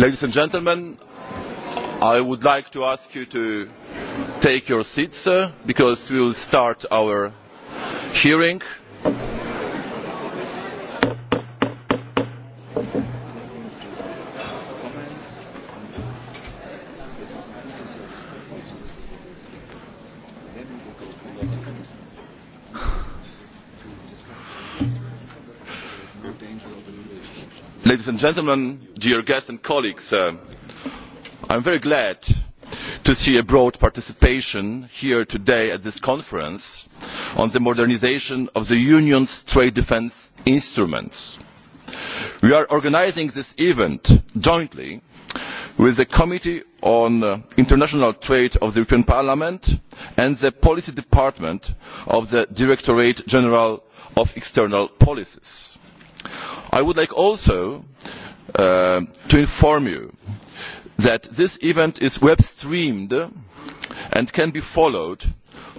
Ladies and gentlemen, I would like to ask you to take your seats uh, because we will start our hearing. Ladies and gentlemen, dear guests and colleagues, uh, I'm very glad to see a broad participation here today at this conference on the modernisation of the Union's trade defence instruments. We are organising this event jointly with the Committee on International Trade of the European Parliament and the Policy Department of the Directorate General of External Policies. I would like also uh, to inform you that this event is web streamed and can be followed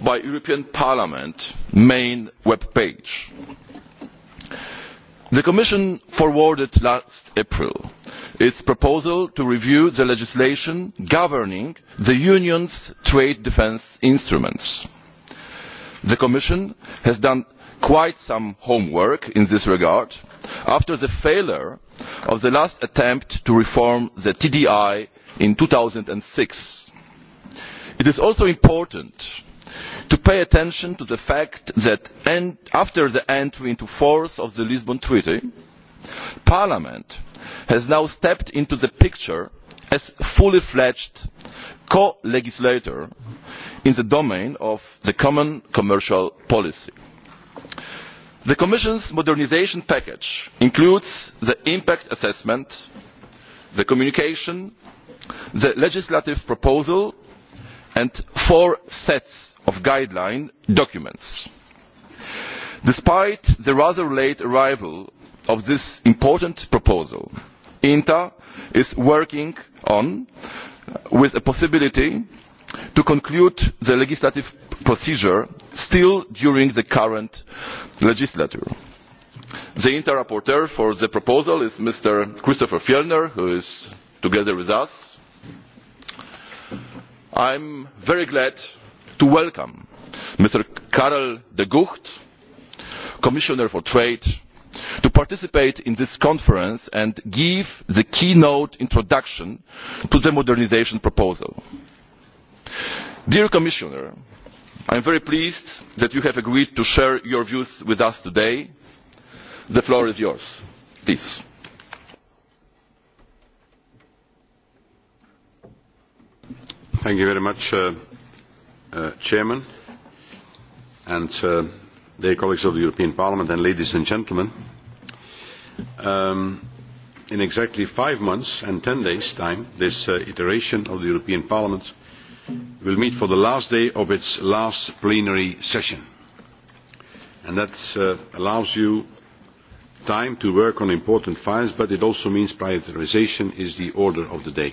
by European Parliament main web page. The Commission forwarded last April its proposal to review the legislation governing the Union's trade defence instruments. The Commission has done quite some homework in this regard after the failure of the last attempt to reform the TDI in two thousand six. It is also important to pay attention to the fact that after the entry into force of the Lisbon Treaty, Parliament has now stepped into the picture as fully fledged co-legislator in the domain of the common commercial policy The Commission's modernisation package includes the impact assessment, the communication, the legislative proposal and four sets of guideline documents. Despite the rather late arrival of this important proposal, INTA is working on, with a possibility to conclude the legislative procedure still during the current legislature. The inter rapporteur for the proposal is Mr. Christopher Fjellner, who is together with us. I am very glad to welcome Mr. Karel de Gucht, Commissioner for Trade, to participate in this conference and give the keynote introduction to the modernisation proposal. Dear Commissioner, I am very pleased that you have agreed to share your views with us today. The floor is yours. Please. Thank you very much, uh, uh, Chairman, and uh, dear colleagues of the European Parliament, and ladies and gentlemen. Um, in exactly five months and ten days' time, this uh, iteration of the European Parliament will meet for the last day of its last plenary session. And that uh, allows you time to work on important files, but it also means prioritization is the order of the day.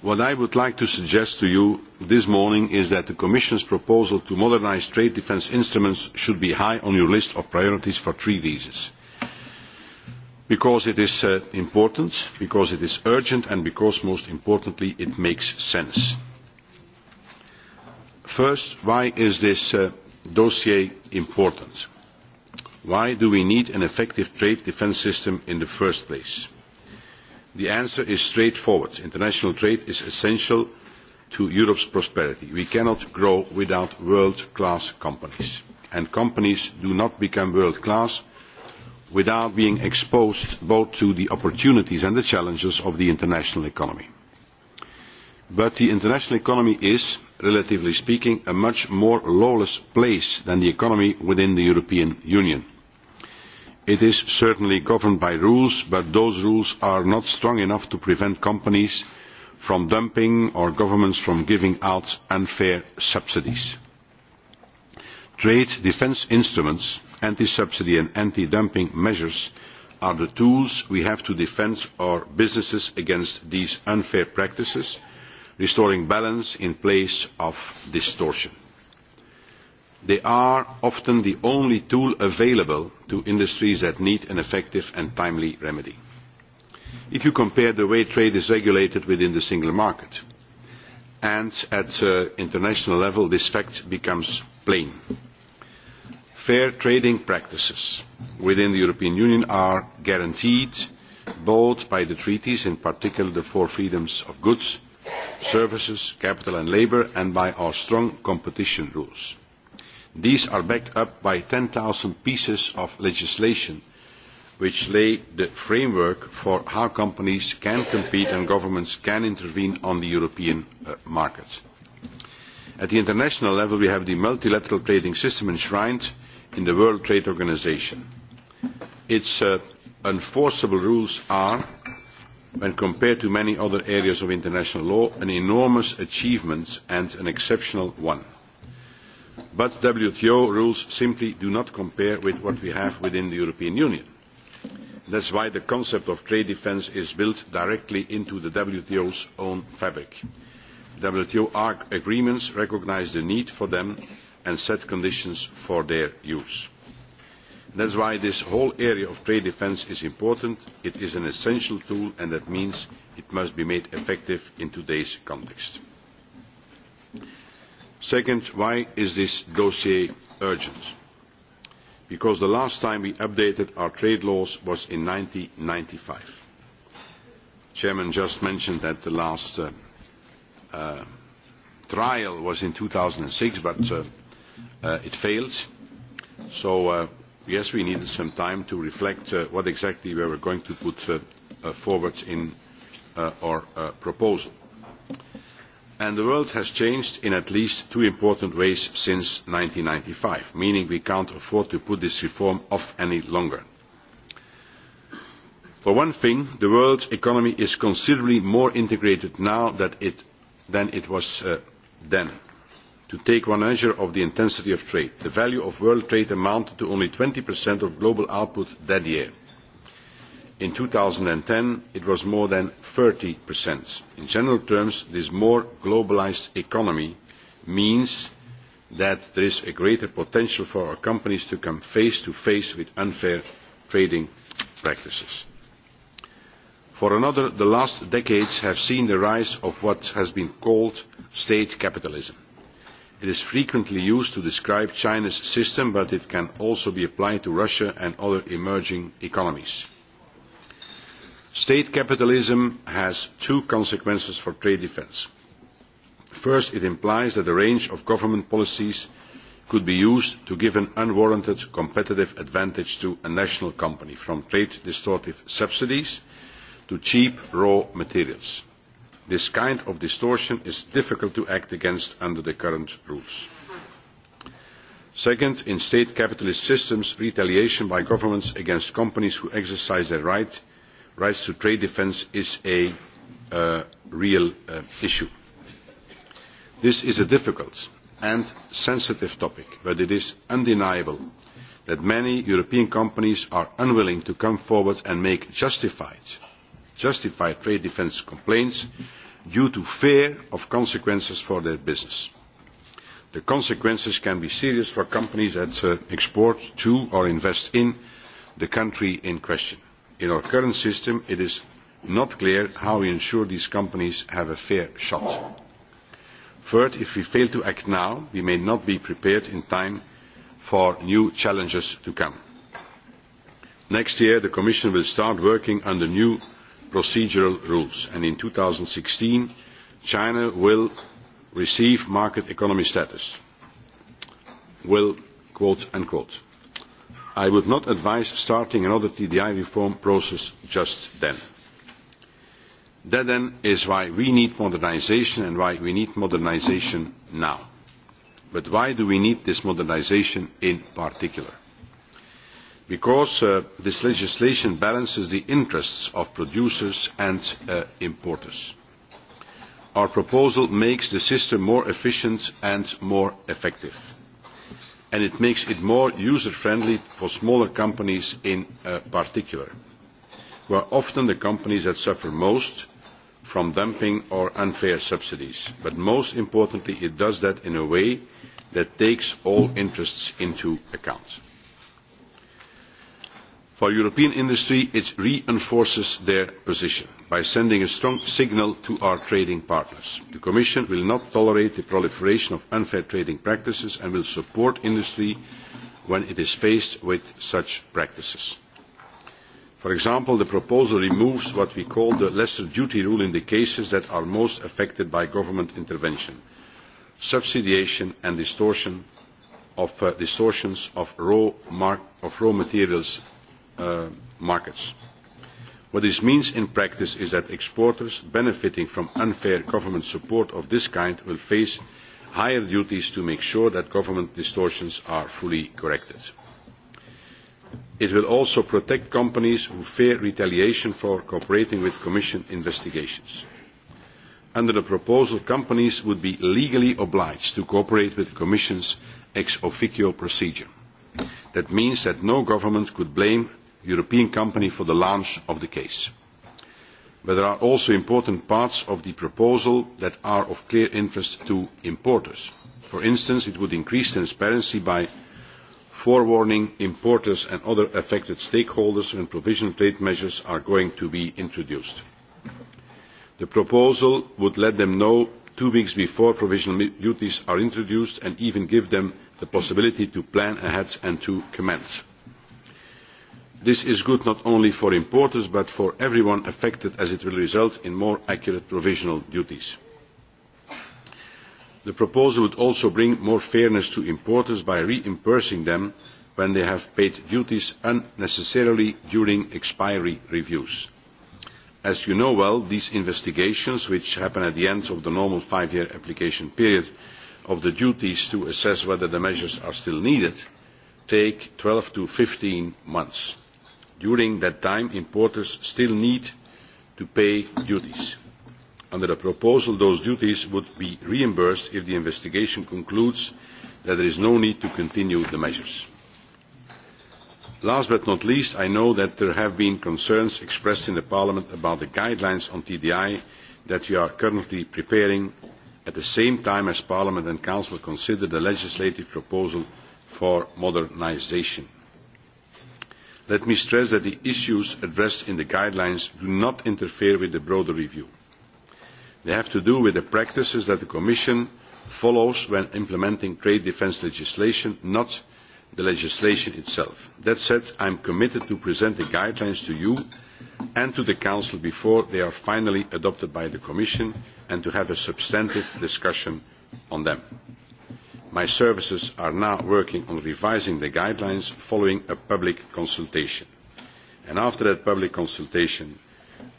What I would like to suggest to you this morning is that the Commission's proposal to modernise trade defence instruments should be high on your list of priorities for three reasons because it is uh, important, because it is urgent and because most importantly it makes sense. First, why is this uh, dossier important? Why do we need an effective trade defence system in the first place? The answer is straightforward. International trade is essential to Europe's prosperity. We cannot grow without world-class companies. And companies do not become world-class without being exposed both to the opportunities and the challenges of the international economy. But the international economy is, relatively speaking, a much more lawless place than the economy within the European Union. It is certainly governed by rules, but those rules are not strong enough to prevent companies from dumping or governments from giving out unfair subsidies. Trade defence instruments anti-subsidy and anti-dumping measures are the tools we have to defend our businesses against these unfair practices, restoring balance in place of distortion. They are often the only tool available to industries that need an effective and timely remedy. If you compare the way trade is regulated within the single market, and at uh, international level this fact becomes plain fair trading practices within the European Union are guaranteed both by the treaties, in particular the four freedoms of goods, services, capital and labour, and by our strong competition rules. These are backed up by 10,000 pieces of legislation which lay the framework for how companies can compete and governments can intervene on the European uh, market. At the international level, we have the multilateral trading system enshrined in the World Trade Organization. Its uh, enforceable rules are, when compared to many other areas of international law, an enormous achievement and an exceptional one. But WTO rules simply do not compare with what we have within the European Union. That is why the concept of trade defence is built directly into the WTO's own fabric. WTO agreements recognise the need for them and set conditions for their use. That is why this whole area of trade defence is important. It is an essential tool and that means it must be made effective in today's context. Second, why is this dossier urgent? Because the last time we updated our trade laws was in ninety five. The Chairman just mentioned that the last uh, uh, trial was in two thousand six, but uh, uh, it failed. So, uh, yes, we needed some time to reflect uh, what exactly we were going to put uh, uh, forward in uh, our uh, proposal. And the world has changed in at least two important ways since 1995, meaning we can't afford to put this reform off any longer. For one thing, the world economy is considerably more integrated now than it, than it was uh, then to take one measure of the intensity of trade. The value of world trade amounted to only 20% of global output that year. In 2010, it was more than 30%. In general terms, this more globalized economy means that there is a greater potential for our companies to come face to face with unfair trading practices. For another, the last decades have seen the rise of what has been called state capitalism It is frequently used to describe China's system, but it can also be applied to Russia and other emerging economies. State capitalism has two consequences for trade defence. First, it implies that a range of government policies could be used to give an unwarranted competitive advantage to a national company, from trade distortive subsidies to cheap raw materials. This kind of distortion is difficult to act against under the current rules. Second, in state capitalist systems, retaliation by governments against companies who exercise their right, rights to trade defence is a uh, real uh, issue. This is a difficult and sensitive topic, but it is undeniable that many European companies are unwilling to come forward and make justified, justified trade defence complaints due to fear of consequences for their business. The consequences can be serious for companies that uh, export to or invest in the country in question. In our current system, it is not clear how we ensure these companies have a fair shot. Third, if we fail to act now, we may not be prepared in time for new challenges to come. Next year, the Commission will start working on the new procedural rules and in sixteen China will receive market economy status. Will, quote, unquote. I would not advise starting another TDI reform process just then. That then is why we need modernisation and why we need modernisation now. But why do we need this modernisation in particular? because uh, this legislation balances the interests of producers and uh, importers. Our proposal makes the system more efficient and more effective, and it makes it more user-friendly for smaller companies in uh, particular, who are often the companies that suffer most from dumping or unfair subsidies. But most importantly, it does that in a way that takes all interests into account. For European industry, it reinforces their position by sending a strong signal to our trading partners. The Commission will not tolerate the proliferation of unfair trading practices and will support industry when it is faced with such practices. For example, the proposal removes what we call the lesser duty rule in the cases that are most affected by government intervention, subsidiation and distortion of, uh, distortions of raw, mark, of raw materials uh, markets. What this means in practice is that exporters benefiting from unfair government support of this kind will face higher duties to make sure that government distortions are fully corrected. It will also protect companies who fear retaliation for cooperating with Commission investigations. Under the proposal, companies would be legally obliged to cooperate with the Commission's ex officio procedure. That means that no government could blame European company for the launch of the case. But there are also important parts of the proposal that are of clear interest to importers. For instance, it would increase transparency by forewarning importers and other affected stakeholders when provisional trade measures are going to be introduced. The proposal would let them know two weeks before provisional duties are introduced and even give them the possibility to plan ahead and to commence. This is good not only for importers but for everyone affected as it will result in more accurate provisional duties. The proposal would also bring more fairness to importers by reimbursing them when they have paid duties unnecessarily during expiry reviews. As you know well, these investigations, which happen at the end of the normal five-year application period of the duties to assess whether the measures are still needed, take 12 to 15 months. During that time, importers still need to pay duties. Under the proposal, those duties would be reimbursed if the investigation concludes that there is no need to continue the measures. Last but not least, I know that there have been concerns expressed in the Parliament about the guidelines on TDI that we are currently preparing at the same time as Parliament and Council consider the legislative proposal for modernisation. Let me stress that the issues addressed in the guidelines do not interfere with the broader review. They have to do with the practices that the Commission follows when implementing trade defence legislation, not the legislation itself. That said, I am committed to present the guidelines to you and to the Council before they are finally adopted by the Commission and to have a substantive discussion on them my services are now working on revising the guidelines following a public consultation. And after that public consultation,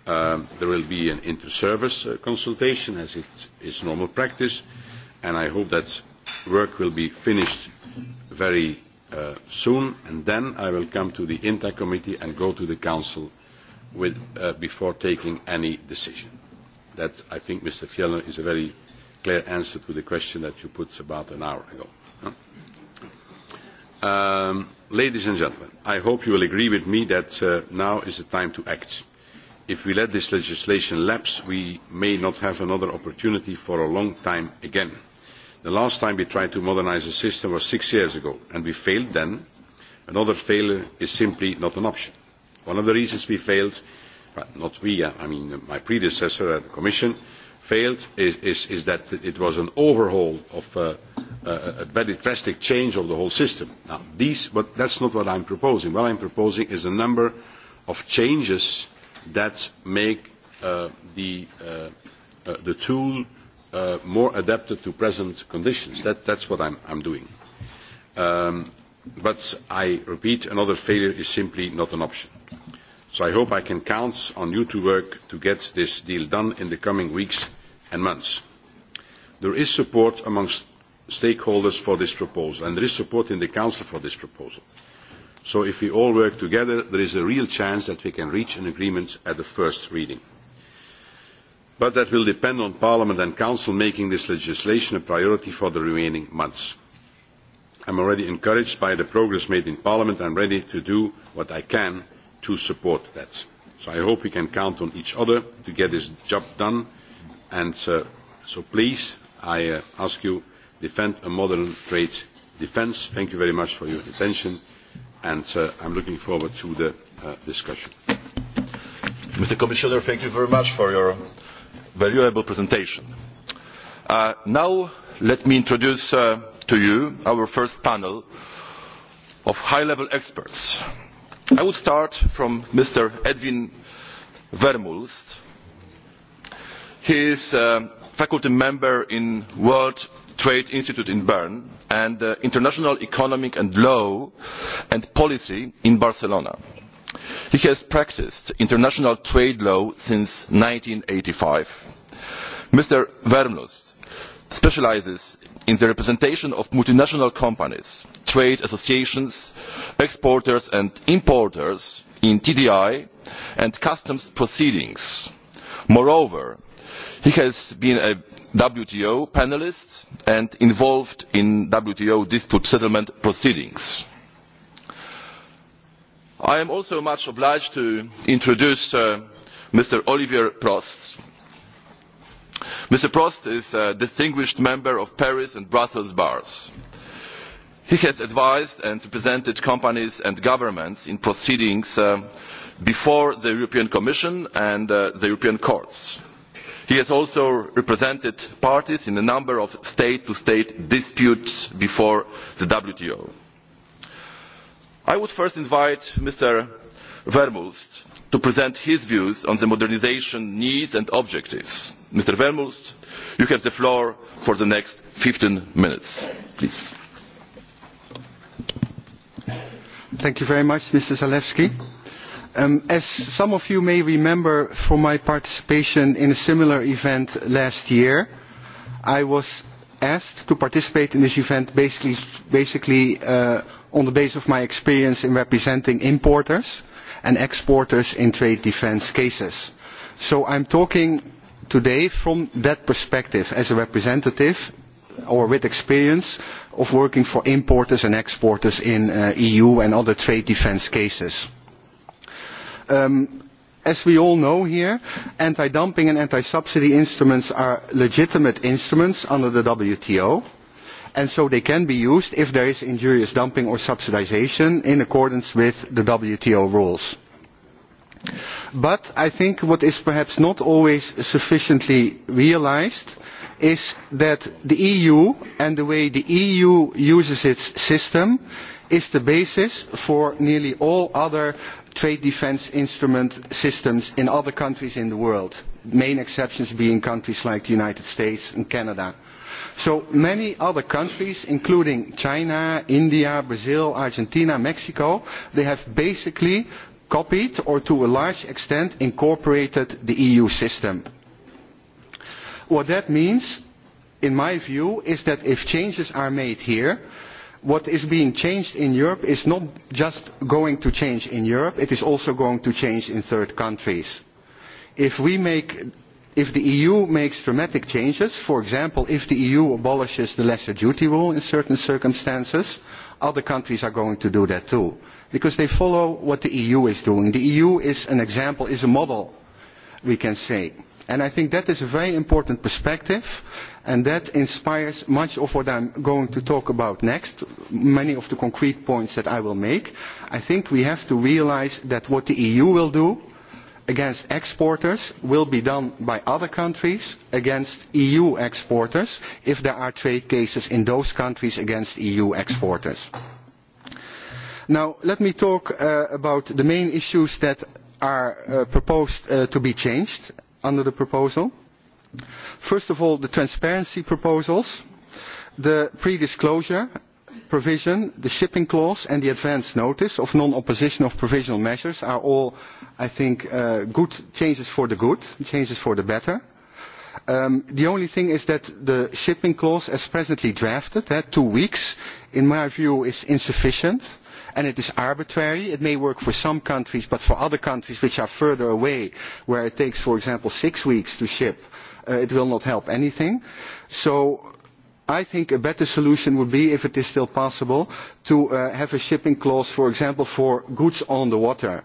um, there will be an inter-service uh, consultation as it is normal practice, and I hope that work will be finished very uh, soon, and then I will come to the INTA committee and go to the Council with, uh, before taking any decision. That, I think, Mr. Fjellner, is a very clear answer to the question that you put about an hour ago. Um, ladies and gentlemen, I hope you will agree with me that uh, now is the time to act. If we let this legislation lapse, we may not have another opportunity for a long time again. The last time we tried to modernize the system was six years ago, and we failed then. Another failure is simply not an option. One of the reasons we failed, not we, uh, I mean my predecessor at the Commission, failed is, is, is that it was an overhaul of uh, a very drastic change of the whole system. Now, these, but that's not what I'm proposing. What I'm proposing is a number of changes that make uh, the, uh, uh, the tool uh, more adapted to present conditions. That, that's what I'm, I'm doing. Um, but I repeat, another failure is simply not an option. So I hope I can count on you to work to get this deal done in the coming weeks and months. There is support amongst stakeholders for this proposal, and there is support in the Council for this proposal. So if we all work together, there is a real chance that we can reach an agreement at the first reading. But that will depend on Parliament and Council making this legislation a priority for the remaining months. I am already encouraged by the progress made in Parliament and ready to do what I can to support that. So I hope we can count on each other to get this job done And uh, so please, I uh, ask you, defend a modern trade defence. Thank you very much for your attention, and uh, I'm looking forward to the uh, discussion. Mr. Commissioner, thank you very much for your valuable presentation. Uh, now, let me introduce uh, to you our first panel of high-level experts. I would start from Mr. Edwin Vermulst, He is a faculty member in World Trade Institute in Bern and the uh, International Economic and Law and Policy in Barcelona. He has practiced international trade law since eighty five. Mr. Vermlus specialises in the representation of multinational companies, trade associations, exporters and importers in TDI and customs proceedings. Moreover, He has been a WTO panelist and involved in WTO dispute settlement proceedings. I am also much obliged to introduce uh, Mr. Olivier Prost. Mr. Prost is a distinguished member of Paris and Brussels bars. He has advised and represented companies and governments in proceedings uh, before the European Commission and uh, the European courts. He has also represented parties in a number of state to state disputes before the WTO. I would first invite Mr. Vermoost to present his views on the modernisation needs and objectives. Mr. Vermoost, you have the floor for the next fifteen minutes, please. Thank you very much, Mr. Zalewski. Um, as some of you may remember from my participation in a similar event last year, I was asked to participate in this event basically, basically uh, on the basis of my experience in representing importers and exporters in trade defense cases. So I'm talking today from that perspective as a representative or with experience of working for importers and exporters in uh, EU and other trade defense cases. Um, as we all know here, anti-dumping and anti-subsidy instruments are legitimate instruments under the WTO, and so they can be used if there is injurious dumping or subsidization in accordance with the WTO rules. But I think what is perhaps not always sufficiently realized is that the EU and the way the EU uses its system is the basis for nearly all other trade defence instrument systems in other countries in the world, the main exceptions being countries like the United States and Canada. So many other countries, including China, India, Brazil, Argentina, Mexico, they have basically copied or to a large extent incorporated the EU system. What that means, in my view, is that if changes are made here, what is being changed in Europe is not just going to change in Europe, it is also going to change in third countries. If, we make, if the EU makes dramatic changes, for example, if the EU abolishes the lesser duty rule in certain circumstances, other countries are going to do that too, because they follow what the EU is doing. The EU is an example, is a model, we can say. And I think that is a very important perspective and that inspires much of what I am going to talk about next, many of the concrete points that I will make. I think we have to realise that what the EU will do against exporters will be done by other countries against EU exporters if there are trade cases in those countries against EU exporters. Now, let me talk uh, about the main issues that are uh, proposed uh, to be changed under the proposal. First of all, the transparency proposals, the pre-disclosure provision, the shipping clause and the advance notice of non-opposition of provisional measures are all, I think, uh, good changes for the good, changes for the better. Um, the only thing is that the shipping clause as presently drafted, eh, two weeks, in my view is insufficient and it is arbitrary. It may work for some countries, but for other countries which are further away, where it takes, for example, six weeks to ship, uh, uh, it will not help anything. So I think a better solution would be, if it is still possible, to uh, have a shipping clause, for example, for goods on the water.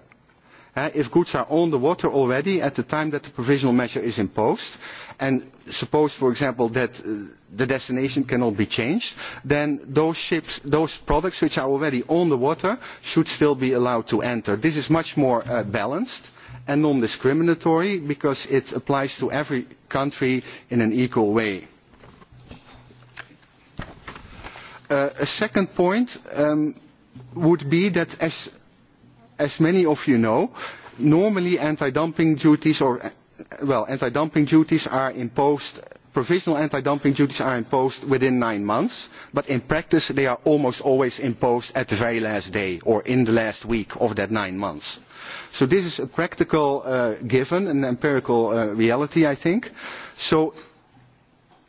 Uh, if goods are on the water already at the time that the provisional measure is imposed, and suppose, for example, that uh, the destination cannot be changed, then those ships, those products which are already on the water should still be allowed to enter. This is much more uh, balanced and non-discriminatory because it applies to every country in an equal way. Uh, a second point um, would be that as, as many of you know, normally anti-dumping duties or well, anti-dumping duties are imposed provisional anti-dumping duties are imposed within nine months, but in practice they are almost always imposed at the very last day or in the last week of that nine months. So this is a practical uh, given, an empirical uh, reality, I think. So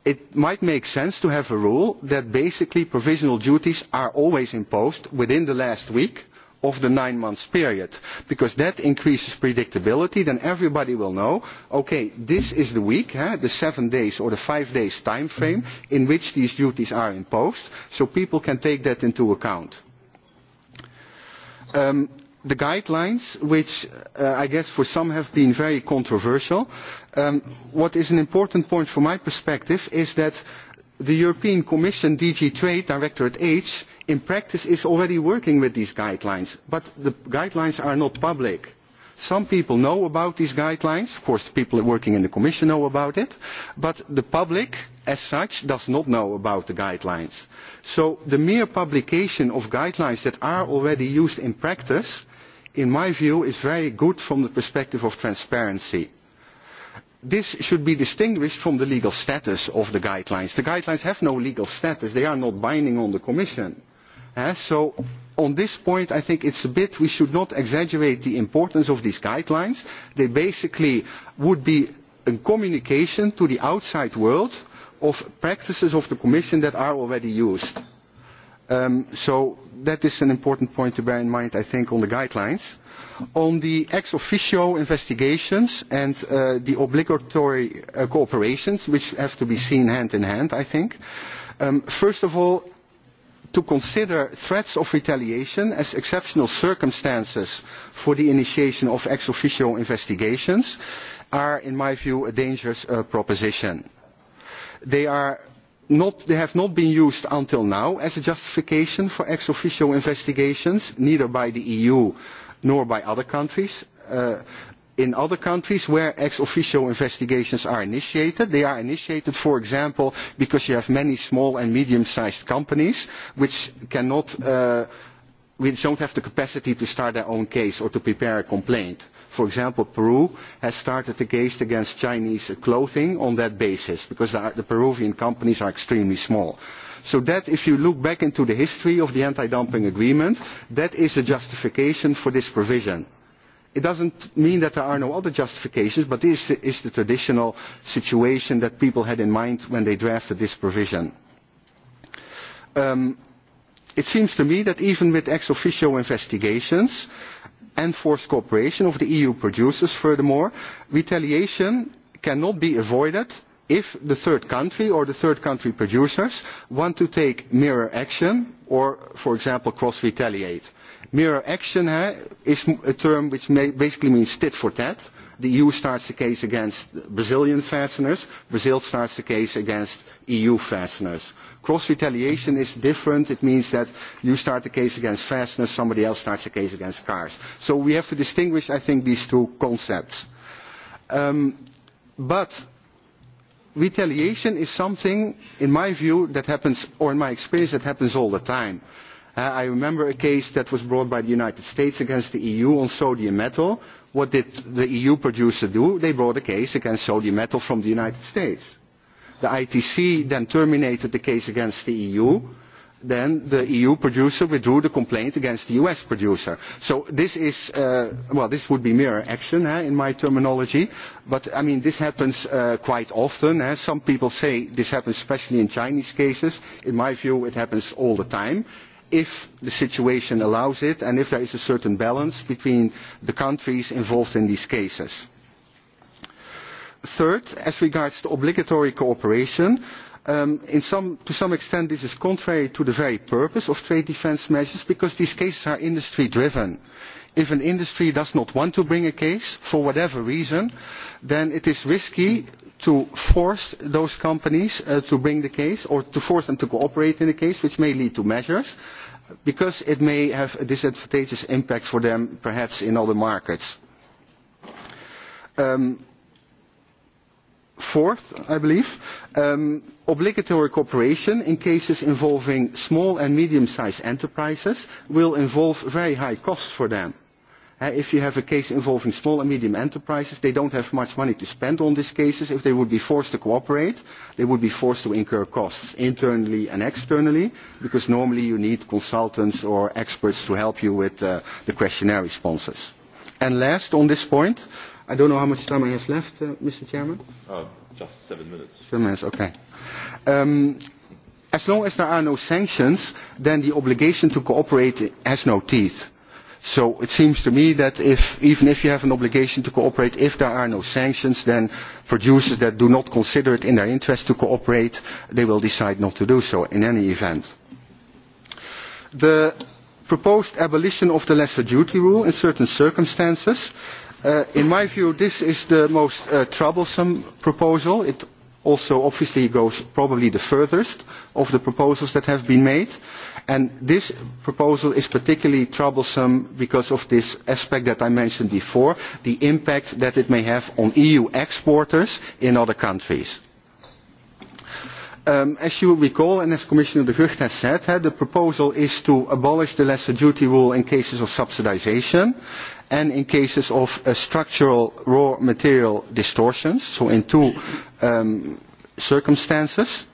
it might make sense to have a rule that basically provisional duties are always imposed within the last week, of the nine month period because that increases predictability then everybody will know okay this is the week huh, the seven days or the five days time frame mm-hmm. in which these duties are imposed so people can take that into account um, the guidelines, which uh, I guess for some have been very controversial, um, what is an important point from my perspective is that the European Commission DG Trade Directorate H in practice is already working with these guidelines, but the guidelines are not public. Some people know about these guidelines, of course the people working in the Commission know about it, but the public as such does not know about the guidelines. So the mere publication of guidelines that are already used in practice, in my view, is very good from the perspective of transparency. This should be distinguished from the legal status of the guidelines. The guidelines have no legal status, they are not binding on the Commission. Uh, so on this point, I think it's a bit, we should not exaggerate the importance of these guidelines. They basically would be a communication to the outside world of practices of the Commission that are already used. Um, so that is an important point to bear in mind, I think, on the guidelines. On the ex officio investigations and uh, the obligatory uh, cooperations, which have to be seen hand in hand, I think. Um, first of all, to consider threats of retaliation as exceptional circumstances for the initiation of ex officio investigations are, in my view, a dangerous uh, proposition. They, are not, they have not been used until now as a justification for ex officio investigations, neither by the EU nor by other countries. Uh, in other countries where ex officio investigations are initiated. They are initiated, for example, because you have many small and medium-sized companies which cannot, uh, which don't have the capacity to start their own case or to prepare a complaint. For example, Peru has started a case against Chinese clothing on that basis because the, the Peruvian companies are extremely small. So that, if you look back into the history of the anti-dumping agreement, that is a justification for this provision It doesn't mean that there are no other justifications, but this is the traditional situation that people had in mind when they drafted this provision. Um, it seems to me that even with ex officio investigations and forced cooperation of the EU producers, furthermore, retaliation cannot be avoided if the third country or the third country producers want to take mirror action or, for example, cross-retaliate. Mirror action hè, is a term which may basically means tit for tat. The EU starts the case against Brazilian fasteners. Brazil starts the case against EU fasteners. Cross retaliation is different. It means that you start the case against fasteners, somebody else starts the case against cars. So we have to distinguish, I think, these two concepts. Um, but retaliation is something, in my view, that happens, or in my experience, that happens all the time. Uh, I remember a case that was brought by the United States against the EU on sodium metal. What did the EU producer do? They brought a case against sodium metal from the United States. The ITC then terminated the case against the EU. Then the EU producer withdrew the complaint against the US producer. So this is, uh, well, this would be mirror action eh, in my terminology. But I mean, this happens uh, quite often. Eh. Some people say this happens especially in Chinese cases. In my view, it happens all the time if the situation allows it and if there is a certain balance between the countries involved in these cases. Third, as regards to obligatory cooperation, um, in some, to some extent this is contrary to the very purpose of trade defence measures because these cases are industry driven. If an industry does not want to bring a case, for whatever reason, then it is risky to force those companies uh, to bring the case or to force them to cooperate in the case, which may lead to measures because it may have a disadvantageous impact for them perhaps in other markets. Um, fourth, I believe, um, obligatory cooperation in cases involving small and medium-sized enterprises will involve very high costs for them Uh, if you have a case involving small and medium enterprises, they don't have much money to spend on these cases. If they would be forced to cooperate, they would be forced to incur costs internally and externally, because normally you need consultants or experts to help you with uh, the questionnaire responses. And last on this point, I don't know how much time I have left, uh, Mr. Chairman. Uh, just seven minutes. Seven minutes, okay. Um, as long as there are no sanctions, then the obligation to cooperate has no teeth So it seems to me that if, even if you have an obligation to cooperate, if there are no sanctions, then producers that do not consider it in their interest to cooperate, they will decide not to do so in any event. The proposed abolition of the lesser duty rule in certain circumstances. Uh, in my view, this is the most uh, troublesome proposal. It also obviously goes probably the furthest of the proposals that have been made. And this proposal is particularly troublesome because of this aspect that I mentioned before, the impact that it may have on EU exporters in other countries. Um, as you recall, and as Commissioner de Gucht has said, uh, the proposal is to abolish the lesser duty rule in cases of subsidization and in cases of uh, structural raw material distortions, so in two um, circumstances.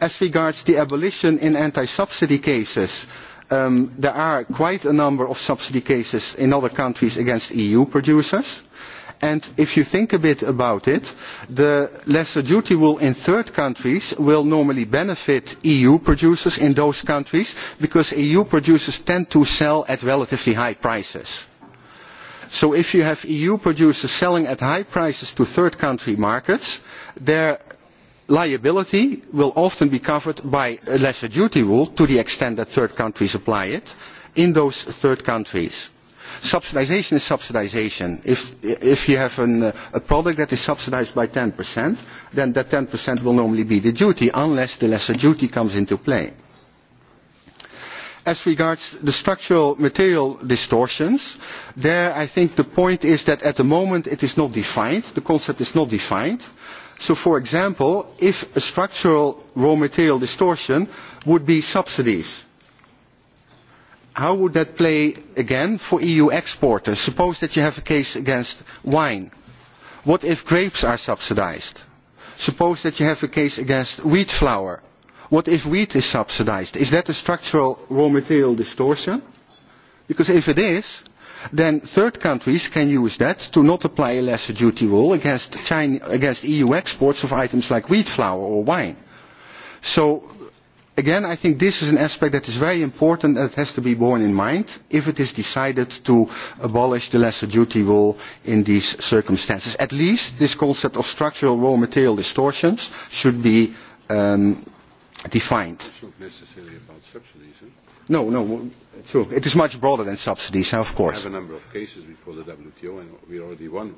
As regards the abolition in anti-subsidy cases, um, there are quite a number of subsidy cases in other countries against EU producers. And if you think a bit about it, the lesser duty rule in third countries will normally benefit EU producers in those countries because EU producers tend to sell at relatively high prices. So if you have EU producers selling at high prices to third country markets, their liability will often be covered by a lesser duty rule to the extent that third countries apply it in those third countries. Subsidization is subsidization. If, if you have an, a product that is subsidized by 10%, then that 10% will normally be the duty, unless the lesser duty comes into play. As regards the structural material distortions, there I think the point is that at the moment it is not defined, the concept is not defined. So for example, if a structural raw material distortion would be subsidies, how would that play again for EU exporters? Suppose that you have a case against wine. What if grapes are subsidized? Suppose that you have a case against wheat flour. What if wheat is subsidized? Is that a structural raw material distortion? Because if it is, then third countries can use that to not apply a lesser duty rule against, China, against EU exports of items like wheat flour or wine. So Again, I think this is an aspect that is very important and it has to be borne in mind if it is decided to abolish the lesser duty rule in these circumstances. At least this concept of structural raw material distortions should be um, defined. It's not necessarily about subsidies. huh? No, no, true. It is much broader than subsidies, of course. We have a number of cases before the WTO and we already won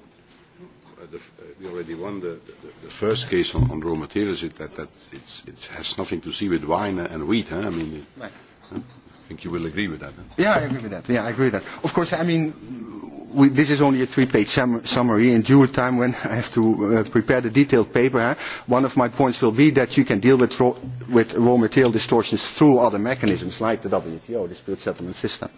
Uh, the, uh, we already won the, the, the first case on, on raw materials. It, that, that it's, it has nothing to see with wine and wheat. Huh? I mean, right. huh? I think you will agree with that. Huh? Yeah, I agree with that. Yeah, I agree with that. Of course, I mean, we, this is only a three-page sum summary. In due time, when I have to uh, prepare the detailed paper, huh, one of my points will be that you can deal with raw, with raw material distortions through other mechanisms, like the WTO, dispute settlement system.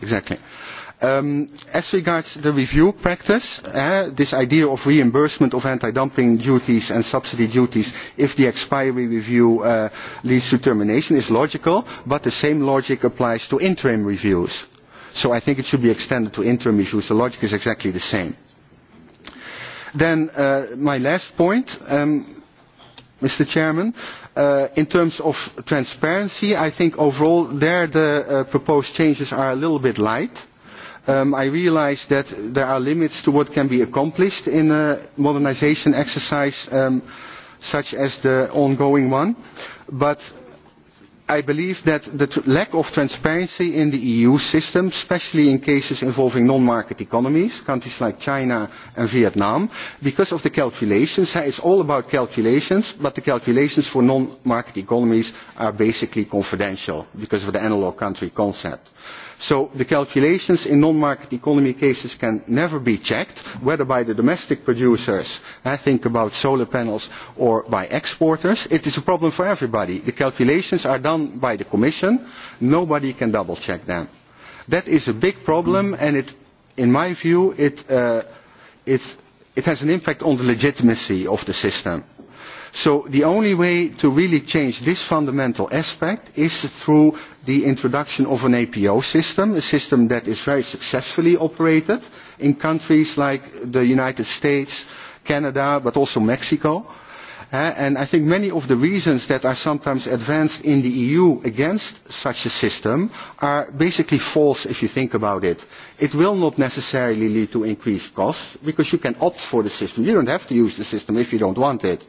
Exactly. Uh, Um, as regards the review practice, uh, this idea of reimbursement of anti-dumping duties and subsidy duties if the expiry review uh, leads to termination is logical, but the same logic applies to interim reviews. So I think it should be extended to interim reviews. The logic is exactly the same. Then uh, my last point, um, Mr. Chairman, uh, in terms of transparency, I think overall there the uh, proposed changes are a little bit light. Uh, um, I realize that there are limits to what can be accomplished in a modernisation exercise um, such as the ongoing one. But I believe that the lack of transparency in the EU system, especially in cases involving non-market economies, countries like China and Vietnam, because of the calculations, eh, it's all about calculations, but the calculations for non-market economies are basically confidential because of the analog country concept. Uh, So the calculations in non-market economy cases can never be checked, whether by the domestic producers, I think about solar panels, or by exporters. It is a problem for everybody. The calculations are done by the Commission. Nobody can double-check them. That is a big problem, mm. and it, in my view, it, uh, it, it has an impact on the legitimacy of the system. So the only way to really change this fundamental aspect is through the introduction of an APO system, a system that is very successfully operated in countries like the United States, Canada, but also Mexico. Uh, and I think many of the reasons that are sometimes advanced in the EU against such a system are basically false if you think about it. It will not necessarily lead to increased costs because you can opt for the system. You don't have to use the system if you don't want it.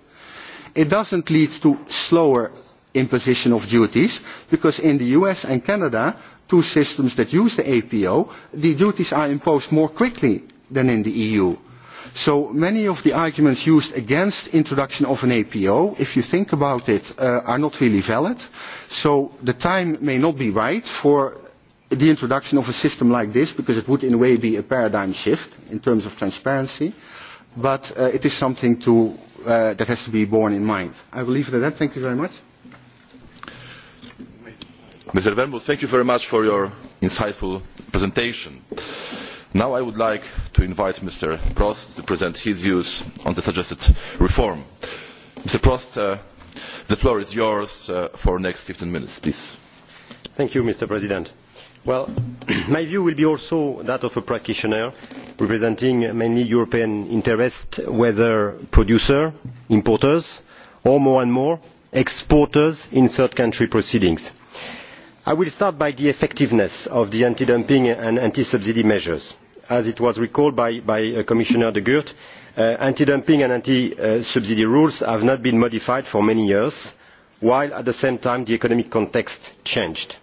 It doesn't lead to slower imposition of duties because in the US and Canada, two systems that use the APO, the duties are imposed more quickly than in the EU. So many of the arguments used against introduction of an APO, if you think about it, uh, are not really valid. So the time may not be right for the introduction of a system like this because it would in a way be a paradigm shift in terms of transparency. But uh, it is something to, uh, that has to be borne in mind. I will leave it at that. Thank you very much. Mr. Vermouth, thank you very much for your insightful presentation. Now I would like to invite Mr. Prost to present his views on the suggested reform. Mr. Prost, uh, the floor is yours uh, for next 15 minutes, please. Thank you, Mr. President. Well, my view will be also that of a practitioner representing mainly European interests, whether producer, importers, or more and more exporters in third country proceedings I will start by the effectiveness of the anti-dumping and anti-subsidy measures. As it was recalled by, by uh, Commissioner de Gucht, uh, anti-dumping and anti-subsidy rules have not been modified for many years, while at the same time the economic context changed.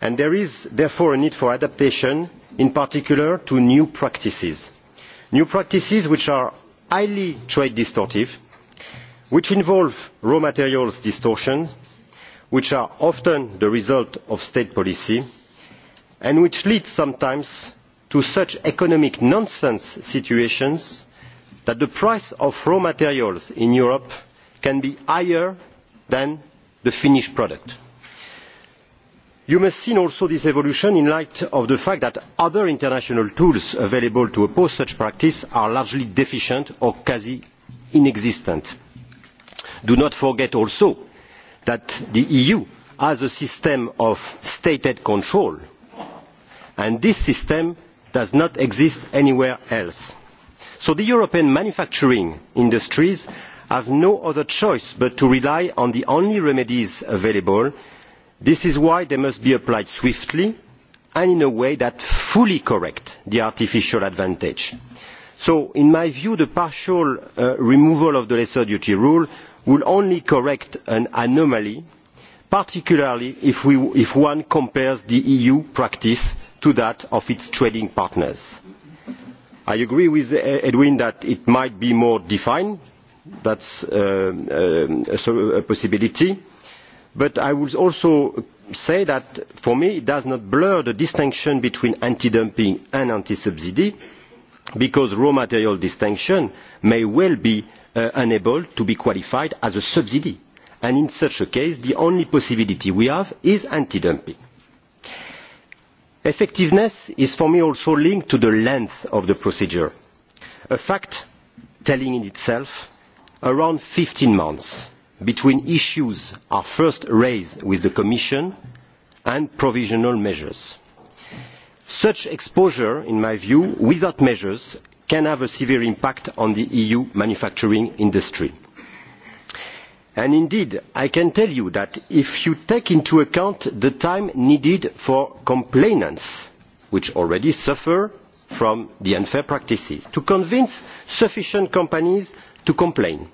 And there is therefore a need for adaptation, in particular to new practices. New practices which are highly trade distortive, which involve raw materials distortion, which are often the result of state policy and which lead sometimes to such economic nonsense situations that the price of raw materials in Europe can be higher than the finished product. You must also see this evolution in light of the fact that other international tools available to oppose such practice are largely deficient or quasi inexistent. Do not forget also that the EU has a system of stated control, and this system does not exist anywhere else. So the European manufacturing industries have no other choice but to rely on the only remedies available. This is why they must be applied swiftly and in a way that fully corrects the artificial advantage. So in my view, the partial uh, removal of the lesser duty rule will only correct an anomaly, particularly if, we, if one compares the EU practice to that of its trading partners. I agree with e- Edwin that it might be more defined. That's um, um a possibility. But I would also say that for me it does not blur the distinction between anti-dumping and anti-subsidy because raw material distinction may well be uh, unable to be qualified as a subsidy. And in such a case, the only possibility we have is anti-dumping. Effectiveness is for me also linked to the length of the procedure. A fact telling in itself, around 15 months between issues are first raised with the Commission and provisional measures. Such exposure, in my view, without measures, can have a severe impact on the EU manufacturing industry. And indeed, I can tell you that if you take into account the time needed for complainants, which already suffer from the unfair practices, to convince sufficient companies to complain,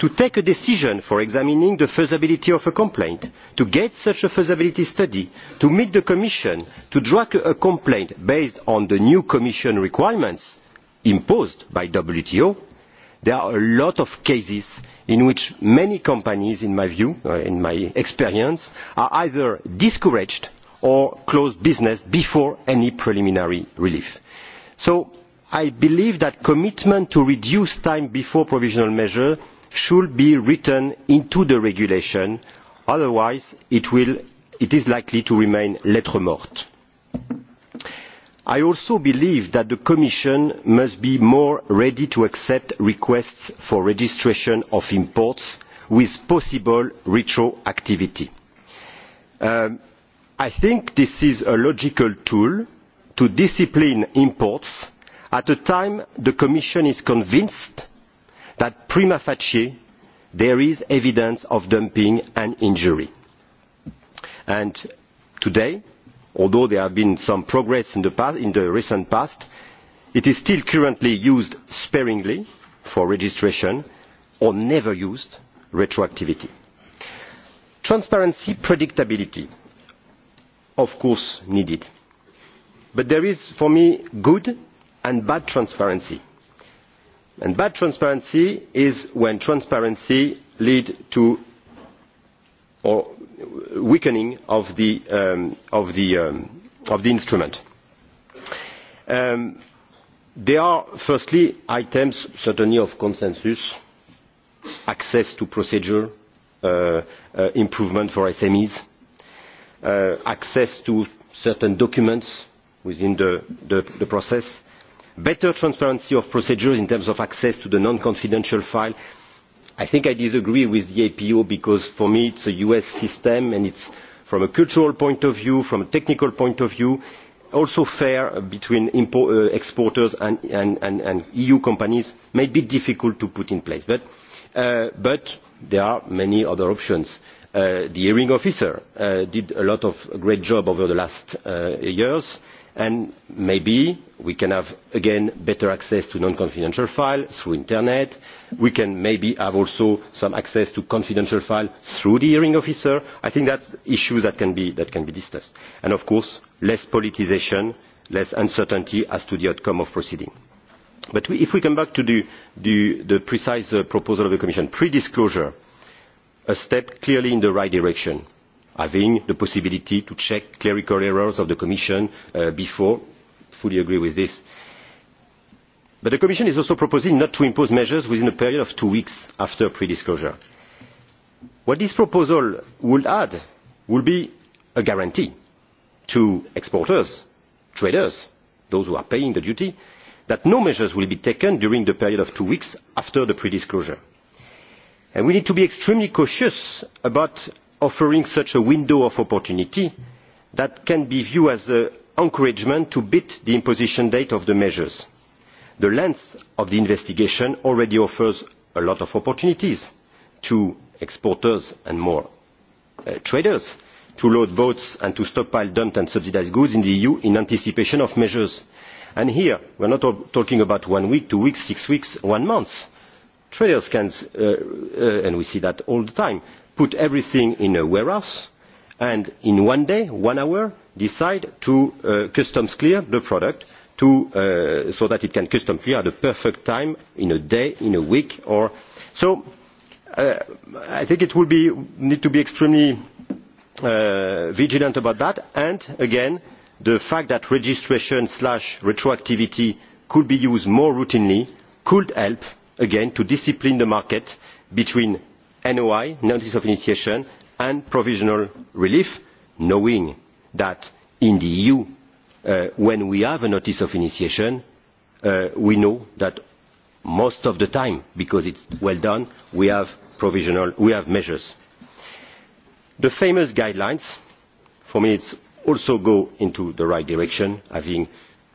to take a decision for examining the feasibility of a complaint, to get such a feasibility study, to meet the Commission, to draft a complaint based on the new Commission requirements, imposed by WTO, there are a lot of cases in which many companies, in my view, uh, in my experience, are either discouraged or close business before any preliminary relief. So I believe that commitment to reduce time before provisional measure should be written into the regulation, otherwise it, will, it is likely to remain lettre morte. I also believe that the Commission must be more ready to accept requests for registration of imports with possible retroactivity. Um, I think this is a logical tool to discipline imports at a time the Commission is convinced that prima facie there is evidence of dumping and injury. And today, although there has been some progress in the, past, in the recent past, it is still currently used sparingly for registration or never used retroactivity. Transparency, predictability, of course needed. But there is for me good and bad transparency. And bad transparency is when transparency leads to or weakening of the, um, of the, um, of the instrument. Um, there are, firstly, items certainly of consensus, access to procedure, uh, uh, improvement for SMEs, uh, access to certain documents within the, the, the process, better transparency of procedures in terms of access to the non-confidential file. I think I disagree with the APO because for me it's a US system and it's from a cultural point of view, from a technical point of view, also fair between import, uh, exporters and, and, and, and EU companies may be difficult to put in place. But, uh, but there are many other options. Uh, the hearing officer uh, did a lot of great job over the last uh, years. Uh, and maybe we can have again better access to non-confidential files through internet. We can maybe have also some access to confidential files through the hearing officer. I think that's issues that can be, that can be discussed. And of course, less politicization, less uncertainty as to the outcome of proceeding. But we, if we come back to the, the, the precise uh, proposal of the Commission, pre-disclosure, a step clearly in the right direction having the possibility to check clerical errors of the Commission uh, before. Fully agree with this. But the Commission is also proposing not to impose measures within a period of two weeks after pre-disclosure. What this proposal would add would be a guarantee to exporters, traders, those who are paying the duty, that no measures will be taken during the period of two weeks after the pre-disclosure. And we need to be extremely cautious about offering such a window of opportunity that can be viewed as an encouragement to beat the imposition date of the measures. The length of the investigation already offers a lot of opportunities to exporters and more uh, traders to load boats and to stockpile dumped and subsidized goods in the EU in anticipation of measures. And here, we're not talking about one week, two weeks, six weeks, one month. Traders can, uh, uh, and we see that all the time, put everything in a warehouse and in one day, one hour, decide to uh, customs clear the product to, uh, so that it can custom clear at the perfect time in a day, in a week, or so. Uh, I think it will be need to be extremely uh, vigilant about that. And again, the fact that registration slash retroactivity could be used more routinely could help again to discipline the market between NOI, notice of initiation, and provisional relief, knowing that in the EU, uh, when we have a notice of initiation, uh, we know that most of the time, because it's well done, we have provisional, we have measures. The famous guidelines, for me, it's also go into the right direction, having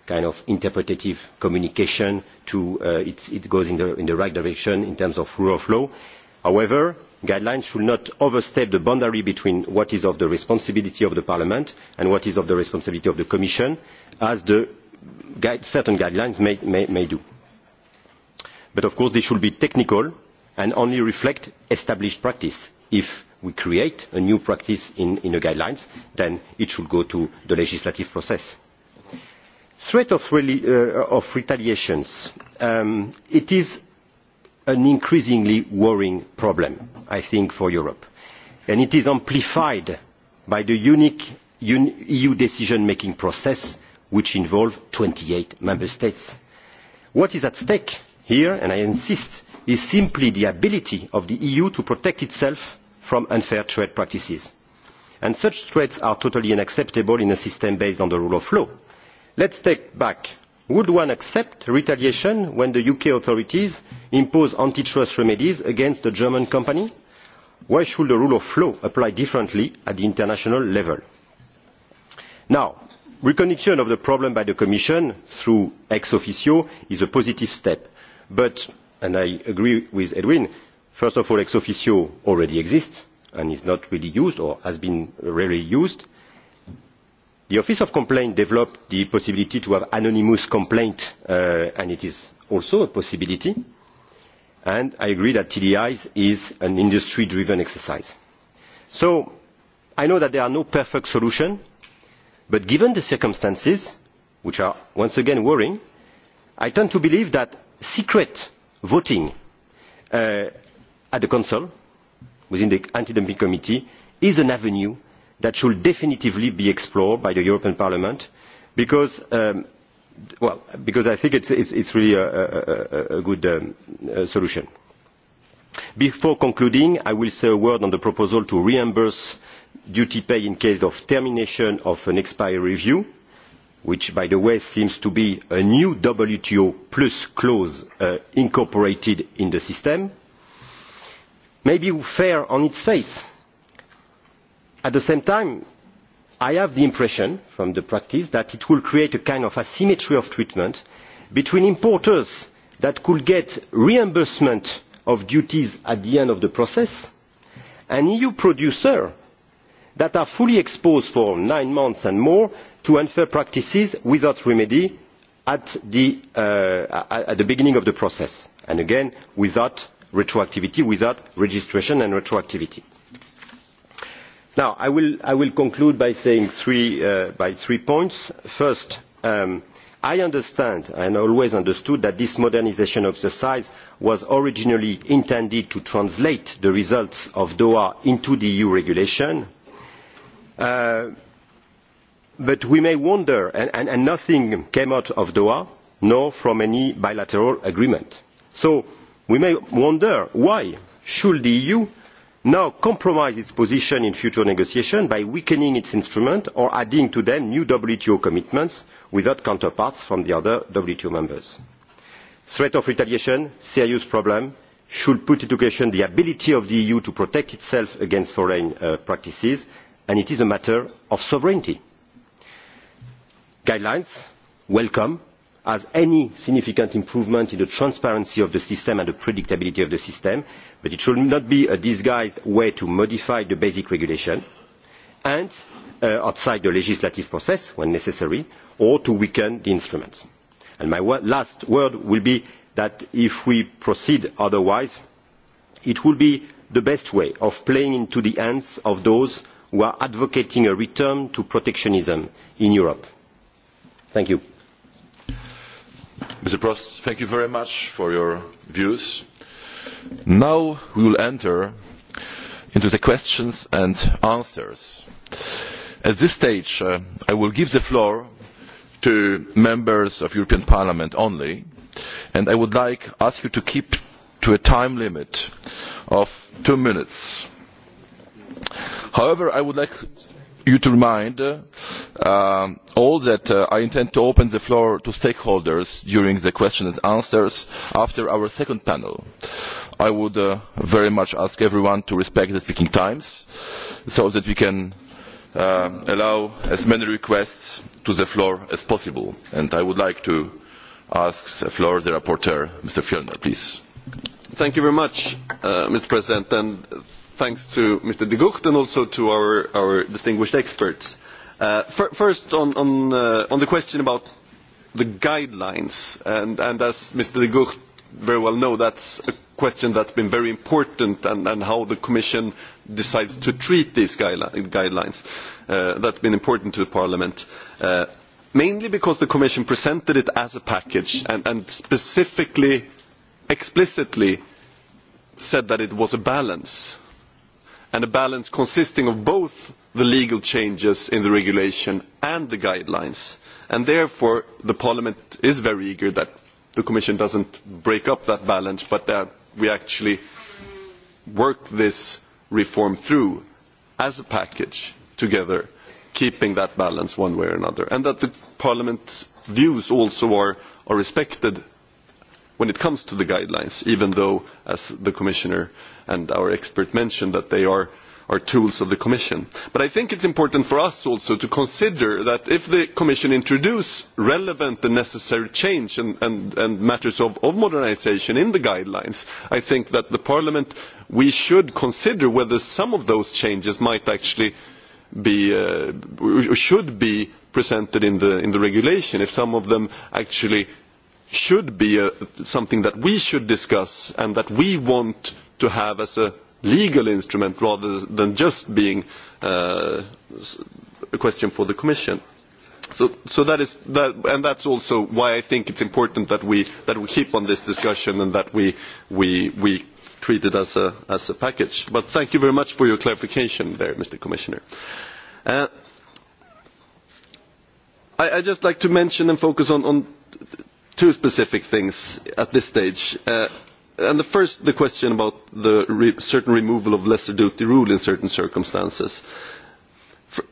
kind of interpretative communication to uh, it's, it goes in the, in the right direction in terms of rule of law. However, guidelines should not overstep the boundary between what is of the responsibility of Parliament and what is of the responsibility of the Commission, as certain guidelines may, do. But of course, they should be technical and only reflect established practice. If we create a new practice in, the guidelines, then it should go to the legislative process. Threat of, uh, retaliation um, it is an increasingly worrying problem, I think, for Europe. And it is amplified by the unique EU decision-making process, which involves twenty eight member states. What is at stake here, and I insist, is simply the ability of the EU to protect itself from unfair trade practices. And such threats are totally unacceptable in a system based on the rule of law. Let's take back Would one accept retaliation when the UK authorities impose antitrust remedies against a German company? Why should the rule of law apply differently at the international level? Now, recognition of the problem by the Commission through ex officio is a positive step, but, and I agree with Edwin, first of all, ex officio already exists and is not really used or has been rarely used. The Office of Complaint developed the possibility to have anonymous complaint, uh, and it is also a possibility. And I agree that TDIs is an industry-driven exercise. So I know that there are no perfect solutions, but given the circumstances, which are once again worrying, I tend to believe that secret voting uh, at the Council, within the anti-dumping committee, is an avenue that should definitively be explored by the European Parliament because, um, well, because I think it's, it's, it's really a, a, a good um, a uh, solution. Before concluding, I will say a word on the proposal to reimburse duty pay in case of termination of an expiry review, which, by the way, seems to be a new WTO plus clause uh, incorporated in the system, maybe fair on its face At the same time, I have the impression from the practice that it will create a kind of asymmetry of treatment between importers that could get reimbursement of duties at the end of the process and EU producers that are fully exposed for nine months and more to unfair practices without remedy at the, uh, at the beginning of the process and again without retroactivity, without registration and retroactivity. Now, I will, I will conclude by saying three, uh, by three points. First, um, I understand and always understood that this modernization exercise was originally intended to translate the results of Doha into the EU regulation. Uh, but we may wonder, and, and, and nothing came out of Doha, nor from any bilateral agreement. So we may wonder why should the EU now compromise its position in future negotiations by weakening its instruments or adding to them new WTO commitments without counterparts from the other WTO members. Threat of retaliation, serious problem, should put into question the ability of the EU to protect itself against foreign uh, practices, and it is a matter of sovereignty. Guidelines, welcome, as any significant improvement in the transparency of the system and the predictability of the system, but it should not be a disguised way to modify the basic regulation and uh, outside the legislative process when necessary or to weaken the instruments. And my last word will be that if we proceed otherwise, it will be the best way of playing into the hands of those who are advocating a return to protectionism in Europe. Thank you. Mr. Prost, thank you very much for your views. Now we will enter into the questions and answers. At this stage, uh, I will give the floor to members of European Parliament only, and I would like to ask you to keep to a time limit of two minutes. However, I would like you to remind uh, all that uh, I intend to open the floor to stakeholders during the questions and answers after our second panel. I would uh, very much ask everyone to respect the speaking times so that we can uh, allow as many requests to the floor as possible. And I would like to ask the floor the rapporteur, Mr. Fjellner, please. Thank you very much, uh, Mr. President. And thanks to Mr. de Gucht and also to our, our distinguished experts. Uh, fir first, on, on, uh, on the question about the guidelines, and, and as Mr. de Gucht very well know, that's a question that's been very important and, and how the Commission decides to treat these guidelines. Uh, that's been important to the Parliament. Uh, mainly because the Commission presented it as a package and, and specifically, explicitly said that it was a balance and a balance consisting of both the legal changes in the regulation and the guidelines. And therefore, the Parliament is very eager that the Commission does not break up that balance, but that we actually work this reform through as a package together, keeping that balance one way or another, and that the Parliament's views also are, are respected when it comes to the guidelines, even though, as the Commissioner and our expert mentioned, that they are, are tools of the Commission. But I think it's important for us also to consider that if the Commission introduces relevant and necessary change and, and, and matters of, of modernisation in the guidelines, I think that the Parliament, we should consider whether some of those changes might actually be uh, should be presented in the in the regulation if some of them actually should be a, uh, something that we should discuss and that we want to have as a legal instrument rather than just being uh, a question for the Commission. So, so that is that, and that's also why I think it's important that we, that we keep on this discussion and that we, we, we treat it as a, as a package. But thank you very much for your clarification there, Mr. Commissioner. Uh, I, I'd just like to mention and focus on, on two specific things at this stage. Uh, and the first, the question about the re certain removal of lesser duty rule in certain circumstances. For,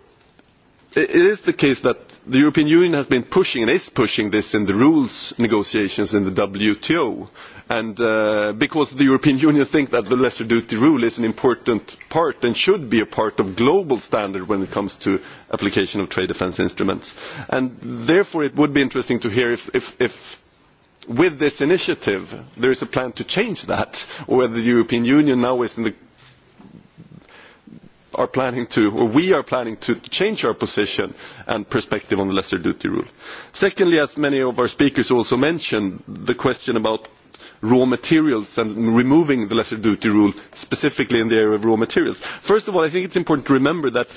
it is the case that the European Union has been pushing and is pushing this in the rules negotiations in the WTO and uh, because the European Union think that the lesser duty rule is an important part and should be a part of global standard when it comes to application of trade defence instruments and therefore it would be interesting to hear if, if, if with this initiative there is a plan to change that or whether the European Union now is in the are planning to, or we are planning to change our position and perspective on the lesser duty rule. Secondly, as many of our speakers also mentioned, the question about raw materials and removing the lesser duty rule specifically in the area of raw materials. First of all, I think it's important to remember that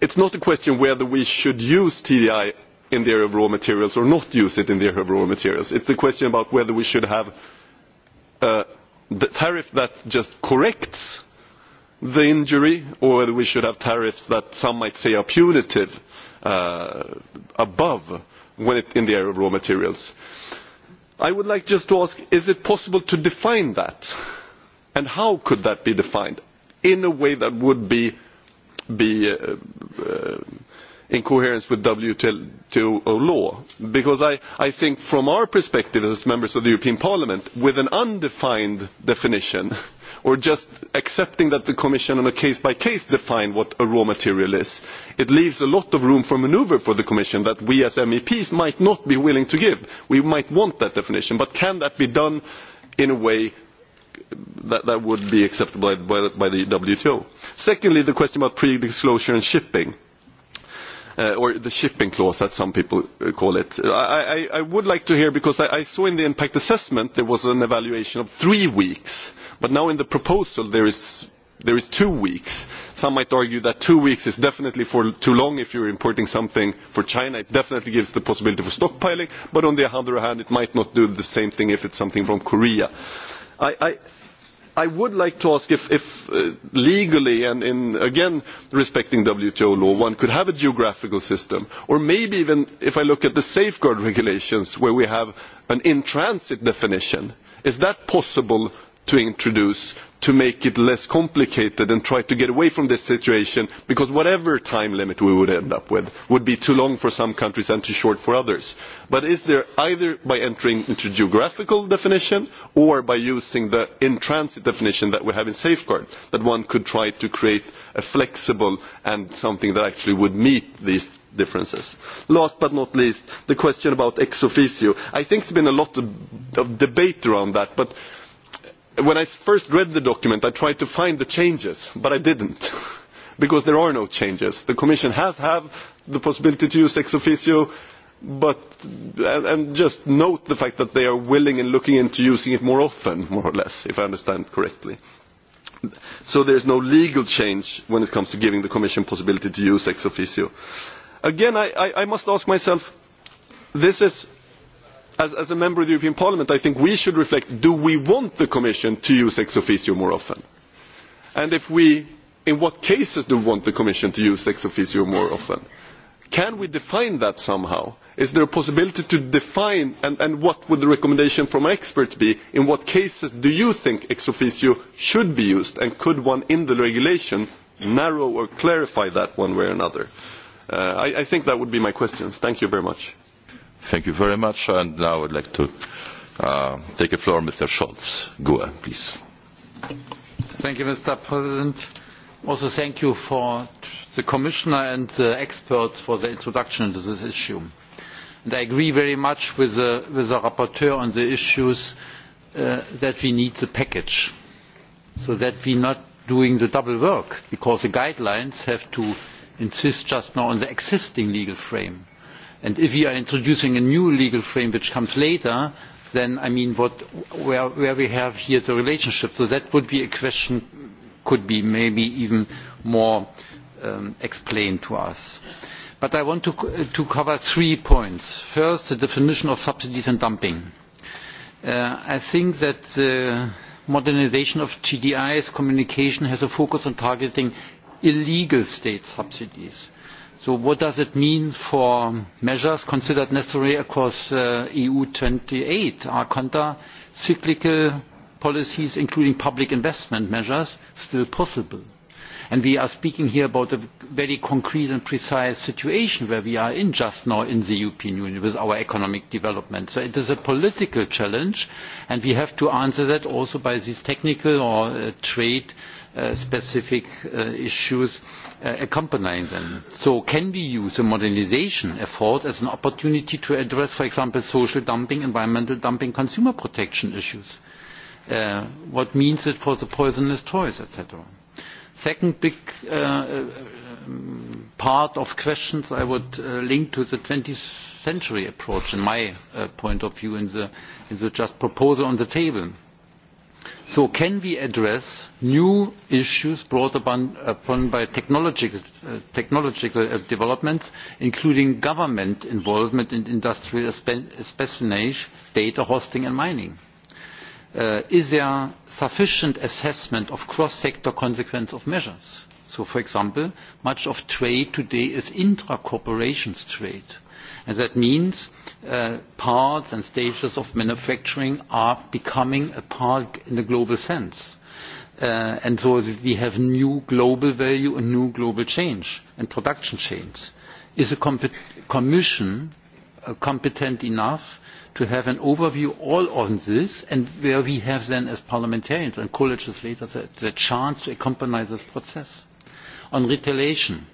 it's not a question whether we should use TDI in the area of raw materials or not use it in the area of raw materials. It's a question about whether we should have a uh, tariff that just corrects the injury or whether we should have tariffs that some might say are punitive uh, above when it, in the area of raw materials. I would like just to ask, is it possible to define that? And how could that be defined in a way that would be, be uh, uh, in coherence with WTO law? Because I, I think from our perspective as members of the European Parliament, with an undefined definition, or just accepting that the Commission on a case by case define what a raw material is. It leaves a lot of room for manoeuvre for the Commission that we as MEPs might not be willing to give. We might want that definition, but can that be done in a way that, that would be acceptable by, by the WTO? Secondly, the question about pre-disclosure and shipping uh, or the shipping clause as some people uh, call it. I, I, I would like to hear, because I, I saw in the impact assessment there was an evaluation of three weeks, but now in the proposal there is there is two weeks. Some might argue that two weeks is definitely for too long if you're importing something for China. It definitely gives the possibility for stockpiling, but on the other hand, it might not do the same thing if it's something from Korea. I, I, I would like to ask if, if uh, legally and in, again respecting WTO law one could have a geographical system or maybe even if I look at the safeguard regulations where we have an in-transit definition, is that possible to introduce to make it less complicated and try to get away from this situation because whatever time limit we would end up with would be too long for some countries and too short for others. But is there either by entering into geographical definition or by using the in-transit definition that we have in safeguard that one could try to create a flexible and something that actually would meet these differences. Last but not least, the question about ex officio. I think there's been a lot of, of debate around that, but when I first read the document, I tried to find the changes, but I didn't, because there are no changes. The Commission has had the possibility to use ex officio, but and, and just note the fact that they are willing and looking into using it more often, more or less, if I understand correctly. So there is no legal change when it comes to giving the Commission possibility to use ex officio. Again, I, I, I must ask myself, this is as, as a member of the European Parliament, I think we should reflect, do we want the Commission to use ex officio more often? And if we, in what cases do we want the Commission to use ex officio more often? Can we define that somehow? Is there a possibility to define, and, and what would the recommendation from experts be? In what cases do you think ex officio should be used, and could one in the regulation narrow or clarify that one way or another? Uh, I, I think that would be my questions. Thank you very much. Thank you very much. And now I'd like to uh, take the floor, Mr. Scholz. Go please. Thank you, Mr. President. Also, thank you for the Commissioner and the experts for the introduction to this issue. And I agree very much with the, with the rapporteur on the issues uh, that we need the package so that we are not doing the double work because the guidelines have to insist just now on the existing legal frame And if you are introducing a new legal frame which comes later, then I mean what, where, where we have here the relationship. So that would be a question could be maybe even more um, explained to us. But I want to, to cover three points. First, the definition of subsidies and dumping. Uh, I think that the uh, modernization of GDI's communication has a focus on targeting illegal state subsidies So what does it mean for measures considered necessary across uh, EU 28? Are counter-cyclical policies, including public investment measures, still possible? And we are speaking here about a very concrete and precise situation where we are in just now in the European Union with our economic development. So it is a political challenge, and we have to answer that also by these technical or uh, trade uh, uh, specific uh, issues uh, accompanying them. So can we use a modernization effort as an opportunity to address, for example, social dumping, environmental dumping, consumer protection issues? Uh, what means it for the poisonous toys, etc.? Second big uh, uh, part of questions I would uh, link to the 20th century approach in my uh, point of view in the, in the just proposal on the table So can we address new issues brought upon, upon by technological, uh, technological uh, developments, including government involvement in industrial espionage, data hosting and mining? Uh, is there sufficient assessment of cross-sector consequence of measures? So, for example, much of trade today is intra-corporations trade And that means uh, parts and stages of manufacturing are becoming a part in the global sense. Uh, and so we have new global value and new global change and production change. Is a commission uh, competent enough to have an overview all on this and where we have then as parliamentarians and co-legislators the, the chance to accompany this process? On retaliation,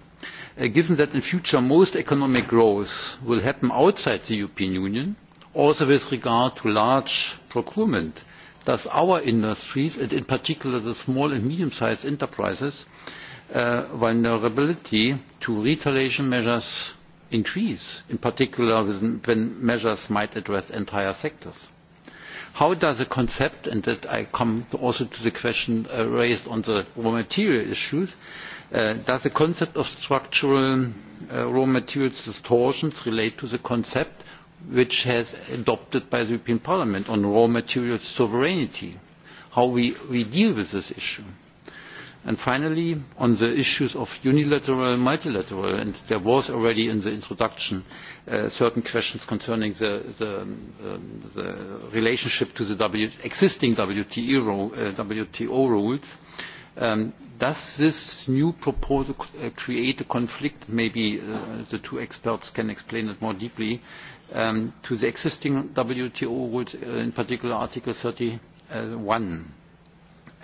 Uh, given that in future most economic growth will happen outside the European Union, also with regard to large procurement, does our industries, and in particular the small and medium-sized enterprises, uh, vulnerability to retaliation measures increase, in particular when measures might address entire sectors? How does the concept, and that I come also to the question uh, raised on the raw material issues, Uh, does the concept of structural uh, raw materials distortions relate to the concept which has adopted by the European Parliament on raw materials sovereignty, how we, we deal with this issue? And finally, on the issues of unilateral and multilateral, and there was already in the introduction uh, certain questions concerning the, the, um, the relationship to the w, existing WTO, e uh, WTO rules, Um, does this new proposal uh, create a conflict? Maybe uh, the two experts can explain it more deeply um, to the existing WTO rules, uh, in particular Article 31.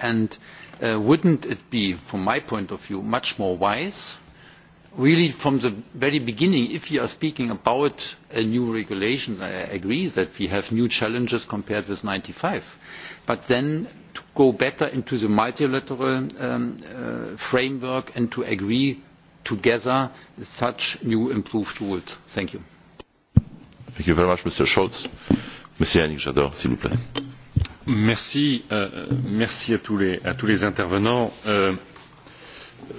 And uh, wouldn't it be, from my point of view, much more wise, really from the very beginning, if you are speaking about a new regulation, I agree that we have new challenges compared with 95, but then go better into the multilateral um, uh, framework and to agree together such new improved rules. Thank you. Thank you very much, Mr. Schultz. Mr. Yannick Jadot, s'il vous plaît. Merci, euh, merci à tous les, à tous les intervenants. Euh,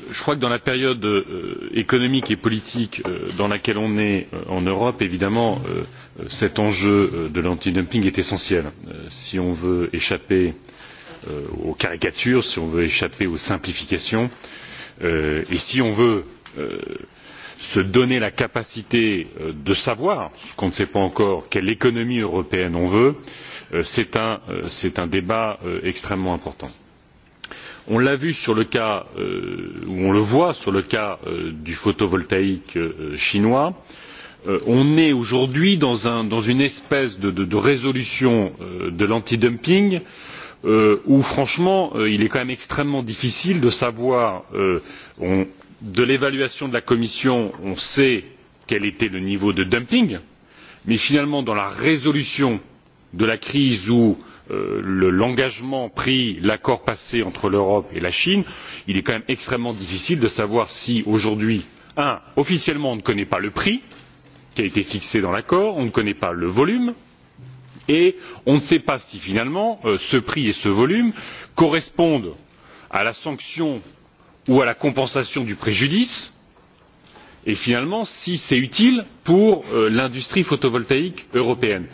je crois que dans la période euh, économique et politique euh, dans laquelle on est euh, en Europe, évidemment, euh, cet enjeu euh, de l'antidumping est essentiel. Euh, si on veut échapper euh, euh, aux caricatures, si on veut échapper aux simplifications, euh, et si on veut euh, se donner la capacité euh, de savoir ce qu'on ne sait pas encore quelle économie européenne on veut, euh, c'est un, euh, un débat euh, extrêmement important. On l'a vu sur le cas, euh, ou on le voit sur le cas euh, du photovoltaïque euh, chinois, euh, on est aujourd'hui dans, un, dans une espèce de, de, de résolution euh, de l'antidumping euh, euh, où franchement euh, il est quand même extrêmement difficile de savoir euh, on, de l'évaluation de la commission on sait quel était le niveau de dumping mais finalement dans la résolution de la crise ou euh, l'engagement le, pris l'accord passé entre l'europe et la chine il est quand même extrêmement difficile de savoir si aujourd'hui un officiellement on ne connaît pas le prix qui a été fixé dans l'accord on ne connaît pas le volume et on ne sait pas si finalement euh, ce prix et ce volume correspondent à la sanction ou à la compensation du préjudice et finalement si c'est utile pour euh, l'industrie photovoltaïque européenne.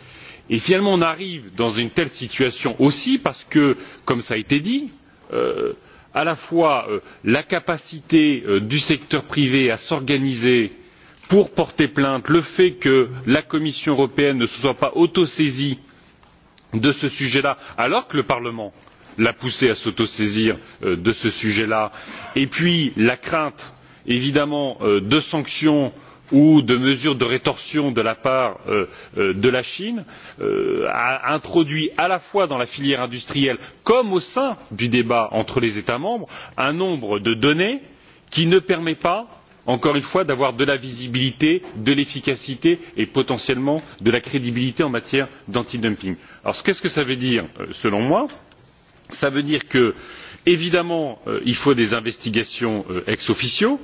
Et finalement on arrive dans une telle situation aussi parce que comme cela a été dit euh, à la fois la capacité du secteur privé à s'organiser pour porter plainte le fait que la commission européenne ne se soit pas autosaisie de ce sujet là alors que le parlement l'a poussée à s'autosaisir euh, de ce sujet là et puis la crainte évidemment euh, de sanctions ou de mesures de rétorsion de la part euh, de la chine a introduit à la fois dans la filière industrielle comme au sein du débat entre les états membres un nombre de données qui ne permet pas encore une fois d'avoir de la visibilité de l'efficacité et potentiellement de la crédibilité en matière d'antidumping. alors qu'est ce que cela veut dire euh, selon moi? cela veut dire que évidemment euh, il faut des investigations euh, ex officio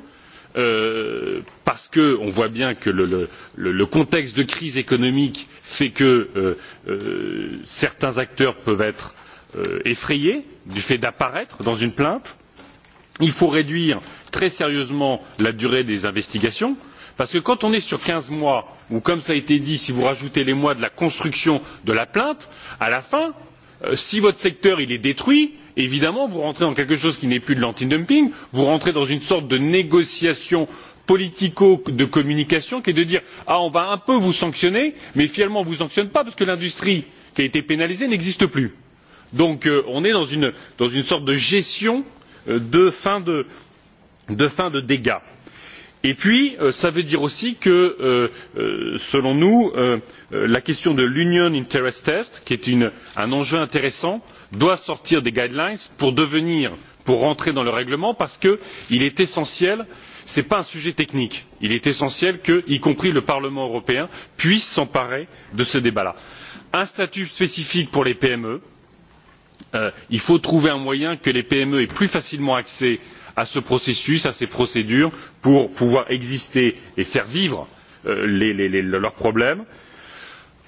parce parce qu'on voit bien que le, contexte de crise économique fait que certains acteurs peuvent être effrayés du fait d'apparaître dans une plainte il faut réduire très sérieusement la durée des investigations parce que quand on est sur quinze mois ou comme cela a été dit si vous rajoutez les mois de la construction de la plainte à la fin euh, si votre secteur est détruit évidemment vous rentrez dans quelque chose qui n'est plus de l'antidumping vous rentrez dans une sorte de négociation politico de communication qui est de dire ah on va un peu vous sanctionner mais finalement on ne vous sanctionne pas parce que l'industrie qui a été pénalisée n'existe plus. donc euh, on est dans une, sorte de gestion Euh, de fin de, de, fin de dégâts. Et puis, cela euh, veut dire aussi que, euh, selon nous, la question de l'Union Interest Test, qui est une, un enjeu intéressant, doit sortir des guidelines pour devenir, pour rentrer dans le règlement, parce qu'il est essentiel ce n'est pas un sujet technique il est essentiel que y compris le parlement européen puisse s'emparer de ce débat là. un statut spécifique pour les pme Euh, il faut trouver un moyen que les pme aient plus facilement accès à ce processus à ces procédures pour pouvoir exister et faire vivre euh, leurs problèmes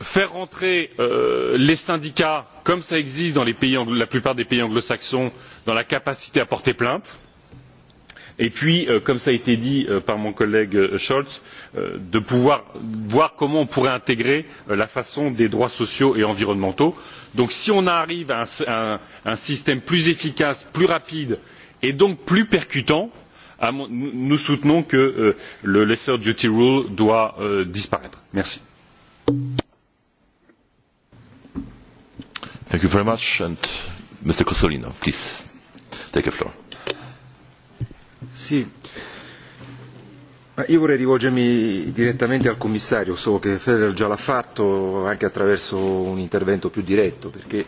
faire entrer euh, les syndicats comme cela existe dans la plupart des pays anglo saxons dans la capacité à porter plainte et puis comme cela a été dit par mon collègue scholz de pouvoir voir comment on pourrait intégrer la façon des droits sociaux et environnementaux donc si on arrive à un, à un système plus efficace plus rapide et donc plus percutant mon, nous soutenons que euh, le lesser duty rule doit euh, disparaître. merci. Thank you very much. And Mr. Cossolino, please, take the floor. Sì, si. Io vorrei rivolgermi direttamente al commissario, so che Federer già l'ha fatto anche attraverso un intervento più diretto, perché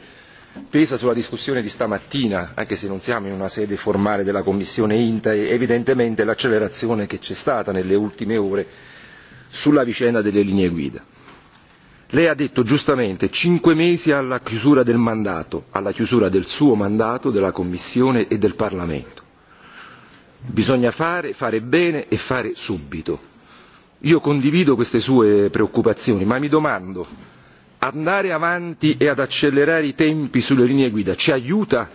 pesa sulla discussione di stamattina, anche se non siamo in una sede formale della commissione INTA, e evidentemente l'accelerazione che c'è stata nelle ultime ore sulla vicenda delle linee guida. Lei ha detto giustamente cinque mesi alla chiusura del mandato, alla chiusura del suo mandato, della Commissione e del Parlamento Bisogna fare, fare bene e fare subito. Io condivido queste sue preoccupazioni, ma mi domando, andare avanti e ad accelerare i tempi sulle linee guida ci aiuta?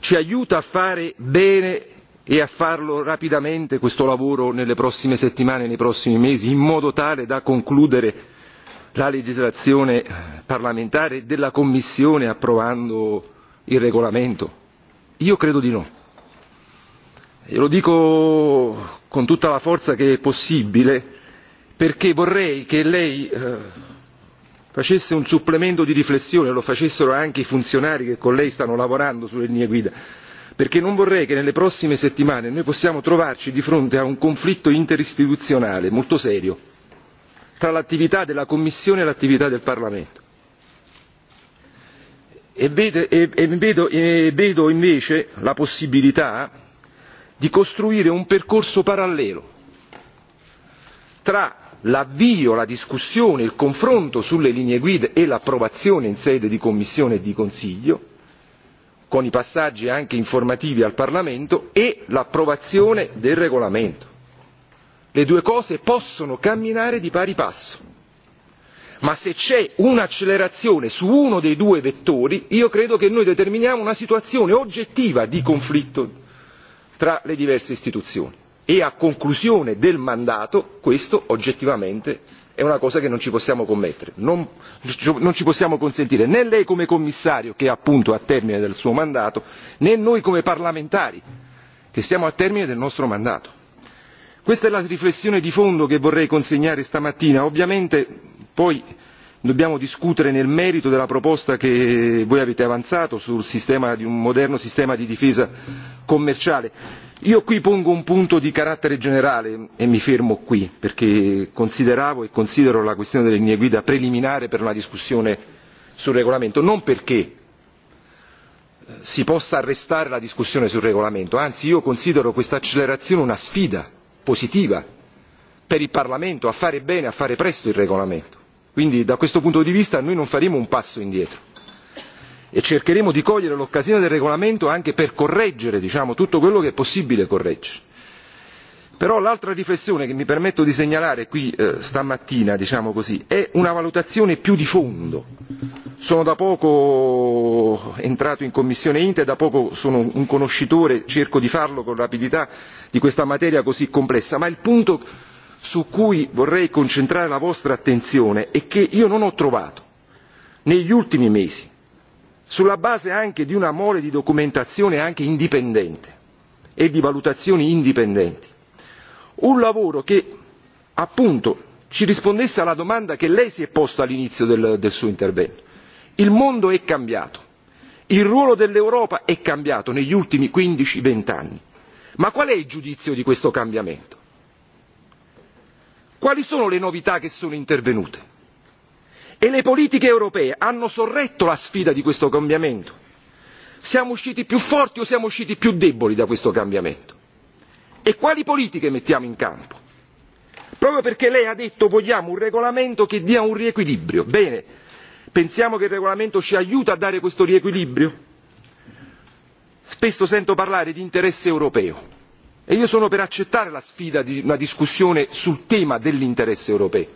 Ci aiuta a fare bene e a farlo rapidamente questo lavoro nelle prossime settimane, nei prossimi mesi, in modo tale da concludere la legislazione parlamentare della Commissione approvando il regolamento? Io credo di no. E lo dico con tutta la forza che è possibile perché vorrei che lei eh, facesse un supplemento di riflessione, lo facessero anche i funzionari che con lei stanno lavorando sulle linee guida, perché non vorrei che nelle prossime settimane noi possiamo trovarci di fronte a un conflitto interistituzionale molto serio tra l'attività della Commissione e l'attività del Parlamento e vedo, e vedo invece la possibilità di costruire un percorso parallelo tra l'avvio, la discussione, il confronto sulle linee guida e l'approvazione in sede di Commissione e di Consiglio, con i passaggi anche informativi al Parlamento, e l'approvazione del regolamento. Le due cose possono camminare di pari passo ma se c'è un'accelerazione su uno dei due vettori io credo che noi determiniamo una situazione oggettiva di conflitto tra le diverse istituzioni e a conclusione del mandato questo oggettivamente è una cosa che non ci possiamo commettere non, non ci possiamo consentire né lei come commissario che è appunto a termine del suo mandato né noi come parlamentari che siamo a termine del nostro mandato. Questa è la riflessione di fondo che vorrei consegnare stamattina. Ovviamente Poi dobbiamo discutere nel merito della proposta che voi avete avanzato sul sistema di un moderno sistema di difesa commerciale. Io qui pongo un punto di carattere generale e mi fermo qui perché consideravo e considero la questione delle linee guida preliminare per una discussione sul regolamento, non perché si possa arrestare la discussione sul regolamento, anzi io considero questa accelerazione una sfida positiva per il Parlamento a fare bene, a fare presto il regolamento Quindi da questo punto di vista noi non faremo un passo indietro e cercheremo di cogliere l'occasione del regolamento anche per correggere diciamo, tutto quello che è possibile correggere. Però l'altra riflessione che mi permetto di segnalare qui eh, stamattina, diciamo così, è una valutazione più di fondo. Sono da poco entrato in commissione INTA e da poco sono un conoscitore, cerco di farlo con rapidità, di questa materia così complessa, ma il punto su cui vorrei concentrare la vostra attenzione e che io non ho trovato negli ultimi mesi, sulla base anche di una mole di documentazione anche indipendente e di valutazioni indipendenti. Un lavoro che appunto ci rispondesse alla domanda che lei si è posta all'inizio del, del suo intervento. Il mondo è cambiato, il ruolo dell'Europa è cambiato negli ultimi 15-20 anni, ma qual è il giudizio di questo cambiamento? quali sono le novità che sono intervenute? e le politiche europee hanno sorretto la sfida di questo cambiamento? siamo usciti più forti o siamo usciti più deboli da questo cambiamento? e quali politiche mettiamo in campo? proprio perché lei ha detto vogliamo un regolamento che dia un riequilibrio. bene pensiamo che il regolamento ci aiuta a dare questo riequilibrio? spesso sento parlare di interesse europeo E io sono per accettare la sfida di una discussione sul tema dell'interesse europeo.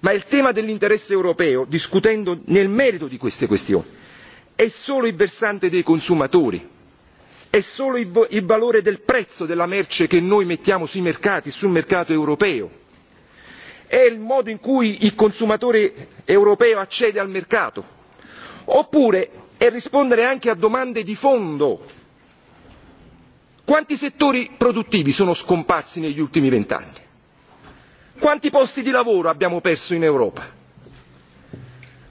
Ma il tema dell'interesse europeo, discutendo nel merito di queste questioni, è solo il versante dei consumatori, è solo il, il valore del prezzo della merce che noi mettiamo sui mercati, sul mercato europeo, è il modo in cui il consumatore europeo accede al mercato, oppure è rispondere anche a domande di fondo Quanti settori produttivi sono scomparsi negli ultimi vent'anni? Quanti posti di lavoro abbiamo perso in Europa?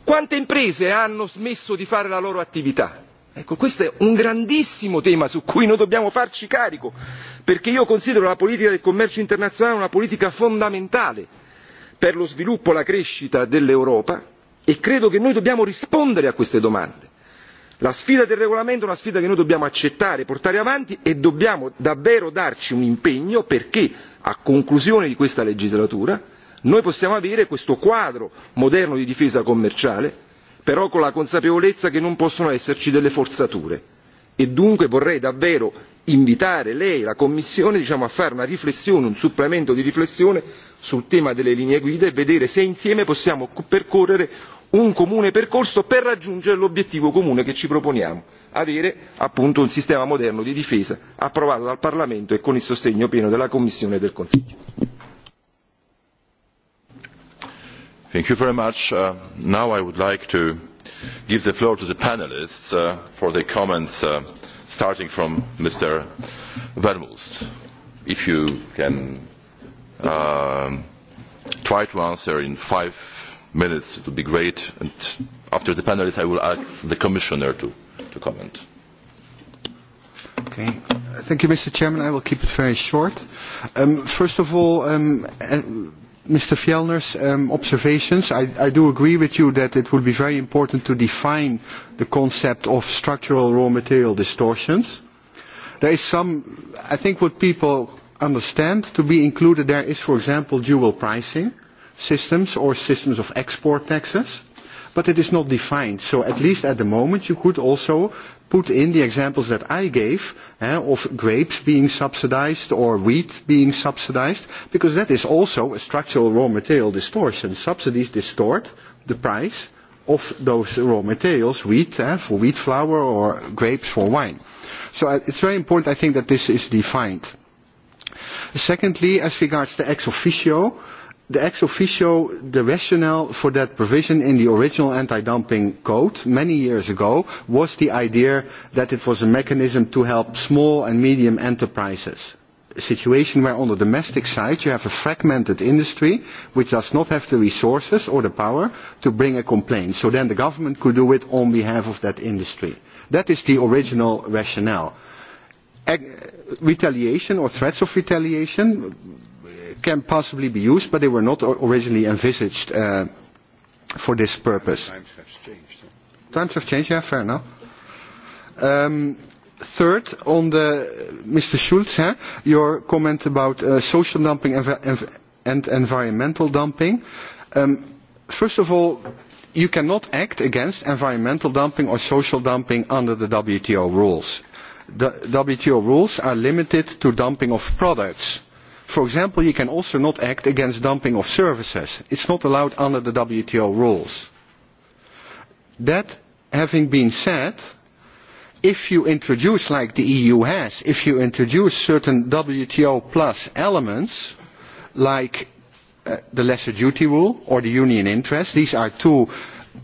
Quante imprese hanno smesso di fare la loro attività? Ecco, questo è un grandissimo tema su cui noi dobbiamo farci carico, perché io considero la politica del commercio internazionale una politica fondamentale per lo sviluppo e la crescita dell'Europa e credo che noi dobbiamo rispondere a queste domande. La sfida del regolamento è una sfida che noi dobbiamo accettare, portare avanti e dobbiamo davvero darci un impegno perché a conclusione di questa legislatura noi possiamo avere questo quadro moderno di difesa commerciale, però con la consapevolezza che non possono esserci delle forzature. E dunque vorrei davvero invitare lei e la Commissione diciamo, a fare una riflessione, un supplemento di riflessione sul tema delle linee guida e vedere se insieme possiamo percorrere un comune percorso per raggiungere l'obiettivo comune che ci proponiamo avere appunto un sistema moderno di difesa approvato dal Parlamento e con il sostegno pieno della Commissione e del Consiglio. Thank you very much. Uh, now I would like to give the floor to the panelists uh, for their comments uh, starting from Mr. Vermulst. If you can uh, try to answer in five minutes, it would be great. And after the panelists, I will ask the Commissioner to, to comment. Okay. Thank you, Mr. Chairman. I will keep it very short. Um, first of all, um, uh, Mr. Fjellner's um, observations, I, I do agree with you that it would be very important to define the concept of structural raw material distortions. There is some, I think what people understand to be included there is, for example, dual pricing systems or systems of export taxes, but it is not defined. So at least at the moment you could also put in the examples that I gave eh, of grapes being subsidized or wheat being subsidized, because that is also a structural raw material distortion. Subsidies distort the price of those raw materials, wheat eh, for wheat flour or grapes for wine. So uh, it's very important, I think, that this is defined. Secondly, as regards the ex officio, the ex officio, the rationale for that provision in the original anti-dumping code many years ago was the idea that it was a mechanism to help small and medium enterprises. A situation where on the domestic side you have a fragmented industry which does not have the resources or the power to bring a complaint. So then the government could do it on behalf of that industry. That is the original rationale retaliation or threats of retaliation can possibly be used, but they were not originally envisaged uh, for this purpose. Times have changed. Times have changed, yeah, fair enough. Um, third, on the, Mr. Schulz, huh, your comment about uh, social dumping and, env and environmental dumping. Um, first of all, you cannot act against environmental dumping or social dumping under the WTO rules. The WTO rules are limited to dumping of products For example, you can also not act against dumping of services. It's not allowed under the WTO rules. That having been said, if you introduce, like the EU has, if you introduce certain WTO plus elements, like uh, the lesser duty rule or the union interest, these are two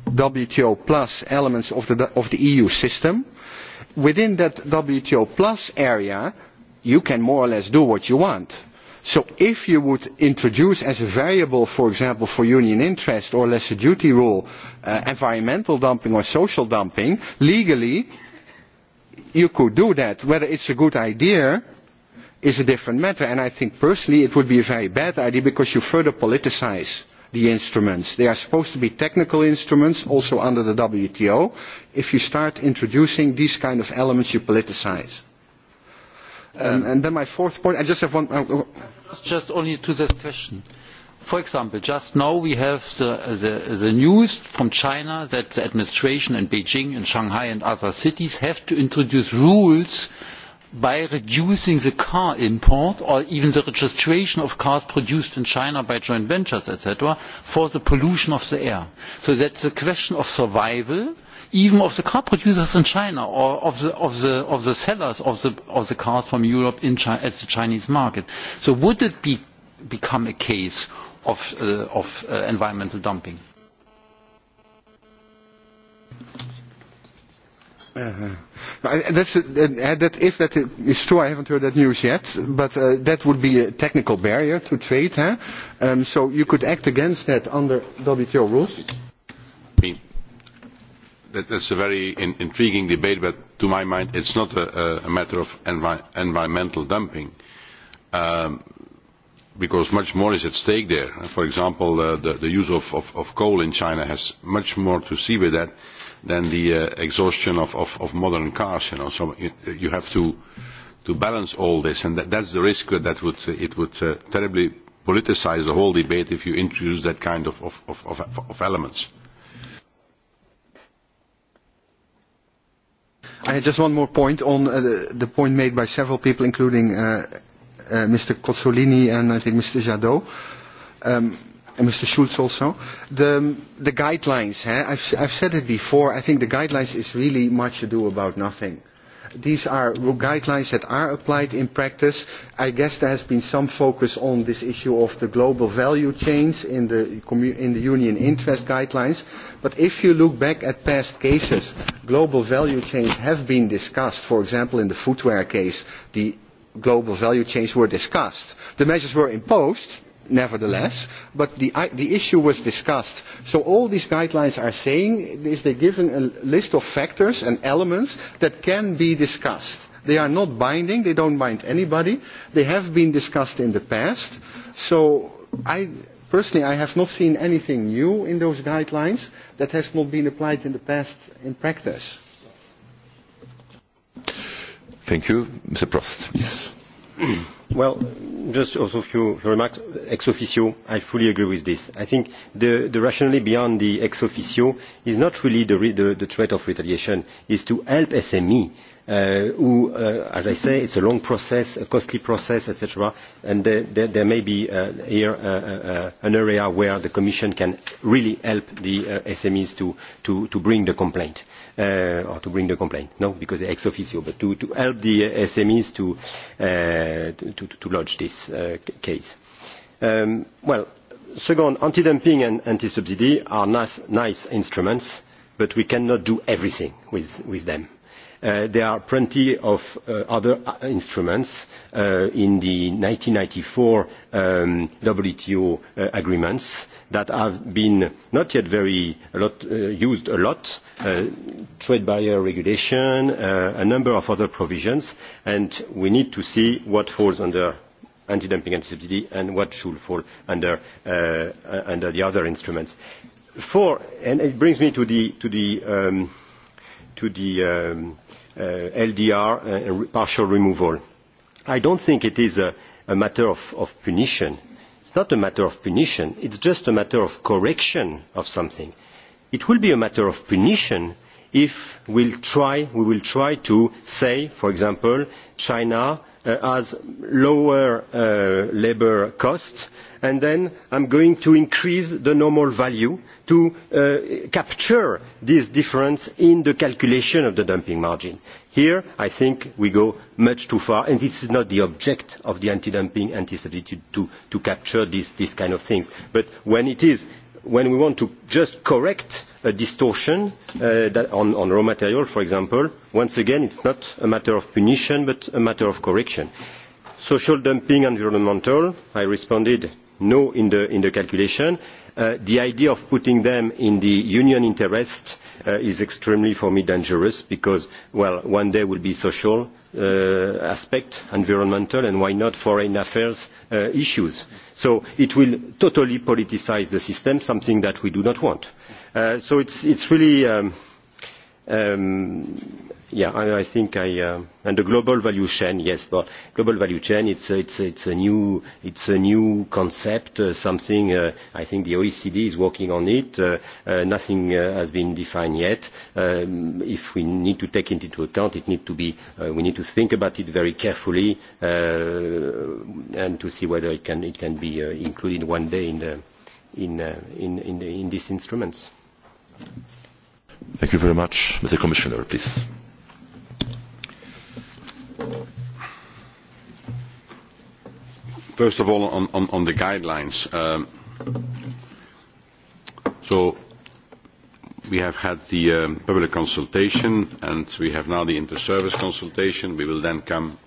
WTO plus elements of the, of the EU system. Within that WTO plus area, you can more or less do what you want So if you would introduce as a variable, for example, for union interest or lesser duty rule, uh, environmental dumping or social dumping, legally you could do that. Whether it's a good idea is a different matter. And I think personally it would be a very bad idea because you further politicize the instruments. They are supposed to be technical instruments, also under the WTO. If you start introducing these kind of elements, you politicize. Um, and then my fourth point, I just have one. Uh, uh, just only to this question. For example, just now we have the, the, the news from China that the administration in Beijing and Shanghai and other cities have to introduce rules by reducing the car import or even the registration of cars produced in China by joint ventures, etc., for the pollution of the air. So that's a question of survival even of the car producers in China or of the, of the, of the sellers of the, of the cars from Europe in China, at the Chinese market. So would it be, become a case of, uh, of uh, environmental dumping? Uh, that's, uh, that if that is true, I haven't heard that news yet, but uh, that would be a technical barrier to trade. Huh? Um, so you could act against that under WTO rules that, that's a very in, intriguing debate, but to my mind, it's not a, a matter of envi environmental dumping, um, because much more is at stake there. Uh, for example, uh, the, the use of, of, of coal in China has much more to see with that than the uh, exhaustion of, of, of modern cars. You know, so you, you have to to balance all this, and that, that's the risk that would it would uh, terribly politicize the whole debate if you introduce that kind of, of, of, of, of elements. I had just one more point on uh, the, the point made by several people, including uh, uh, Mr. Cozzolini and I think Mr. Jadot. Um, and Mr. Schulz also, the, um, the guidelines, eh? I've, I've said it before, I think the guidelines is really much ado about nothing these are guidelines that are applied in practice. I guess there has been some focus on this issue of the global value chains in the, in the union interest guidelines. But if you look back at past cases, global value chains have been discussed. For example, in the footwear case, the global value chains were discussed. The measures were imposed, nevertheless, but the, the issue was discussed. So all these guidelines are saying is they're giving a list of factors and elements that can be discussed. They are not binding, they don't bind anybody. They have been discussed in the past. So I, personally, I have not seen anything new in those guidelines that has not been applied in the past in practice. Thank you. Mr. Prost, please. Well, just also a few remarks. Ex officio, I fully agree with this. I think the, the rationale beyond the ex officio is not really the, the, the threat of retaliation, is to help SME uh, who, uh, as I say, it's a long process, a costly process, etc. And there, there, there may be uh, here uh, uh, an area where the Commission can really help the uh, SMEs to, to, to bring the complaint. Uh, uh, or to bring the complaint, no, because ex officio, but to, to help the SMEs to, uh, to, to, to lodge this uh, case. Um, well, second, anti-dumping and anti-subsidy are nice, nice instruments, but we cannot do everything with, with them. Uh, there are plenty of uh, other uh, instruments uh, in the 1994 um, WTO uh, agreements that have been not yet very a lot, uh, used a lot, uh, trade barrier regulation, uh, a number of other provisions, and we need to see what falls under anti-dumping and subsidy and what should fall under, uh, under the other instruments. For, and it brings me to the, to the, um, to the um, uh, LDR uh, partial removal. I don't think it is a, a matter of, of punition It's not a matter of punition, it's just a matter of correction of something. It will be a matter of punition if we'll try, we will try to say, for example, China uh, has lower uh, labor costs, and then I'm going to increase the normal value to uh, capture this difference in the calculation of the dumping margin. Here, I think we go much too far, and this is not the object of the anti-dumping, anti-substitute to, to capture these, these kind of things. But when it is, when we want to just correct a distortion uh, that on, on raw material, for example, once again, it's not a matter of punition, but a matter of correction. Social dumping, environmental, I responded no in the, in the calculation. Uh, the idea of putting them in the union interest uh, is extremely, for me, dangerous because, well, one day will be social uh, aspect, environmental, and why not foreign affairs uh, issues. So it will totally politicize the system, something that we do not want. Uh, so it's, it's really... Um, um, yeah, I, I think I uh and the global value chain. Yes, but global value chain. It's uh, it's it's a new it's a new concept. Uh, something uh, I think the OECD is working on it. Uh, uh, nothing uh, has been defined yet. Um, if we need to take it into account, it need to be uh, we need to think about it very carefully uh, and to see whether it can it can be uh, included one day in the in uh, in in, the, in these instruments. Thank you very much, Mr. Commissioner. Please. First of all, on, on, on the guidelines. Um, so we have had the um, public consultation and we have now the inter-service consultation. We will then come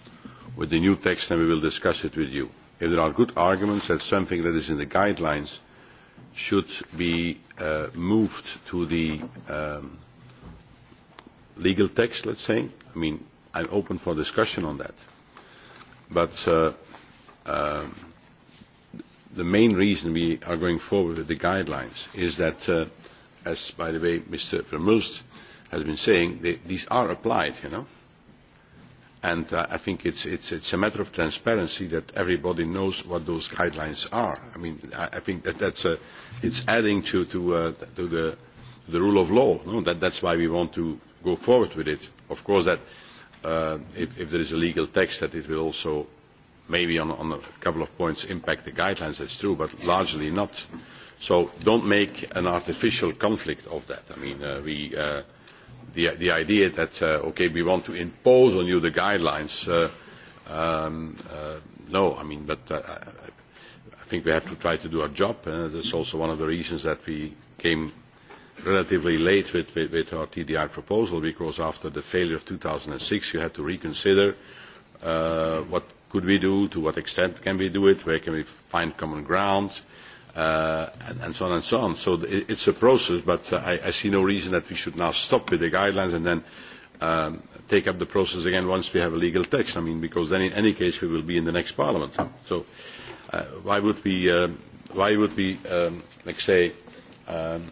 with the new text and we will discuss it with you. If there are good arguments that something that is in the guidelines should be uh, moved to the um, legal text, let's say, I mean, I'm open for discussion on that. But uh, uh, the main reason we are going forward with the guidelines is that, uh, as by the way Mr. Vermulst has been saying, they, these are applied, you know. And uh, I think it's, it's, it's a matter of transparency that everybody knows what those guidelines are. I mean, I, I think that that's a, it's adding to, to, uh, to the, the rule of law. No? That, that's why we want to go forward with it. Of course, that uh, if, if there is a legal text that it will also maybe on, on a couple of points impact the guidelines, that's true, but largely not. So don't make an artificial conflict of that. I mean, uh, we, uh, the, the idea that, uh, okay, we want to impose on you the guidelines, uh, um, uh, no, I mean, but uh, I think we have to try to do our job. and that's also one of the reasons that we came relatively late with, with, with our TDI proposal because after the failure of 2006 you had to reconsider uh, what could we do, to what extent can we do it, where can we find common ground, uh, and, and so on and so on. So it, it's a process, but uh, I, I see no reason that we should now stop with the guidelines and then um, take up the process again once we have a legal text. I mean, because then in any case we will be in the next parliament. So uh, why would we, um, why would we um, like say, um,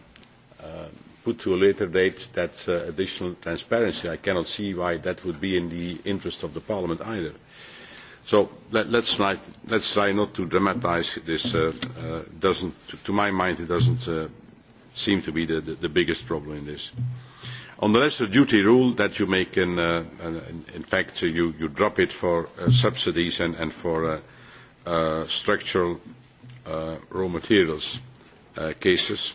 Um, put to a later date that uh, additional transparency. I cannot see why that would be in the interest of the Parliament either. So let, let's, try, let's try not to dramatize this. Uh, uh, doesn't, to, to my mind, it doesn't uh, seem to be the, the, the biggest problem in this. On the lesser duty rule that you make, in, uh, in, in fact, uh, you, you drop it for uh, subsidies and, and for uh, uh, structural uh, raw materials uh, cases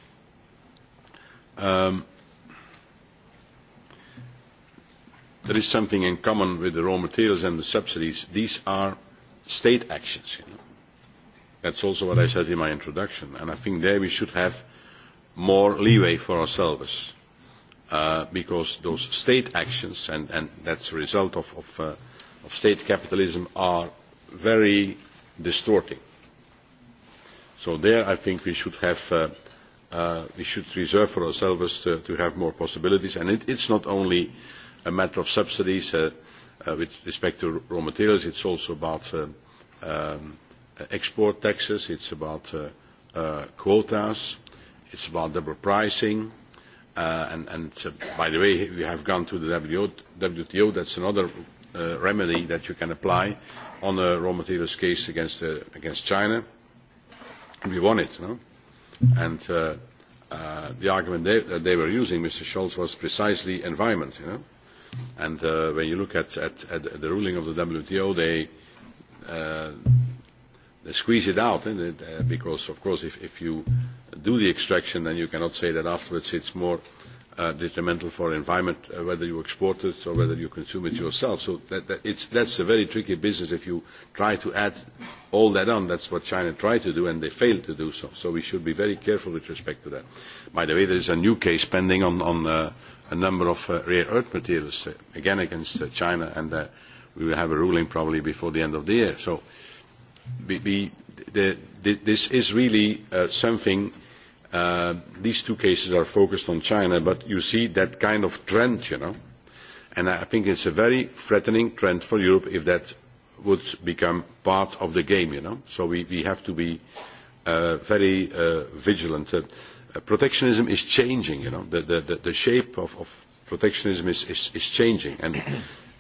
Um, there is something in common with the raw materials and the subsidies. These are state actions. You know? That's also what I said in my introduction. And I think there we should have more leeway for ourselves uh, because those state actions, and, and that's a result of, of, uh, of state capitalism, are very distorting. So there I think we should have uh, uh, we should reserve for ourselves to, to have more possibilities. And it, it's not only a matter of subsidies uh, uh, with respect to raw materials, it's also about uh, um, export taxes, it's about uh, uh, quotas, it's about double pricing. Uh, and and uh, by the way, we have gone to the WTO, that's another uh, remedy that you can apply on a raw materials case against, uh, against China. We won it, no? And uh, uh, the argument they, that they were using, Mr. Scholz, was precisely environment. You know? And uh, when you look at, at, at the ruling of the WTO, they, uh, they squeeze it out, it? Eh, uh, because, of course, if, if you do the extraction, then you cannot say that afterwards it's more uh, detrimental for environment, uh, whether you export it or whether you consume it yourself. So that, that it's, that's a very tricky business if you try to add all that on. That's what China tried to do, and they failed to do so. So we should be very careful with respect to that. By the way, there is a new case pending on, on uh, a number of uh, rare earth materials, uh, again against uh, China, and uh, we will have a ruling probably before the end of the year. So we, we, the, the, this is really uh, something Uh, these two cases are focused on China, but you see that kind of trend, you know. And I think it's a very threatening trend for Europe if that would become part of the game, you know. So we, we have to be uh, very uh, vigilant. Uh, protectionism is changing, you know. The, the, the, the shape of, of protectionism is, is, is changing, and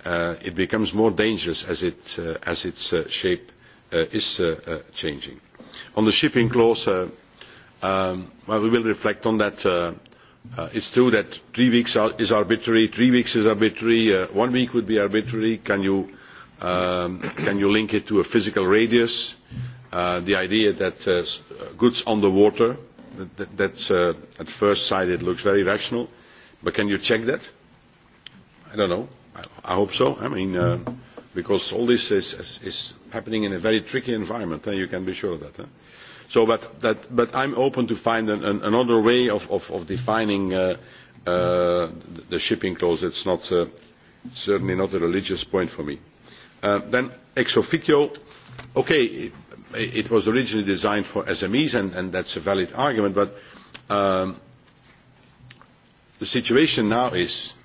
uh, it becomes more dangerous as, it, uh, as its uh, shape uh, is uh, uh, changing. On the shipping clause, uh, Um, well, we will reflect on that. Uh, uh, it's true that three weeks are, is arbitrary, three weeks is arbitrary, uh, one week would be arbitrary. Can you, um, can you link it to a physical radius? Uh, the idea that uh, uh goods on the water, that, that, that's uh, at first sight it looks very rational, but can you check that? I don't know. I, I hope so. I mean, uh, because all this is, is, is happening in a very tricky environment, and eh? you can be sure of that. Eh? So, but, that, but I'm open to find an, an, another way of, of, of defining uh, uh, the shipping clause. It's not, uh, certainly not a religious point for me. Uh, then ex officio, okay, it, it was originally designed for SMEs, and, and that's a valid argument, but um, the situation now is,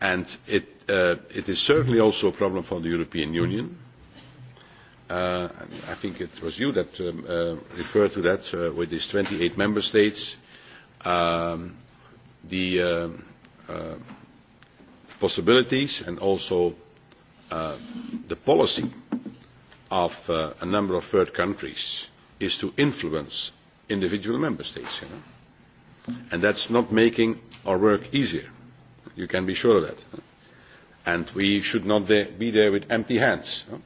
and it, uh, it is certainly also a problem for the European Union, Uh, I think it was you that um, uh, referred to that uh, with these 28 member states. Um, the uh, uh, possibilities and also uh, the policy of uh, a number of third countries is to influence individual member states. You know? And that's not making our work easier. You can be sure of that. And we should not be there with empty hands. You know?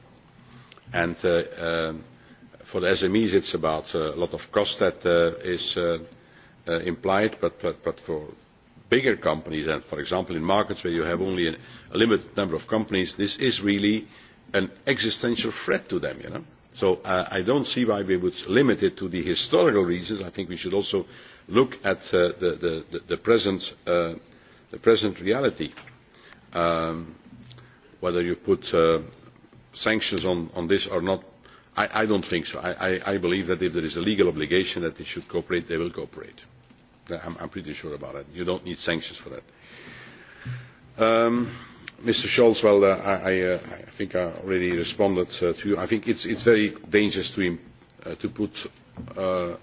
And uh, um, for the SMEs, it's about uh, a lot of cost that uh, is uh, uh, implied, but, but, but for bigger companies, and for example, in markets where you have only a, a limited number of companies, this is really an existential threat to them, you know. So uh, I don't see why we would limit it to the historical reasons. I think we should also look at uh, the, the, the, present, uh, the present reality. Um, whether you put uh, sanctions on, on this or not, I, I don't think so. I, I, I believe that if there is a legal obligation that they should cooperate, they will cooperate. I'm, I'm pretty sure about that. You don't need sanctions for that. Um, Mr. Scholz, well, uh, I, uh, I think I already responded uh, to you. I think it's, it's very dangerous to, uh, to put uh,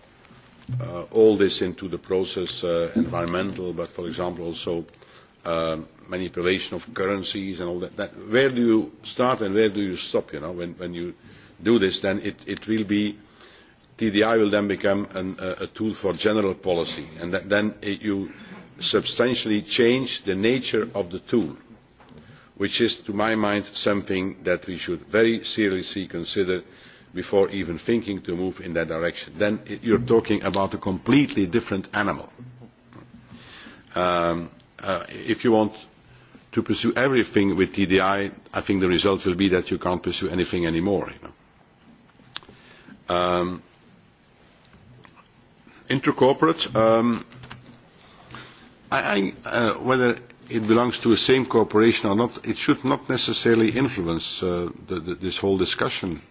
uh, all this into the process, uh, environmental, but for example also Um, manipulation of currencies and all that, that. Where do you start and where do you stop, you know, when, when you do this, then it, it will be, TDI will then become an, uh, a tool for general policy, and that, then it, you substantially change the nature of the tool, which is, to my mind, something that we should very seriously consider before even thinking to move in that direction. Then it, you're talking about a completely different animal. Um, uh, if you want to pursue everything with TDI, I think the result will be that you can't pursue anything anymore. You know? um, intercorporate, um, I, I, uh, whether it belongs to the same corporation or not, it should not necessarily influence uh, the, the, this whole discussion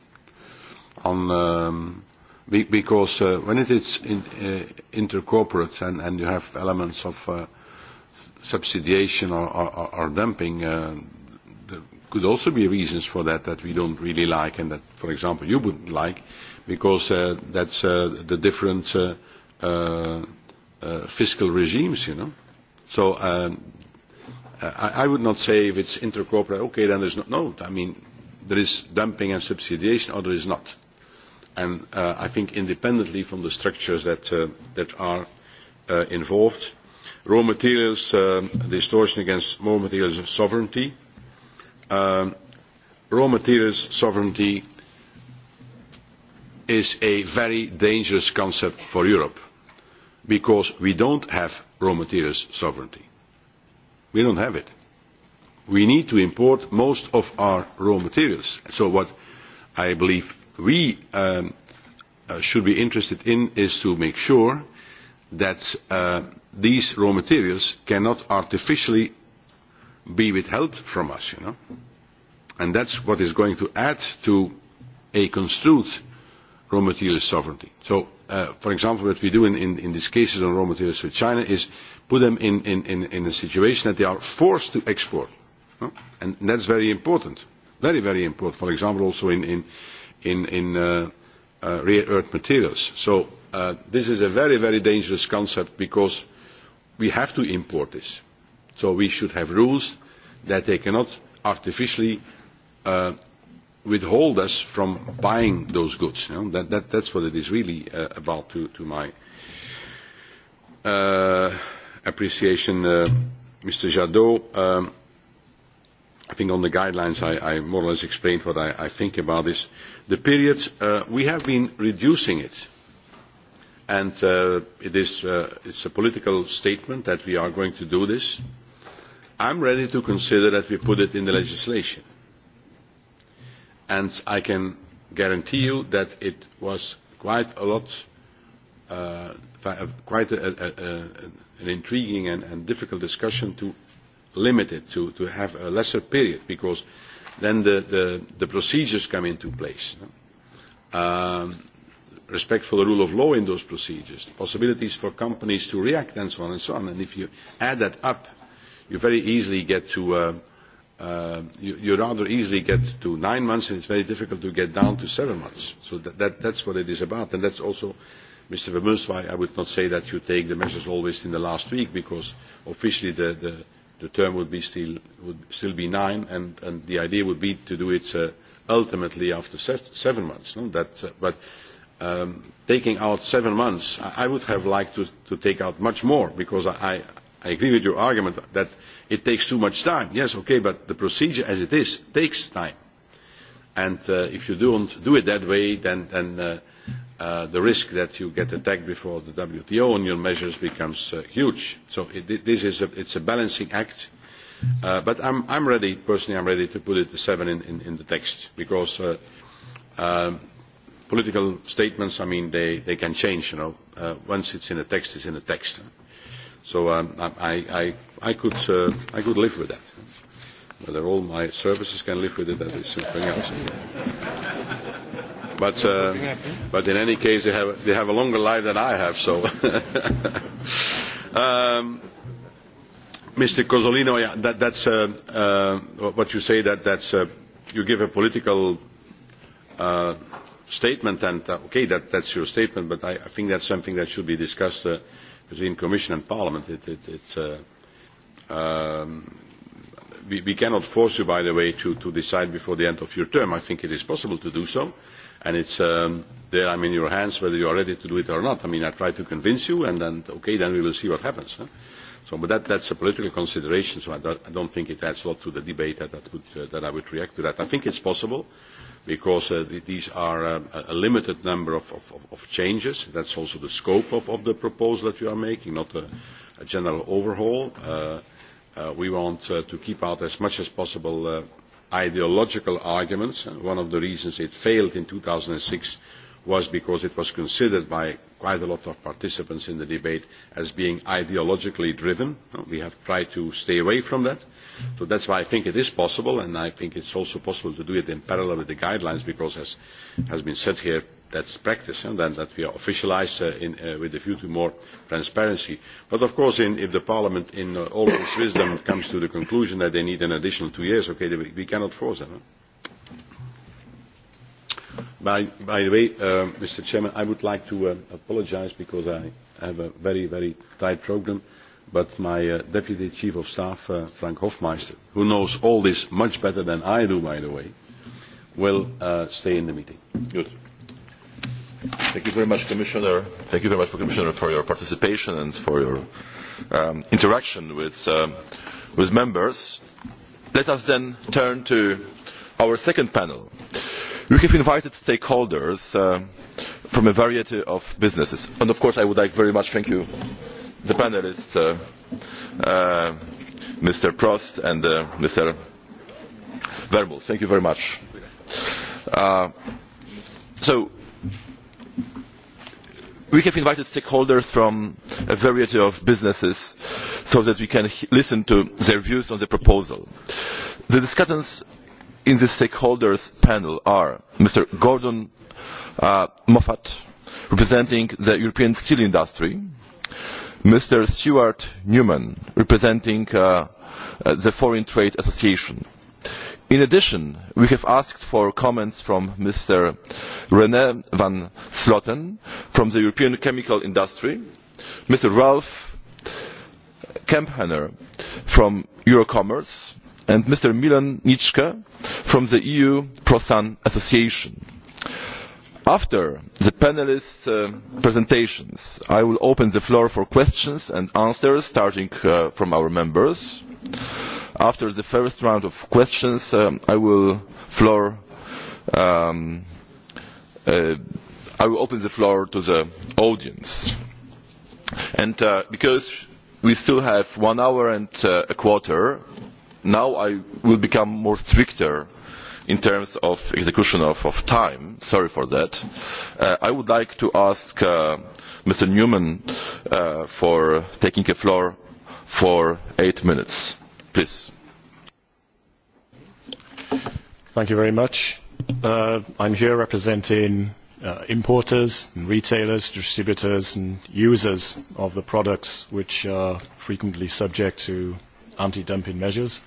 on um, be, because uh, when it is in, uh, intercorporate and, and you have elements of uh, subsidiation or, or, or dumping, uh, there could also be reasons for that that we don't really like and that, for example, you wouldn't like because uh, that's uh, the different uh, uh, uh, fiscal regimes, you know. So um, I, I would not say if it's intercorporate, okay, then there's no, no, I mean, there is dumping and subsidiation or there is not. And uh, I think independently from the structures that, uh, that are uh, involved, raw materials, uh, distortion against raw materials sovereignty. Um, raw materials sovereignty is a very dangerous concept for Europe because we don't have raw materials sovereignty. We don't have it. We need to import most of our raw materials. So what I believe we um, uh, should be interested in is to make sure that uh, these raw materials cannot artificially be withheld from us, you know. And that's what is going to add to a construed raw material sovereignty. So, uh, for example, what we do in, in, in these cases on raw materials with China is put them in, in, in, in a situation that they are forced to export. know? And that's very important. Very, very important. For example, also in, in, in, in uh, uh, rare earth materials. So uh, this is a very, very dangerous concept because we have to import this. So we should have rules that they cannot artificially uh, withhold us from buying those goods. You know? that, that, that's what it is really uh, about to, to my uh, appreciation, uh, Mr. Jadot. Um, I think on the guidelines I, I more or less explained what I, I think about this. The period, uh, we have been reducing it. And uh, it is, uh, it's a political statement that we are going to do this. I'm ready to consider that we put it in the legislation. And I can guarantee you that it was quite a lot, uh, quite a, a, a, an intriguing and, and difficult discussion to limited to, to have a lesser period because then the, the, the procedures come into place. Uh, respect for the rule of law in those procedures, possibilities for companies to react and so on and so on. And if you add that up, you very easily get to, uh, uh, you, you rather easily get to nine months and it's very difficult to get down to seven months. So that, that, that's what it is about. And that's also, Mr. Vermeulen, why I would not say that you take the measures always in the last week because officially the, the, the term would be still would still be nine, and, and the idea would be to do it uh, ultimately after se seven months. No? That, uh, but um, taking out seven months, I, I would have liked to, to take out much more because I, I agree with your argument that it takes too much time. Yes, okay, but the procedure as it is takes time. And uh, if you don't do it that way, then, then uh, uh, the risk that you get attacked before the WTO on your measures becomes uh, huge. So it, this is a, it's a balancing act. Uh, but I'm, I'm ready, personally, I'm ready to put it to seven in, in, in the text because uh, uh, political statements, I mean, they, they can change, you know. Uh, once it's in a text, it's in a text. So um, I, I, I, could, uh, I could live with that. Whether all my services can live with it, that is something else. But, uh, but in any case, they have, they have a longer life than I have, so. um, Mr. Cosolino yeah, that, that's uh, uh, what you say, that that's, uh, you give a political uh, statement, and uh, okay, that, that's your statement, but I, I think that's something that should be discussed uh, between Commission and Parliament. It, it, it's uh, um, we, we cannot force you, by the way, to, to decide before the end of your term. I think it is possible to do so and it's um, there I'm in your hands whether you are ready to do it or not. I mean, I try to convince you, and then, okay, then we will see what happens. Huh? So, but that, that's a political consideration, so I don't, I don't think it adds a lot to the debate that, that, would, uh, that I would react to that. I think it's possible, because uh, th these are um, a limited number of, of, of changes. That's also the scope of, of the proposal that you are making, not a, a general overhaul. Uh, uh, we want uh, to keep out as much as possible uh, ideological arguments. And one of the reasons it failed in 2006 was because it was considered by quite a lot of participants in the debate as being ideologically driven. We have tried to stay away from that. So that's why I think it is possible, and I think it's also possible to do it in parallel with the guidelines, because as has been said here, That is practice and then that we are officialized uh, in, uh, with a view to more transparency. But of course, in, if the Parliament, in uh, all of its wisdom, comes to the conclusion that they need an additional two years, okay, we, we cannot force them. Huh? By, by the way, uh, Mr. Chairman, I would like to uh, apologize because I have a very, very tight program, but my uh, Deputy Chief of Staff, uh, Frank Hofmeister, who knows all this much better than I do, by the way, will uh, stay in the meeting. Good. Thank you very much, Commissioner. Thank you very much, Commissioner, for your participation and for your um, interaction with, uh, with members. Let us then turn to our second panel. We have invited stakeholders uh, from a variety of businesses. And of course, I would like very much thank you, the panelists, uh, uh, Mr. Prost and uh, Mr. Vermouth. Thank you very much. Uh, so we have invited stakeholders from a variety of businesses so that we can listen to their views on the proposal. The discussants in the stakeholders panel are Mr. Gordon uh, Moffat, representing the European steel industry, Mr. Stuart Newman, representing uh, uh, the Foreign Trade Association, In addition, we have asked for comments from Mr. René van Sloten from the European Chemical Industry, Mr. Ralph Kemphener from Eurocommerce, and Mr. Milan Nitschke from the EU ProSan Association. After the panelists' uh, presentations, I will open the floor for questions and answers, starting uh, from our members. After the first round of questions, um, I will floor. Um, uh, I will open the floor to the audience, and uh, because we still have one hour and uh, a quarter, now I will become more stricter in terms of execution of, of time, sorry for that, uh, I would like to ask uh, Mr. Newman uh, for taking the floor for eight minutes. Please. Thank you very much. Uh, I'm here representing uh, importers and retailers, distributors and users of the products which are frequently subject to anti-dumping measures.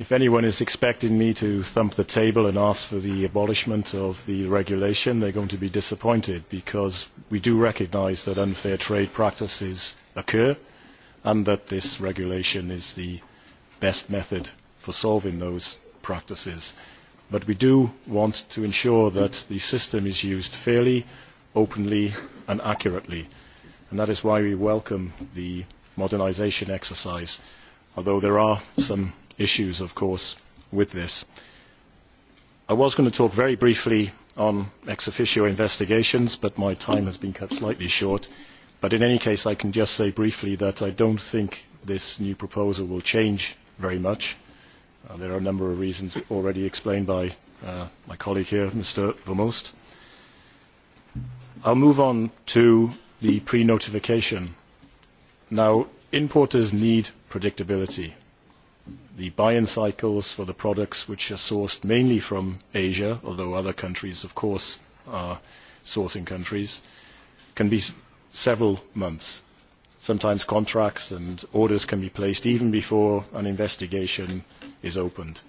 If anyone is expecting me to thump the table and ask for the abolishment of the regulation, they're going to be disappointed because we do recognise that unfair trade practices occur and that this regulation is the best method for solving those practices. But we do want to ensure that the system is used fairly, openly and accurately. And that is why we welcome the modernisation exercise, although there are some issues, of course, with this. I was going to talk very briefly on ex officio investigations, but my time has been cut slightly short. But in any case, I can just say briefly that I don't think this new proposal will change very much. Uh, there are a number of reasons already explained by uh, my colleague here, Mr. Vermost. I'll move on to the pre-notification. Now, importers need predictability. The buy-in cycles for the products which are sourced mainly from Asia, although other countries, of course, are sourcing countries, can be several months sometimes contracts and orders can be placed even before an investigation is opened.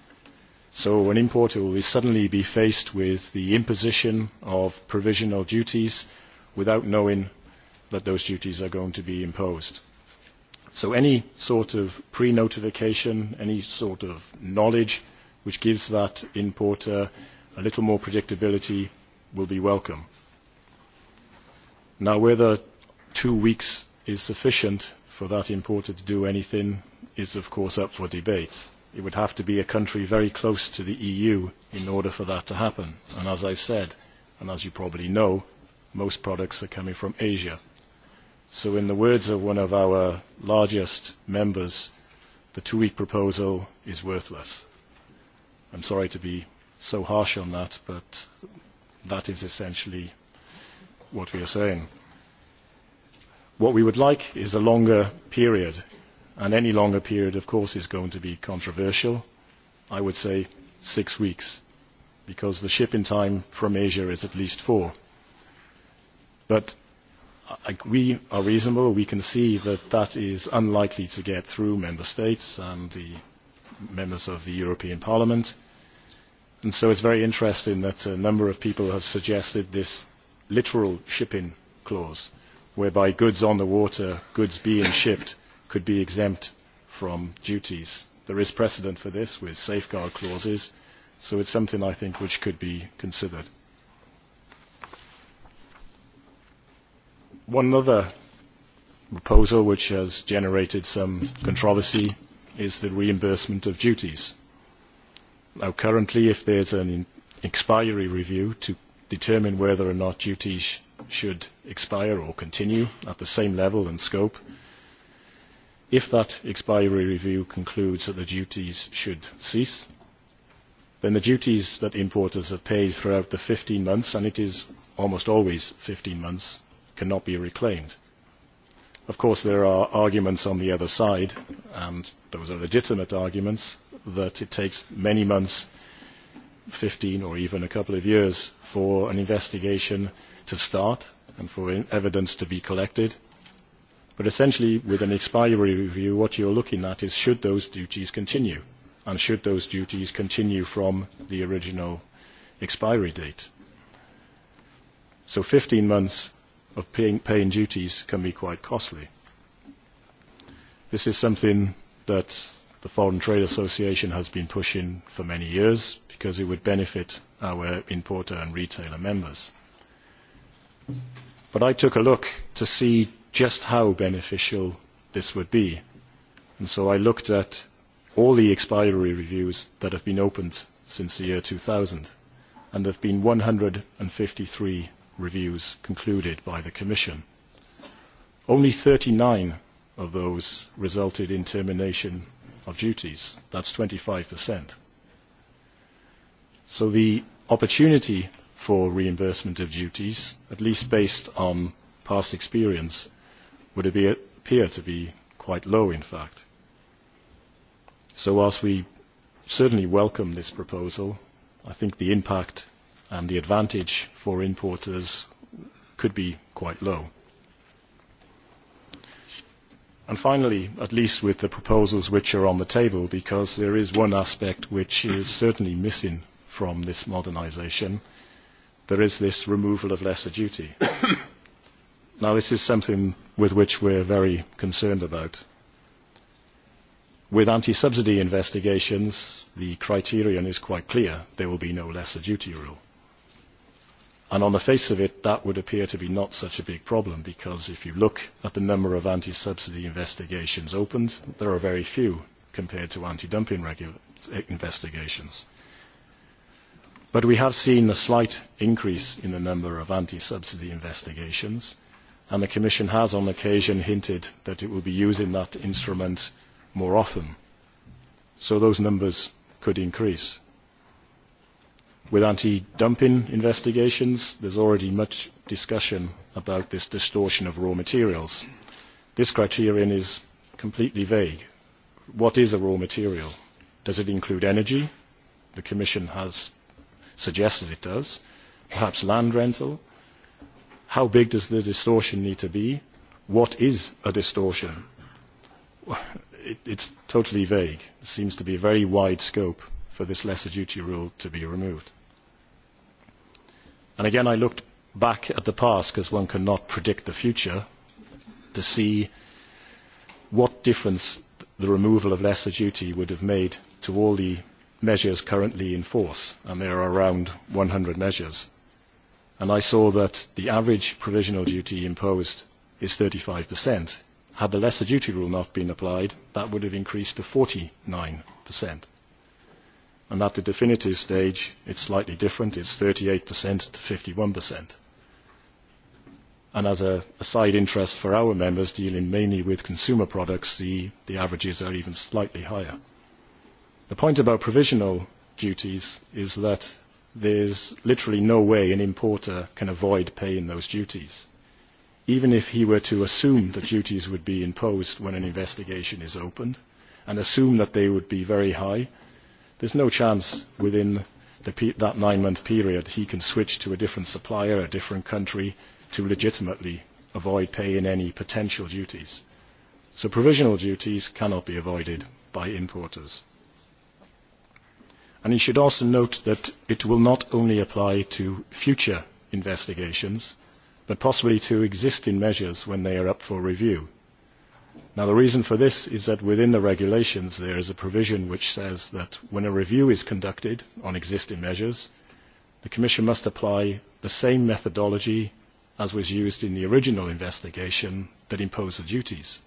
So an importer will suddenly be faced with the imposition of provisional duties without knowing that those duties are going to be imposed. So any sort of pre-notification, any sort of knowledge which gives that importer a little more predictability will be welcome. Now whether two weeks is sufficient for that importer to do anything is of course up for debate. It would have to be a country very close to the EU in order for that to happen. And as I've said, and as you probably know, most products are coming from Asia. So in the words of one of our largest members, the two-week proposal is worthless. I'm sorry to be so harsh on that, but that is essentially what we are saying. What we would like is a longer period, and any longer period, of course, is going to be controversial. I would say six weeks, because the shipping time from Asia is at least four. But uh, I, we are reasonable. We can see that that is unlikely to get through member states and the members of the European Parliament. And so it's very interesting that a number of people have suggested this literal shipping clause whereby goods on the water, goods being shipped, could be exempt from duties. There is precedent for this with safeguard clauses, so it's something I think which could be considered. One other proposal which has generated some controversy is the reimbursement of duties. Now currently if there's an expiry review to determine whether or not duties sh should expire or continue at the same level and scope. If that expiry review concludes that the duties should cease, then the duties that importers have paid throughout the 15 months, and it is almost always 15 months, cannot be reclaimed. Of course, there are arguments on the other side, and those are legitimate arguments, that it takes many months 15 or even a couple of years for an investigation to start and for evidence to be collected. But essentially, with an expiry review, what you're looking at is should those duties continue, and should those duties continue from the original expiry date. So 15 months of paying, paying duties can be quite costly. This is something that the Foreign Trade Association has been pushing for many years because it would benefit our importer and retailer members. But I took a look to see just how beneficial this would be. And so I looked at all the expiry reviews that have been opened since the year 2000. And there have been 153 reviews concluded by the Commission. Only 39 of those resulted in termination of duties. That's 25 percent. So the opportunity for reimbursement of duties, at least based on past experience, would appear to be quite low, in fact. So whilst we certainly welcome this proposal, I think the impact and the advantage for importers could be quite low. And finally, at least with the proposals which are on the table, because there is one aspect which is certainly missing from this modernisation, there is this removal of lesser duty. now, this is something with which we're very concerned about. With anti-subsidy investigations, the criterion is quite clear. There will be no lesser duty rule. And on the face of it, that would appear to be not such a big problem, because if you look at the number of anti-subsidy investigations opened, there are very few compared to anti-dumping investigations. But we have seen a slight increase in the number of anti-subsidy investigations, and the Commission has on occasion hinted that it will be using that instrument more often. So those numbers could increase. With anti-dumping investigations, there's already much discussion about this distortion of raw materials. This criterion is completely vague. What is a raw material? Does it include energy? The Commission has suggested it does, perhaps land rental. How big does the distortion need to be? What is a distortion? It, it's totally vague. It seems to be a very wide scope for this lesser duty rule to be removed. And again, I looked back at the past because one cannot predict the future to see what difference the removal of lesser duty would have made to all the measures currently in force, and there are around 100 measures. And I saw that the average provisional duty imposed is 35%. Had the lesser duty rule not been applied, that would have increased to 49%. And at the definitive stage, it's slightly different. It's 38% to 51%. And as a, a side interest for our members dealing mainly with consumer products, the, the averages are even slightly higher. The point about provisional duties is that there's literally no way an importer can avoid paying those duties, even if he were to assume that duties would be imposed when an investigation is opened and assume that they would be very high. There's no chance within the pe that nine-month period he can switch to a different supplier, a different country, to legitimately avoid paying any potential duties. So provisional duties cannot be avoided by importers. And you should also note that it will not only apply to future investigations, but possibly to existing measures when they are up for review. Now, the reason for this is that within the regulations there is a provision which says that when a review is conducted on existing measures, the Commission must apply the same methodology as was used in the original investigation that imposed the duties.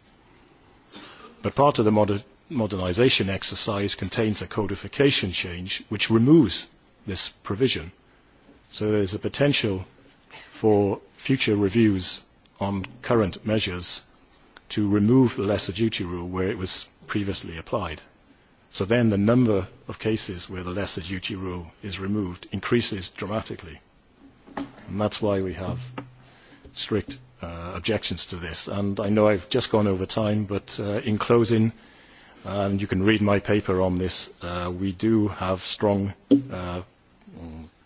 But part of the modernisation exercise contains a codification change which removes this provision. So there is a potential for future reviews on current measures to remove the lesser duty rule where it was previously applied. So then the number of cases where the lesser duty rule is removed increases dramatically. And that's why we have strict uh, objections to this. And I know I've just gone over time, but uh, in closing, and you can read my paper on this, uh, we do have strong uh,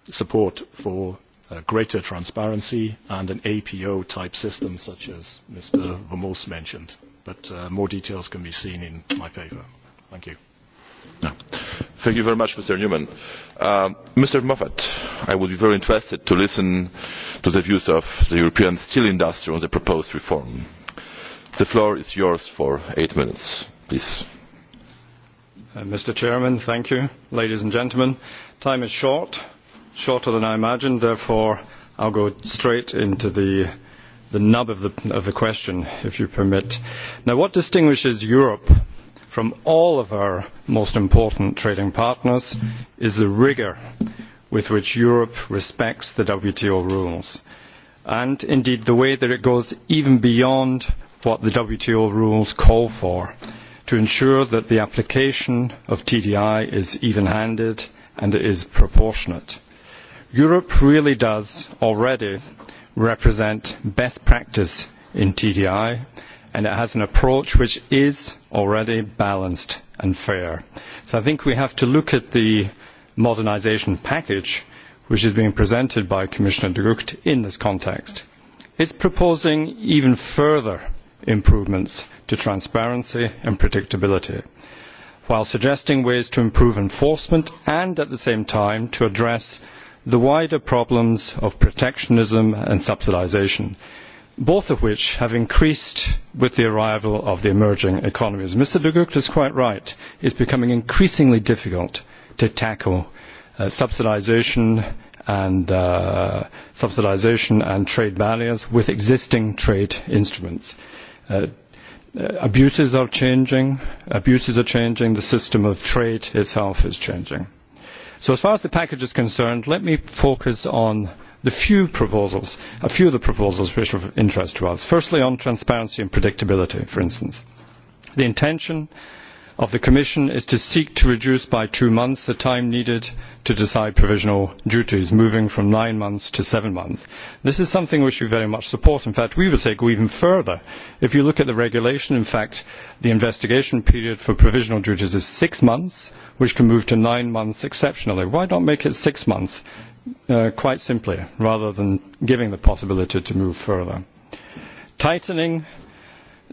support for uh, greater transparency and an APO type system such as Mr. Vermors mentioned. But uh, more details can be seen in my paper. Thank you. No. Thank you very much, Mr. Newman. Uh, Mr. Moffat, I would be very interested to listen to the views of the European steel industry on the proposed reform. The floor is yours for eight minutes, please. Uh, Mr. Chairman, thank you. Ladies and gentlemen, time is short, shorter than I imagined, therefore I'll go straight into the, the nub of the, of the question, if you permit. Now, what distinguishes Europe from all of our most important trading partners is the rigour with which Europe respects the WTO rules, and indeed the way that it goes even beyond what the WTO rules call for to ensure that the application of TDI is even-handed and is proportionate. Europe really does already represent best practice in TDI and it has an approach which is already balanced and fair. So I think we have to look at the modernisation package which is being presented by Commissioner de Gucht in this context. It's proposing even further improvements to transparency and predictability, while suggesting ways to improve enforcement and at the same time to address the wider problems of protectionism and subsidisation, both of which have increased with the arrival of the emerging economies. Mr. de Gucht is quite right. It is becoming increasingly difficult to tackle uh, subsidisation and uh, subsidisation and trade barriers with existing trade instruments. Uh, uh, abuses are changing. Abuses are changing. The system of trade itself is changing. So as far as the package is concerned, let me focus on the few proposals, a few of the proposals which are of interest to us. Firstly, on transparency and predictability, for instance. The intention of the Commission is to seek to reduce by two months the time needed to decide provisional duties, moving from nine months to seven months. This is something which we very much support. In fact, we would say go even further. If you look at the regulation, in fact, the investigation period for provisional duties is six months, which can move to nine months exceptionally. Why not make it six months, uh, quite simply, rather than giving the possibility to move further? Tightening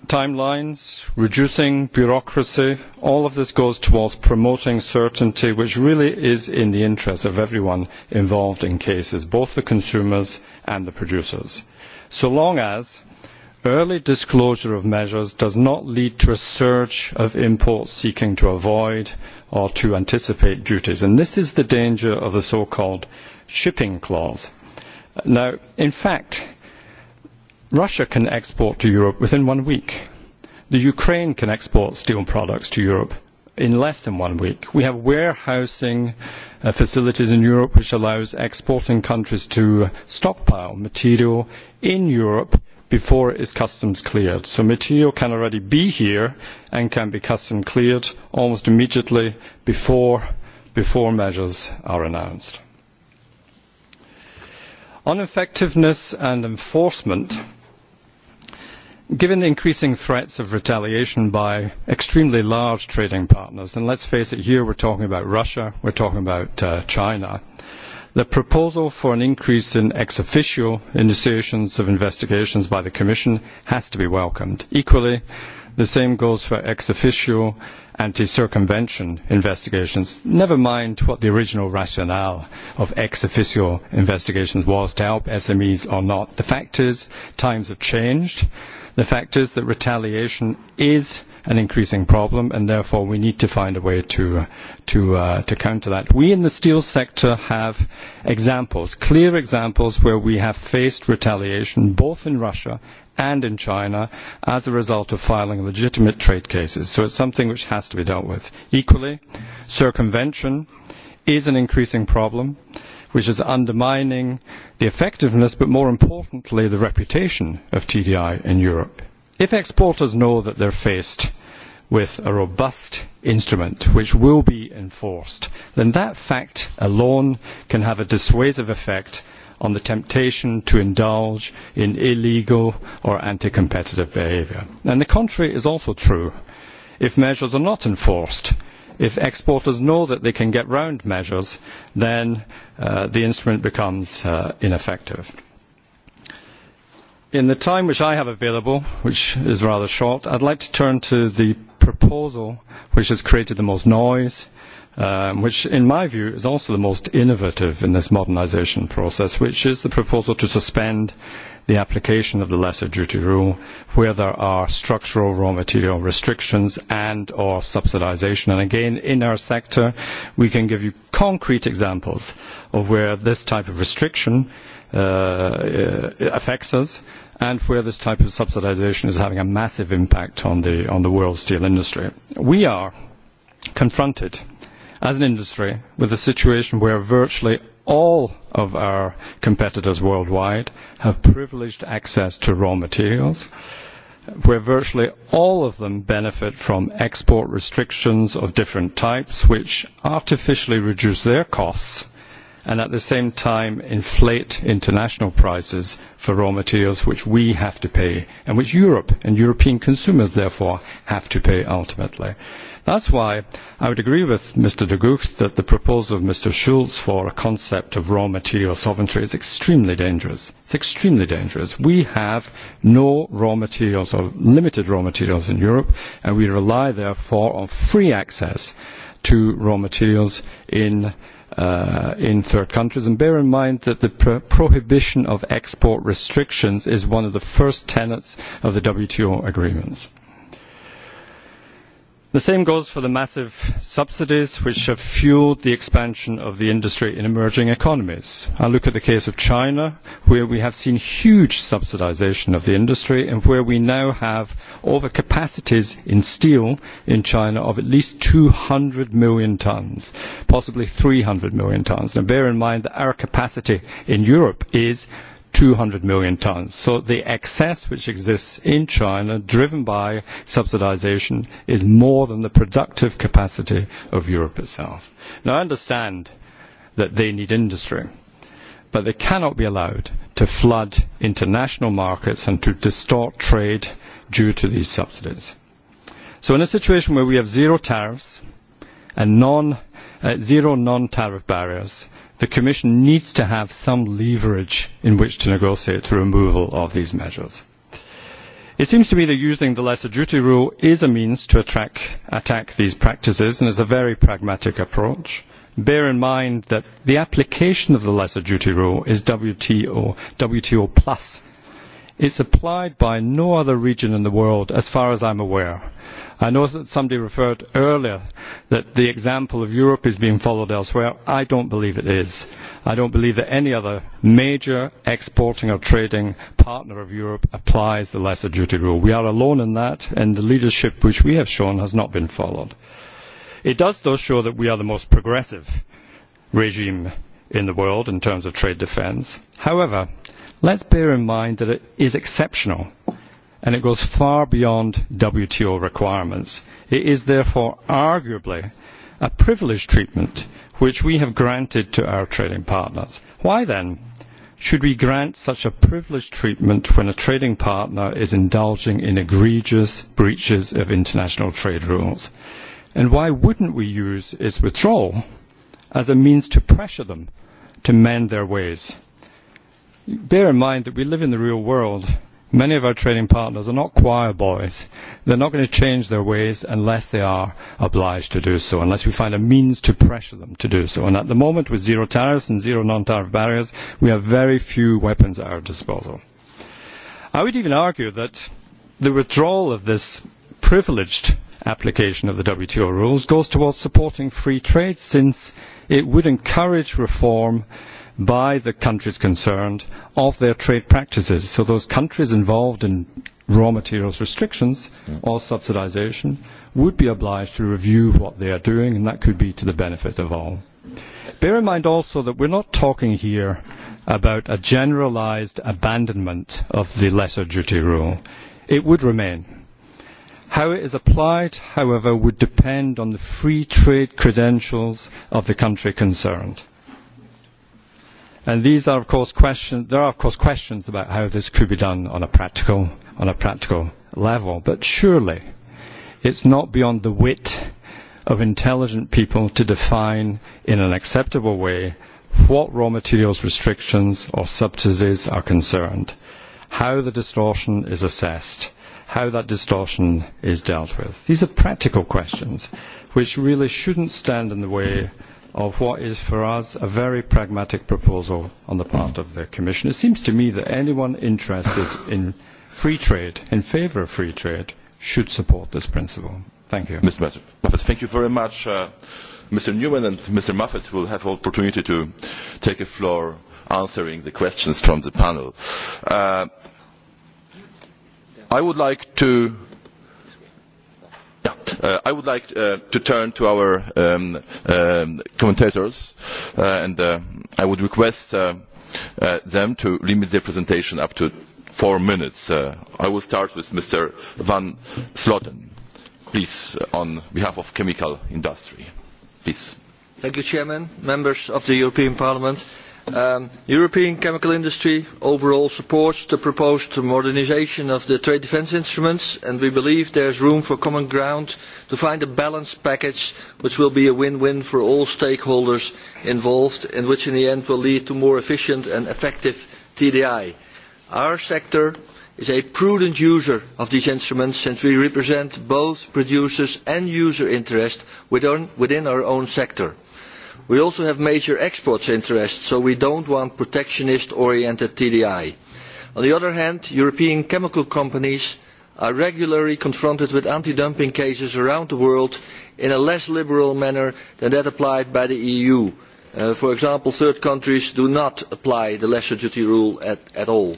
timelines, reducing bureaucracy, all of this goes towards promoting certainty, which really is in the interest of everyone involved in cases, both the consumers and the producers. So long as early disclosure of measures does not lead to a surge of imports seeking to avoid or to anticipate duties. And this is the danger of the so-called shipping clause. Now, in fact, Russia can export to Europe within one week. The Ukraine can export steel products to Europe in less than one week. We have warehousing uh, facilities in Europe which allows exporting countries to stockpile material in Europe before it is customs cleared. So material can already be here and can be customs cleared almost immediately before, before measures are announced. On effectiveness and enforcement, Given the increasing threats of retaliation by extremely large trading partners, and let's face it, here we're talking about Russia, we're talking about uh, China, the proposal for an increase in ex officio initiations of investigations by the Commission has to be welcomed. Equally, the same goes for ex officio anti-circumvention investigations, never mind what the original rationale of ex officio investigations was to help SMEs or not. The fact is, times have changed The fact is that retaliation is an increasing problem, and therefore we need to find a way to, uh, to, uh, to counter that. We in the steel sector have examples, clear examples where we have faced retaliation both in Russia and in China as a result of filing legitimate trade cases. So it's something which has to be dealt with. Equally, circumvention is an increasing problem. Uh, which is undermining the effectiveness, but more importantly, the reputation of TDI in Europe. If exporters know that they're faced with a robust instrument which will be enforced, then that fact alone can have a dissuasive effect on the temptation to indulge in illegal or anti-competitive behaviour. And the contrary is also true if measures are not enforced If exporters know that they can get round measures, then uh, the instrument becomes uh, ineffective. In the time which I have available, which is rather short, I'd like to turn to the proposal which has created the most noise, um, which in my view is also the most innovative in this modernisation process, which is the proposal to suspend the application of the lesser duty rule where there are structural raw material restrictions and or subsidization. And again, in our sector, we can give you concrete examples of where this type of restriction uh, uh affects us and where this type of subsidization is having a massive impact on the, on the world steel industry. We are confronted as an industry with a situation where virtually all of our competitors worldwide have privileged access to raw materials, where virtually all of them benefit from export restrictions of different types, which artificially reduce their costs and at the same time inflate international prices for raw materials which we have to pay and which Europe and European consumers therefore have to pay ultimately. That's why I would agree with Mr. de Gucht that the proposal of Mr. Schulz for a concept of raw material sovereignty is extremely dangerous. It's extremely dangerous. We have no raw materials or limited raw materials in Europe, and we rely therefore on free access to raw materials in uh, in third countries. And bear in mind that the pro prohibition of export restrictions is one of the first tenets of the WTO agreements. The same goes for the massive subsidies which have fueled the expansion of the industry in emerging economies. I look at the case of China, where we have seen huge subsidization of the industry and where we now have overcapacities in steel in China of at least 200 million tons, possibly 300 million tons. Now bear in mind that our capacity in Europe is 200 million tons. So the excess which exists in China, driven by subsidization, is more than the productive capacity of Europe itself. Now, I understand that they need industry, but they cannot be allowed to flood international markets and to distort trade due to these subsidies. So in a situation where we have zero tariffs and non, uh, zero non-tariff barriers, the Commission needs to have some leverage in which to negotiate the removal of these measures. It seems to me that using the lesser duty rule is a means to attract, attack these practices and is a very pragmatic approach. Bear in mind that the application of the lesser duty rule is WTO, WTO plus. It's applied by no other region in the world, as far as I'm aware. I know that somebody referred earlier that the example of Europe is being followed elsewhere. I don't believe it is. I don't believe that any other major exporting or trading partner of Europe applies the lesser duty rule. We are alone in that, and the leadership which we have shown has not been followed. It does, though, show that we are the most progressive regime in the world in terms of trade defence. However, let's bear in mind that it is exceptional and it goes far beyond WTO requirements. It is therefore arguably a privileged treatment which we have granted to our trading partners. Why then should we grant such a privileged treatment when a trading partner is indulging in egregious breaches of international trade rules? And why wouldn't we use its withdrawal as a means to pressure them to mend their ways? Bear in mind that we live in the real world Many of our trading partners are not choir boys. They're not going to change their ways unless they are obliged to do so, unless we find a means to pressure them to do so. And at the moment, with zero tariffs and zero non-tariff barriers, we have very few weapons at our disposal. I would even argue that the withdrawal of this privileged application of the WTO rules goes towards supporting free trade since it would encourage reform by the countries concerned of their trade practices. So those countries involved in raw materials restrictions mm. or subsidization would be obliged to review what they are doing, and that could be to the benefit of all. Bear in mind also that we're not talking here about a generalized abandonment of the lesser duty rule. It would remain. How it is applied, however, would depend on the free trade credentials of the country concerned. And these are of course questions, there are of course questions about how this could be done on a practical, on a practical level, but surely it's not beyond the wit of intelligent people to define in an acceptable way what raw materials restrictions or subsidies are concerned, how the distortion is assessed, how that distortion is dealt with. These are practical questions which really shouldn't stand in the way of what is for us a very pragmatic proposal on the part of the Commission. It seems to me that anyone interested in free trade, in favour of free trade, should support this principle. Thank you. Mr. Muffet, thank you very much. Uh, Mr. Newman and Mr. Muffet will have the opportunity to take a floor answering the questions from the panel. Uh, I would like to Uh, I would like uh, to turn to our um, um, commentators, uh, and uh, I would request uh, uh, them to limit their presentation up to four minutes. Uh, I will start with Mr. Van Sloten, please, uh, on behalf of chemical industry. Please. Thank you, Chairman, members of the European Parliament. Uh, Um, European chemical industry overall supports the proposed modernisation of the trade defence instruments and we believe there is room for common ground to find a balanced package which will be a win-win for all stakeholders involved and which in the end will lead to more efficient and effective TDI. Our sector is a prudent user of these instruments since we represent both producers and user interest within our own sector. We also have major exports interests, so we do not want protectionist-oriented TDI. On the other hand, European chemical companies are regularly confronted with anti-dumping cases around the world in a less liberal manner than that applied by the EU. Uh, for example, third countries do not apply the lesser duty rule at, at all.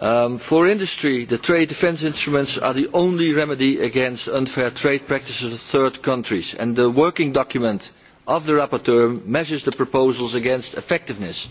Um, for industry, the trade defence instruments are the only remedy against unfair trade practices of third countries, and the working document of the rapporteur measures the proposals against effectiveness.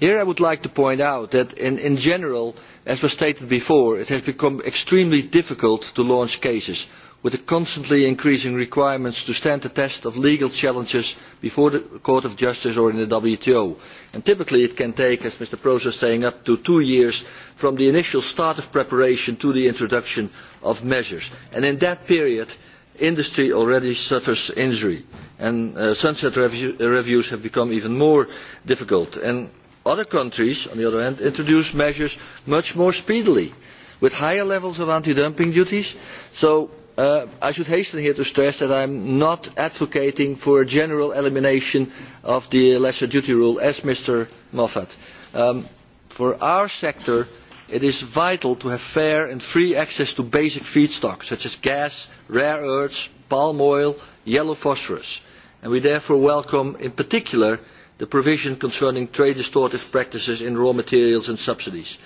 Here I would like to point out that in, in general, as was stated before, it has become extremely difficult to launch cases with the constantly increasing requirements to stand the test of legal challenges before the Court of Justice or in the WTO. And typically it can take, as Mr. Prose is saying, up to two years from the initial start of preparation to the introduction of measures. And in that period, industry already suffers injury and uh, sunset review, uh, reviews have become even more difficult. And other countries, on the other hand, introduce measures much more speedily with higher levels of anti-dumping duties. So uh, I should hasten here to stress that I am not advocating for a general elimination of the lesser duty rule as Mr. Moffat. Um, for our sector, it is vital to have fair and free access to basic feedstocks such as gas, rare earths, palm oil, yellow phosphorus, and we therefore welcome in particular the provision concerning trade distortive practices in raw materials and subsidies.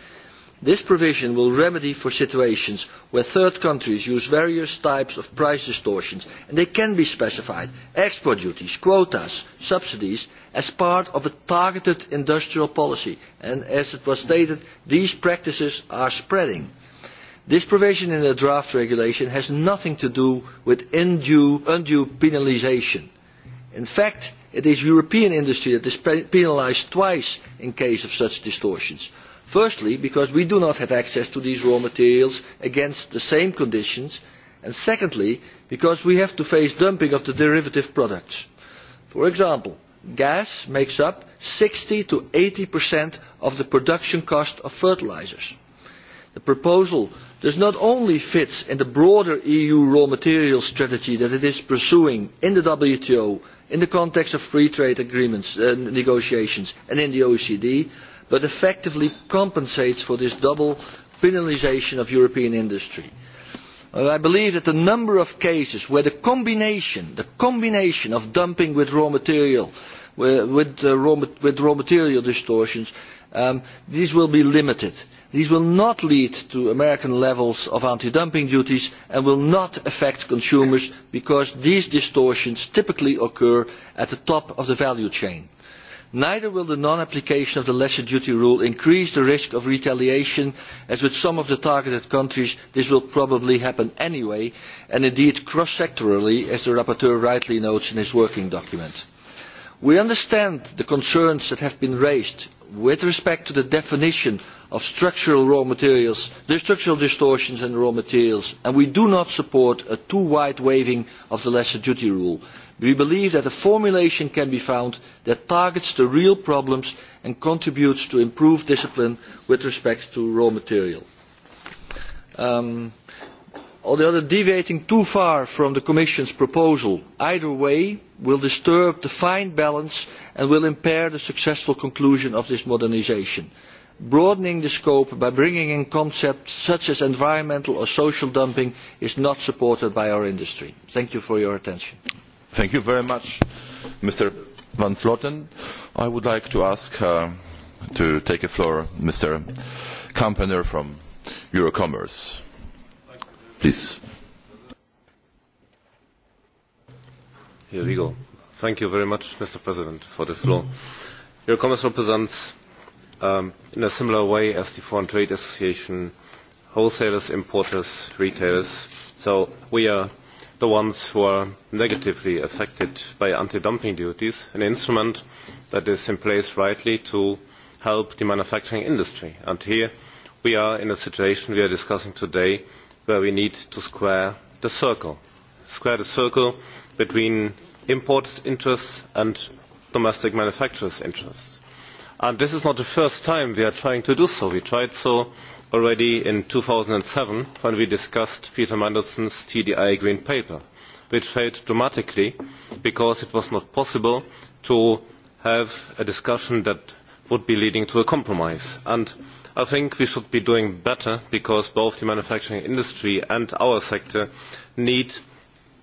This provision will remedy for situations where third countries use various types of price distortions, and they can be specified, export duties, quotas, subsidies, as part of a targeted industrial policy. And as it was stated, these practices are spreading. This provision in the draft regulation has nothing to do with undue, undue penalisation. In fact, it is European industry that is penalised twice in case of such distortions. Firstly, because we do not have access to these raw materials against the same conditions, and secondly, because we have to face dumping of the derivative products. For example, gas makes up 60 to 80% of the production cost of fertilizers. The proposal does not only fit in the broader EU raw materials strategy that it is pursuing in the WTO, in the context of free trade agreements and uh, negotiations, and in the OECD, but effectively compensates for this double penalisation of European industry. I believe that the number of cases where the combination, the combination of dumping with raw material, with, uh, raw, with raw material distortions, um, these will be limited. These will not lead to American levels of anti-dumping duties and will not affect consumers because these distortions typically occur at the top of the value chain. Neither will the non-application of the lesser duty rule increase the risk of retaliation, as with some of the targeted countries this will probably happen anyway, and indeed cross-sectorally, as the rapporteur rightly notes in his working document. We understand the concerns that have been raised with respect to the definition of structural raw materials, the structural distortions in raw materials, and we do not support a too wide waiving of the lesser duty rule. We believe that a formulation can be found that targets the real problems and contributes to improved discipline with respect to raw material. Um, on the other, deviating too far from the Commission's proposal either way will disturb the fine balance and will impair the successful conclusion of this modernisation. Broadening the scope by bringing in concepts such as environmental or social dumping is not supported by our industry. Thank you for your attention. Thank you very much, Mr. Van Sloten. I would like to ask uh, to take a floor, Mr. Kampener from Eurocommerce. Please. Here we go. Thank you very much, Mr. President, for the floor. Eurocommerce represents, um, in a similar way as the Foreign Trade Association, wholesalers, importers, retailers. So we are the ones who are negatively affected by anti-dumping duties, an instrument that is in place rightly to help the manufacturing industry. And here we are in a situation we are discussing today where we need to square the circle, square the circle between importers' interests and domestic manufacturers' interests. And this is not the first time we are trying to do so. We tried so already in 2007 when we discussed Peter Mandelson's TDI Green Paper, which failed dramatically because it was not possible to have a discussion that would be leading to a compromise. And I think we should be doing better because both the manufacturing industry and our sector need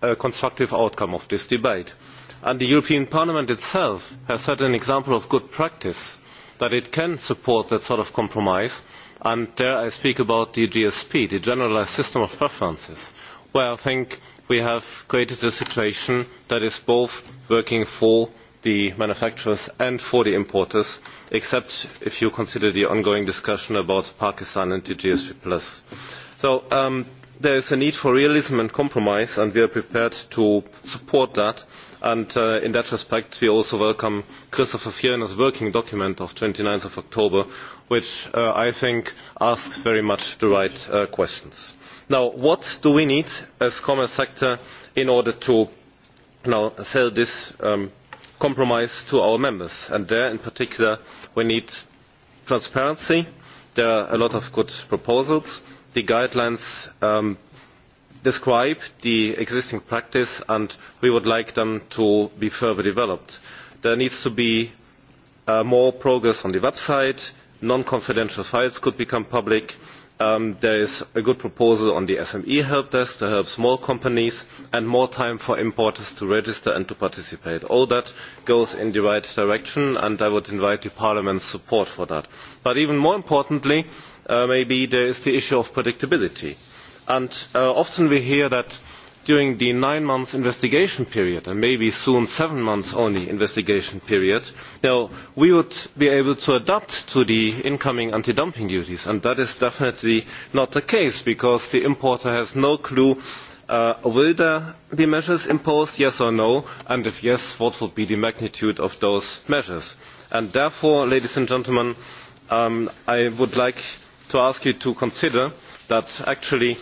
a constructive outcome of this debate. And the European Parliament itself has set an example of good practice that it can support that sort of compromise and there I speak about the GSP, the Generalised System of Preferences, where I think we have created a situation that is both working for the manufacturers and for the importers, except if you consider the ongoing discussion about Pakistan and the GSP+. Plus. So um, there is a need for realism and compromise, and we are prepared to support that. And uh, in that respect, we also welcome Christopher Fierner's working document of 29th of October which uh, I think asks very much the right uh, questions. Now, what do we need as commerce sector in order to now sell this um, compromise to our members? And there, in particular, we need transparency. There are a lot of good proposals. The guidelines um, describe the existing practice and we would like them to be further developed. There needs to be uh, more progress on the website non confidential files could become public. Um, there is a good proposal on the SME help desk to help small companies and more time for importers to register and to participate. All that goes in the right direction and I would invite the Parliament's support for that. But even more importantly, uh, maybe there is the issue of predictability. And uh, often we hear that during the nine months investigation period and maybe soon seven months only investigation period now we would be able to adapt to the incoming anti dumping duties and that is definitely not the case because the importer has no clue uh, will there be measures imposed yes or no and if yes what would be the magnitude of those measures and therefore ladies and gentlemen um, i would like to ask you to consider that actually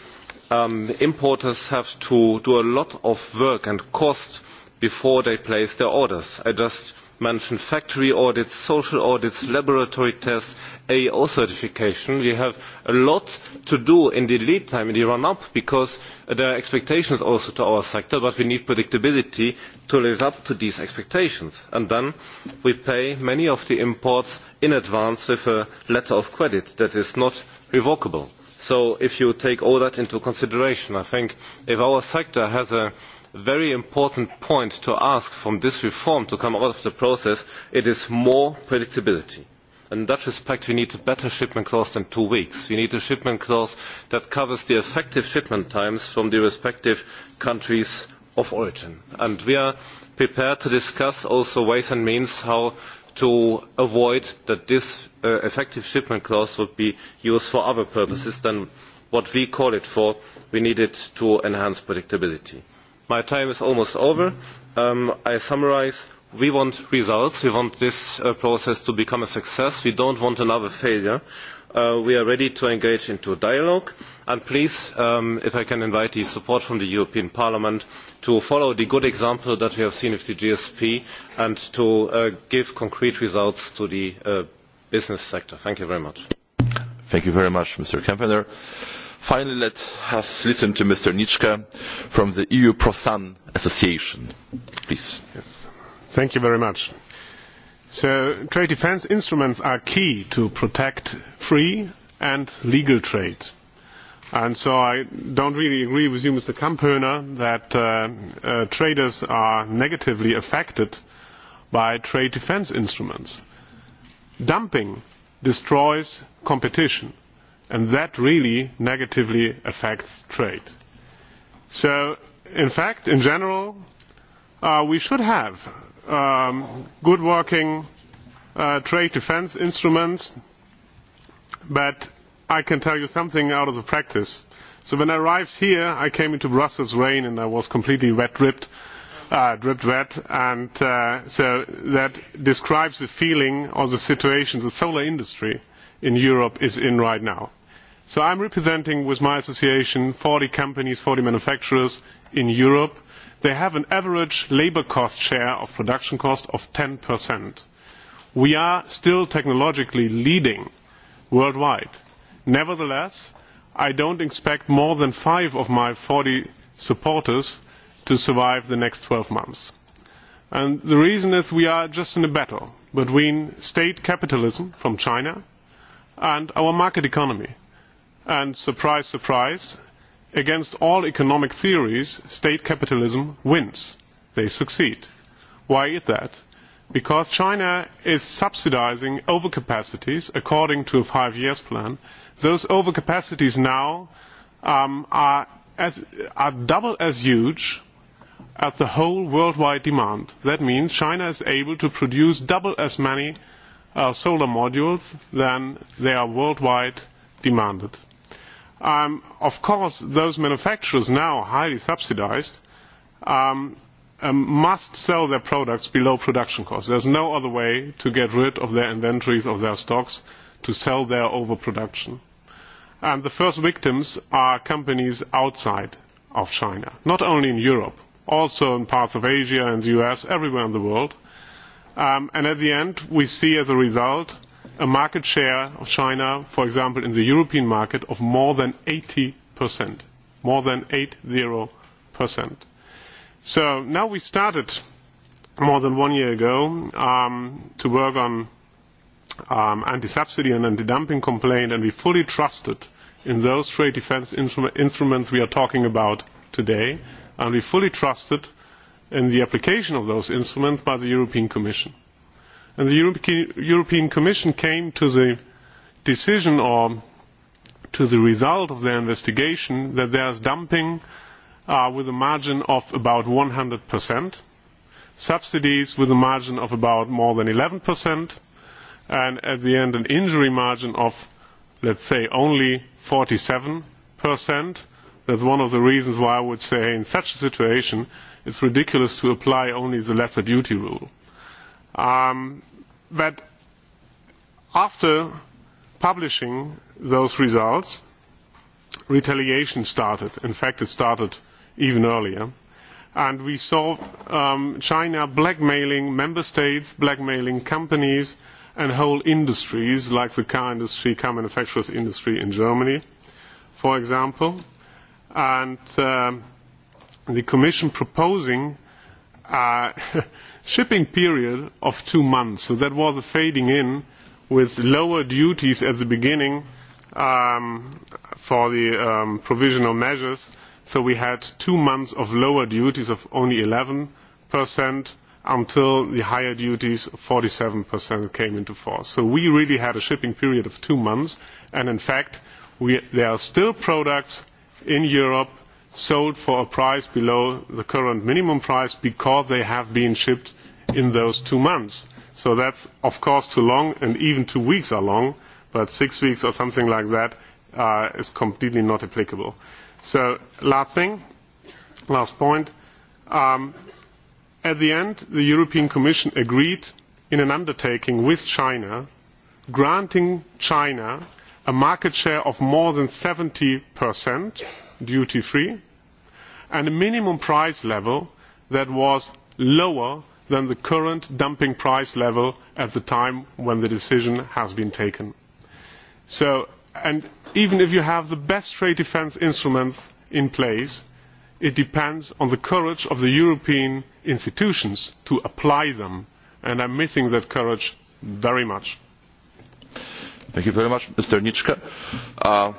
um, importers have to do a lot of work and cost before they place their orders. I just mentioned factory audits, social audits, laboratory tests, AO certification. We have a lot to do in the lead time, in the run-up, because there are expectations also to our sector, but we need predictability to live up to these expectations. And then we pay many of the imports in advance with a letter of credit that is not revocable So if you take all that into consideration, I think if our sector has a very important point to ask from this reform to come out of the process, it is more predictability. In that respect, we need a better shipment clause than two weeks. We need a shipment clause that covers the effective shipment times from the respective countries of origin. And we are prepared to discuss also ways and means how to avoid that this uh, effective shipment clause would be used for other purposes than what we call it for. We need it to enhance predictability. My time is almost over. Um, I summarise We want results. We want this uh, process to become a success. We don't want another failure. Uh, we are ready to engage in dialogue and please um, if i can invite the support from the european parliament to follow the good example that we have seen with the gsp and to uh, give concrete results to the uh, business sector. thank you very much. thank you very much mr kempener. finally let us listen to mr nitschke from the eu prosan association. please. Yes. thank you very much. So trade defence instruments are key to protect free and legal trade. And so I don't really agree with you, Mr. Kamperner, that uh, uh, traders are negatively affected by trade defence instruments. Dumping destroys competition, and that really negatively affects trade. So, in fact, in general, uh, we should have um, good working uh, trade defense instruments, but I can tell you something out of the practice. So when I arrived here, I came into Brussels rain and I was completely wet dripped, uh, dripped wet, and uh, so that describes the feeling or the situation the solar industry in Europe is in right now. So I'm representing with my association 40 companies, 40 manufacturers in Europe, They have an average labour cost share of production cost of 10%. We are still technologically leading worldwide. Nevertheless, I don't expect more than five of my 40 supporters to survive the next 12 months. And the reason is we are just in a battle between state capitalism from China and our market economy. And surprise, surprise, Against all economic theories, state capitalism wins. They succeed. Why is that? Because China is subsidizing overcapacities according to a five years plan. Those overcapacities now um, are, as, are double as huge as the whole worldwide demand. That means China is able to produce double as many uh, solar modules than they are worldwide demanded. Um, of course, those manufacturers now highly subsidized um, um, must sell their products below production costs. There's no other way to get rid of their inventories of their stocks to sell their overproduction. And um, the first victims are companies outside of China, not only in Europe, also in parts of Asia and the US, everywhere in the world. Um, and at the end, we see as a result a market share of China, for example, in the European market of more than 80%. More than 80%. So now we started more than one year ago um, to work on um, anti-subsidy and anti-dumping complaint, and we fully trusted in those trade defense instruments we are talking about today, and we fully trusted in the application of those instruments by the European Commission. And the European Commission came to the decision or to the result of their investigation that there is dumping uh, with a margin of about 100%, subsidies with a margin of about more than 11%, and at the end an injury margin of, let's say, only 47%. That's one of the reasons why I would say in such a situation it's ridiculous to apply only the lesser duty rule um, that after publishing those results, retaliation started. In fact, it started even earlier. And we saw um, China blackmailing member states, blackmailing companies, and whole industries like the car industry, car manufacturers industry in Germany, for example. And um, the Commission proposing uh, shipping period of two months. So that was a fading in with lower duties at the beginning um, for the um, provisional measures. So we had two months of lower duties of only 11% until the higher duties, 47%, came into force. So we really had a shipping period of two months. And in fact, we, there are still products in Europe sold for a price below the current minimum price because they have been shipped in those two months. So that's, of course, too long, and even two weeks are long, but six weeks or something like that uh, is completely not applicable. So last thing, last point. Um, at the end, the European Commission agreed in an undertaking with China, granting China a market share of more than 70 percent duty free and a minimum price level that was lower than the current dumping price level at the time when the decision has been taken. So, and even if you have the best trade defence instruments in place, it depends on the courage of the European institutions to apply them, and I'm missing that courage very much. Thank you very much, Mr. Nitschke. Uh,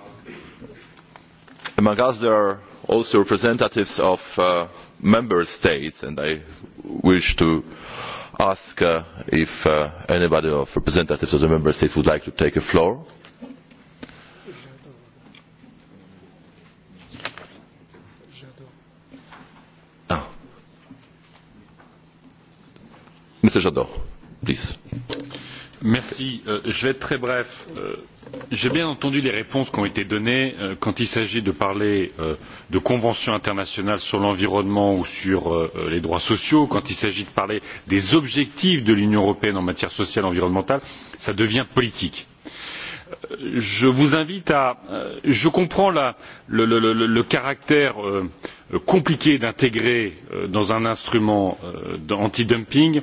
Among us, there are also representatives of uh, member states, and I wish to ask uh, if uh, anybody of representatives of the member states would like to take a floor. Ah. Mr. Jadot, please. Merci. Euh, je vais être très bref. Euh, j'ai bien entendu les réponses qui ont été données euh, quand il s'agit de parler de conventions internationales sur l'environnement ou sur les droits sociaux, quand il s'agit de parler des objectifs de l'Union européenne en matière sociale et environnementale, ça devient politique je vous invite à je comprends la, le, le, le, le caractère compliqué d'intégrer dans un instrument antidumping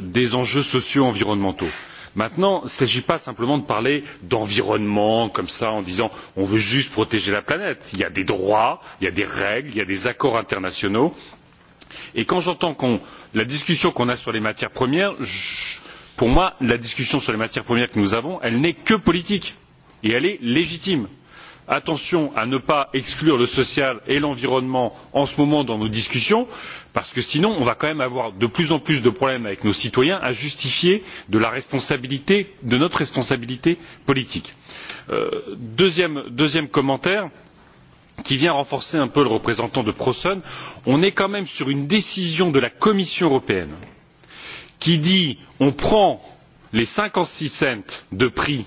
des enjeux sociaux environnementaux. Maintenant, il ne s'agit pas simplement de parler d'environnement comme ça en disant on veut juste protéger la planète. Il y a des droits, il y a des règles, il y a des accords internationaux. Et quand j'entends la discussion qu'on a sur les matières premières, pour moi, la discussion sur les matières premières que nous avons, n'est que politique et elle est légitime attention à ne pas exclure le social et l'environnement en ce moment dans nos discussions parce que sinon on va quand même avoir de plus en plus de problèmes avec nos citoyens à justifier de, la responsabilité, de notre responsabilité politique. Euh, deuxième, deuxième commentaire qui vient renforcer un peu le représentant de Prosson, on est quand même sur une décision de la Commission européenne qui dit on prend les cinquante six cents de prix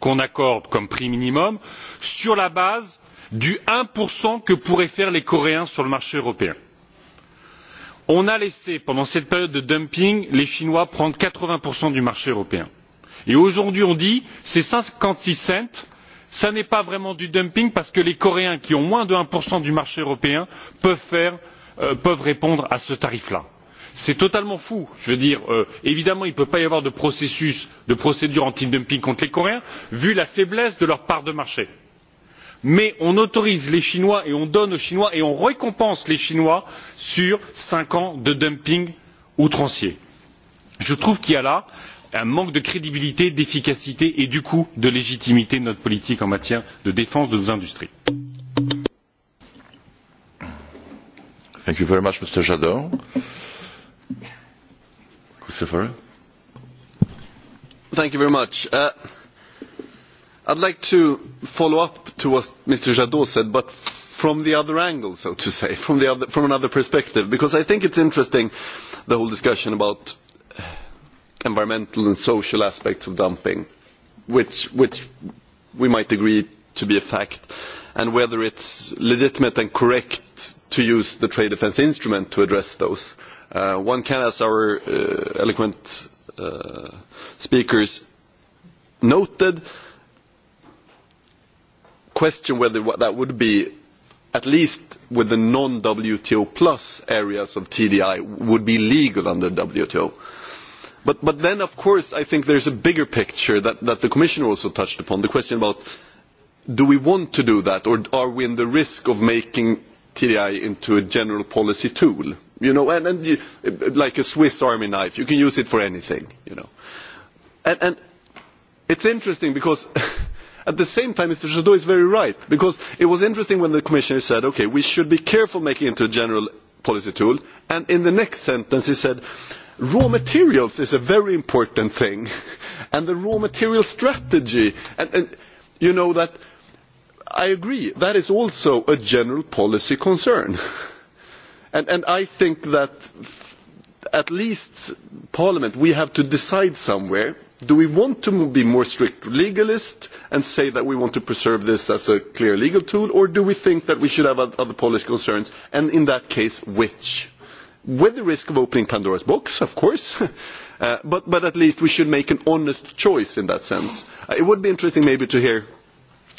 qu'on accorde comme prix minimum sur la base du un que pourraient faire les coréens sur le marché européen. on a laissé pendant cette période de dumping les chinois prendre quatre vingts du marché européen et aujourd'hui on dit ces cinquante six cents ce n'est pas vraiment du dumping parce que les coréens qui ont moins de un du marché européen peuvent, faire, euh, peuvent répondre à ce tarif là c'est totalement fou. je veux dire euh, évidemment il ne peut pas y avoir de processus de procédure antidumping contre les coréens vu la faiblesse de leur part de marché mais on autorise les chinois et on donne aux chinois et on récompense les chinois sur cinq ans de dumping outrancier. je trouve qu'il y a là un manque de crédibilité d'efficacité et du coup de légitimité de notre politique en matière de défense de nos industries. Thank you very much, Mr. Jadot. Christopher? Thank you very much. Uh, I'd like to follow up to what Mr. Jadot said, but from the other angle, so to say, from, the other, from another perspective, because I think it's interesting, the whole discussion about environmental and social aspects of dumping, which, which we might agree to be a fact, and whether it's legitimate and correct to use the trade defense instrument to address those. Uh, Uh, one can, as our uh, eloquent uh, speakers noted, question whether that would be, at least with the non-WTO plus areas of TDI, would be legal under WTO. But, but then, of course, I think there's a bigger picture that, that the Commissioner also touched upon, the question about do we want to do that, or are we in the risk of making TDI into a general policy tool? You know, and, and you, like a Swiss army knife, you can use it for anything, you know. And, and it's interesting because at the same time, Mr. Trudeau is very right, because it was interesting when the commissioner said, okay, we should be careful making it into a general policy tool, and in the next sentence he said, raw materials is a very important thing, and the raw material strategy, and, and you know that, I agree, that is also a general policy concern. And, and I think that at least Parliament, we have to decide somewhere, do we want to be more strict legalist and say that we want to preserve this as a clear legal tool, or do we think that we should have other policy concerns, and in that case, which? With the risk of opening Pandora's box, of course, uh, but, but at least we should make an honest choice in that sense. Uh, it would be interesting maybe to hear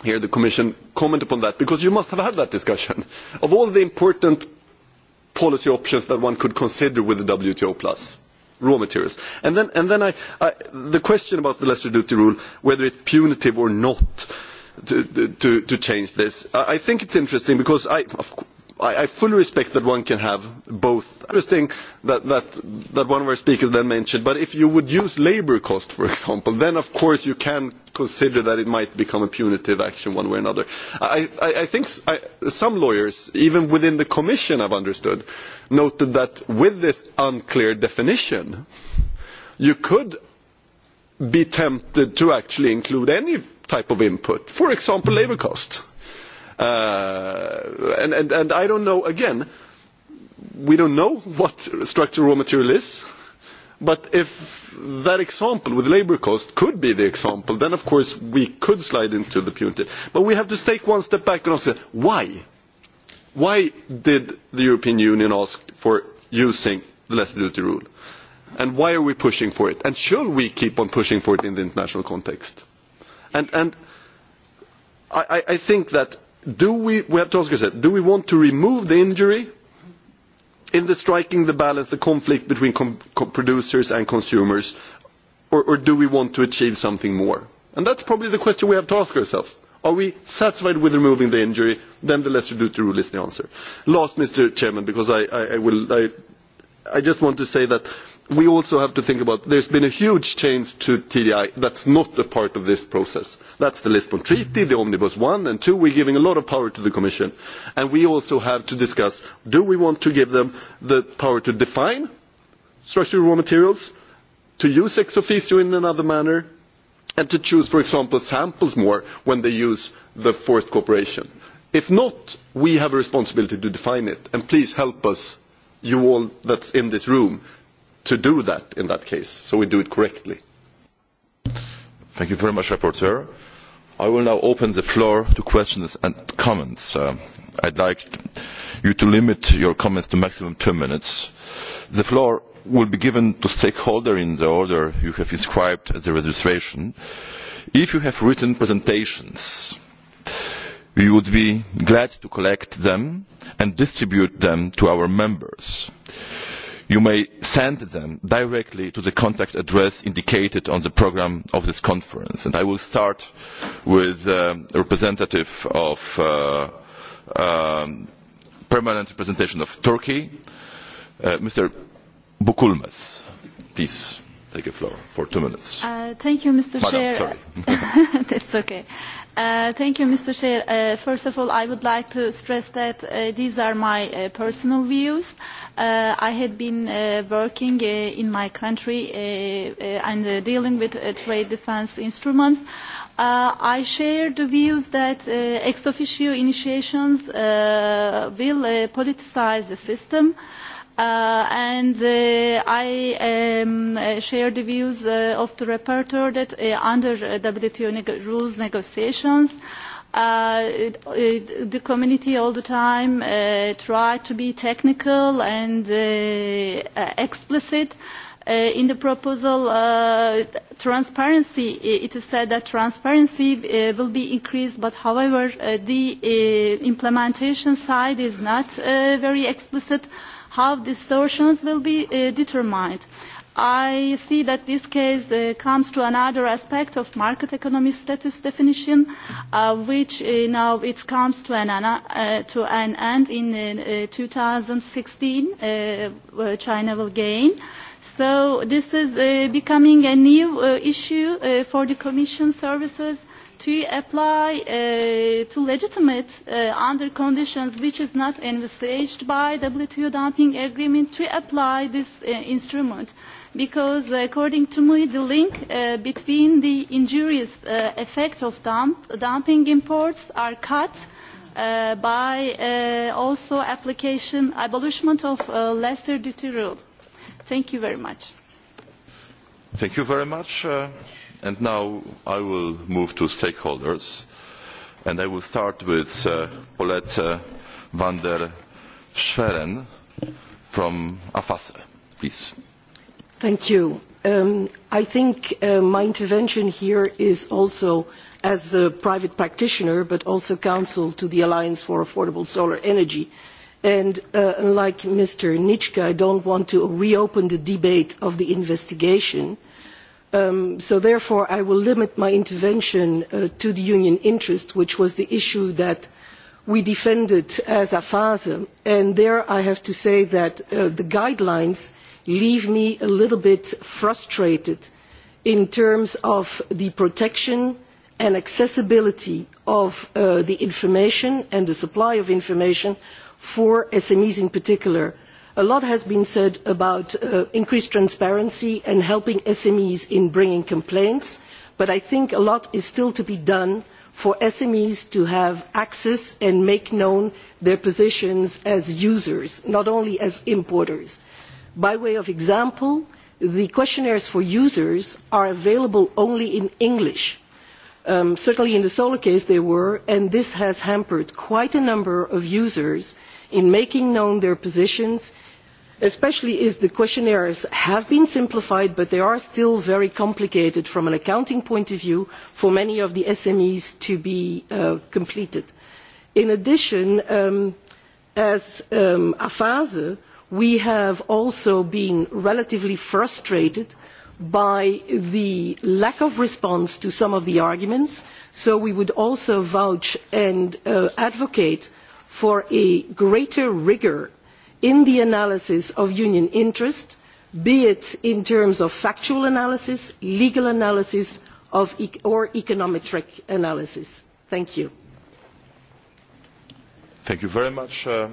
hear the Commission comment upon that, because you must have had that discussion. Of all the important policy options that one could consider with the WTO plus raw materials. And then, and then I, I, the question about the lesser duty rule, whether it's punitive or not to, to, to change this, I, I think it's interesting because I, of, I, I fully respect that one can have both. Interesting that, that, that one of our speakers then mentioned, but if you would use labour cost, for example, then of course you can consider that it might become a punitive action one way or another. I, I, I think I, some lawyers, even within the Commission, I've understood, noted that with this unclear definition, you could be tempted to actually include any type of input, for example, labour costs Uh, and, and, and I don't know, again, we don't know what structural raw material is, but if that example with labor cost could be the example, then of course we could slide into the punitive. But we have to take one step back and say why? Why did the European Union ask for using the less duty rule? And why are we pushing for it? And should we keep on pushing for it in the international context? And, and I, I think that do we, we have to ask ourselves, do we want to remove the injury in the striking the balance, the conflict between com com producers and consumers, or, or do we want to achieve something more? And that's probably the question we have to ask ourselves. Are we satisfied with removing the injury? Then the lesser duty rule is the answer. Last, Mr. Chairman, because I, I, I, will, I, I just want to say that we also have to think about there has been a huge change to TDI that is not a part of this process. That is the Lisbon Treaty, the Omnibus one and two. We are giving a lot of power to the Commission. And we also have to discuss, do we want to give them the power to define structural raw materials, to use ex officio in another manner, and to choose, for example, samples more when they use the forced cooperation. If not, we have a responsibility to define it. And please help us, you all that is in this room, to do that in that case, so we do it correctly. Thank you very much, Rapporteur. I will now open the floor to questions and comments. Uh, I'd like you to limit your comments to maximum two minutes. The floor will be given to stakeholder in the order you have inscribed at the registration. If you have written presentations, we would be glad to collect them and distribute them to our members. You may send them directly to the contact address indicated on the programme of this conference. And I will start with um, a representative of uh, um, permanent representation of Turkey, uh, Mr. Bukulmas. Please take the floor for two minutes. Uh, thank you, Mr. Madam, Chair. Sorry. That's okay. Uh, thank you, Mr. Chair. Uh, first of all, I would like to stress that uh, these are my uh, personal views. Uh, I had been uh, working uh, in my country uh, uh, and uh, dealing with uh, trade defense instruments. Uh, I share the views that uh, ex officio initiations uh, will uh, politicize the system. Uh, Uh, and uh, I um, uh, share the views uh, of the rapporteur that uh, under uh, WTO neg rules negotiations, uh, it, it, the community all the time uh, try to be technical and uh, uh, explicit. Uh, in the proposal, uh, transparency, it is said that transparency uh, will be increased, but however, uh, the uh, implementation side is not uh, very explicit. Uh, how distortions will be uh, determined. I see that this case uh, comes to another aspect of market economy status definition, uh, which uh, now it comes to an, uh, to an end in uh, 2016, uh, uh China will gain. So this is uh, becoming a new uh, issue uh, for the Commission services to apply uh, to legitimate uh, under conditions which is not envisaged by WTO dumping agreement to apply this uh, instrument because according to me the link uh, between the injurious uh, effect of dump, dumping imports are cut uh, by uh, also application abolition of uh, lesser duty rule. Thank you very much. Thank you very much. Uh And now I will move to stakeholders, and I will start with uh, Paulette uh, van der Schweren from AFASE. Please. Thank you. Um, I think uh, my intervention here is also as a private practitioner, but also counsel to the Alliance for Affordable Solar Energy. And uh, like Mr. Nitschke, I don't want to reopen the debate of the investigation. Uh, Um, so therefore I will limit my intervention uh, to the union interest, which was the issue that we defended as a FASE. And there I have to say that uh, the guidelines leave me a little bit frustrated in terms of the protection and accessibility of uh, the information and the supply of information for SMEs in particular a lot has been said about uh, increased transparency and helping smes in bringing complaints but i think a lot is still to be done for smes to have access and make known their positions as users not only as importers. by way of example the questionnaires for users are available only in english. Um, certainly in the solar case they were and this has hampered quite a number of users in making known their positions especially as the questionnaires have been simplified but they are still very complicated from an accounting point of view for many of the SMEs to be uh, completed. In addition, um, as um, AFASE, we have also been relatively frustrated by the lack of response to some of the arguments, so we would also vouch and uh, advocate for a greater rigour in the analysis of union interest, be it in terms of factual analysis, legal analysis, of e or econometric analysis. Thank you. Thank you very much, uh,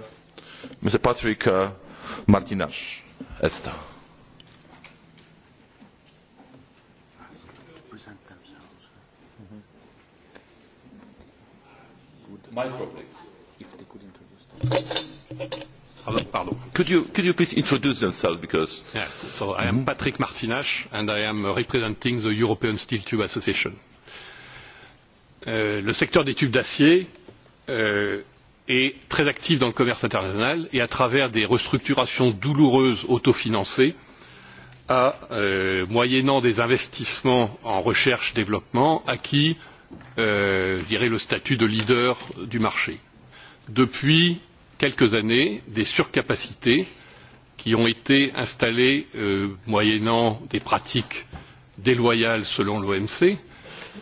Mr. Patrick uh, Martinash. Esta. Micro, please. If they could introduce Pardon. Could you, could you please introduce yourself because... Yeah, so I am Patrick Martinache and I am representing the European Steel Tube Association. Euh, le secteur des tubes d'acier euh, est très actif dans le commerce international et à travers des restructurations douloureuses autofinancées a, euh, moyennant des investissements en recherche et développement, acquis euh, je dirais, le statut de leader du marché. Depuis quelques années des surcapacités qui ont été installées euh, moyennant des pratiques déloyales selon l'OMC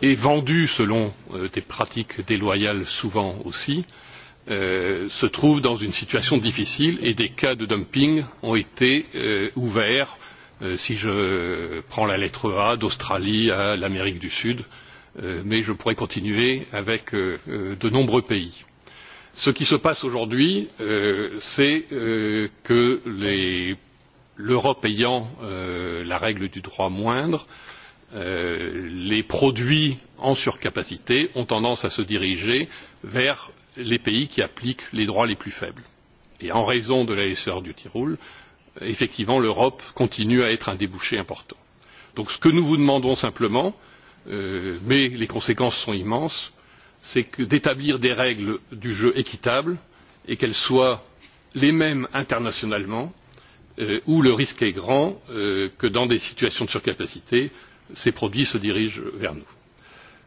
et vendues selon euh, des pratiques déloyales souvent aussi, euh, se trouvent dans une situation difficile et des cas de dumping ont été euh, ouverts, euh, si je prends la lettre A, d'Australie à l'Amérique du Sud, euh, mais je pourrais continuer avec euh, euh de nombreux pays. Ce qui se passe aujourd'hui, euh, c'est euh, que l'Europe ayant euh, la règle du droit moindre, euh, les produits en surcapacité ont tendance à se diriger vers les pays qui appliquent les droits les plus faibles. Et en raison de la laisseur du Tyrol, effectivement, l'Europe continue à être un débouché important. Donc ce que nous vous demandons simplement, euh, mais les conséquences sont immenses, c'est d'établir des règles du jeu équitables et qu'elles soient les mêmes internationalement euh, où le risque est grand euh, que dans des situations de surcapacité ces produits se dirigent vers nous.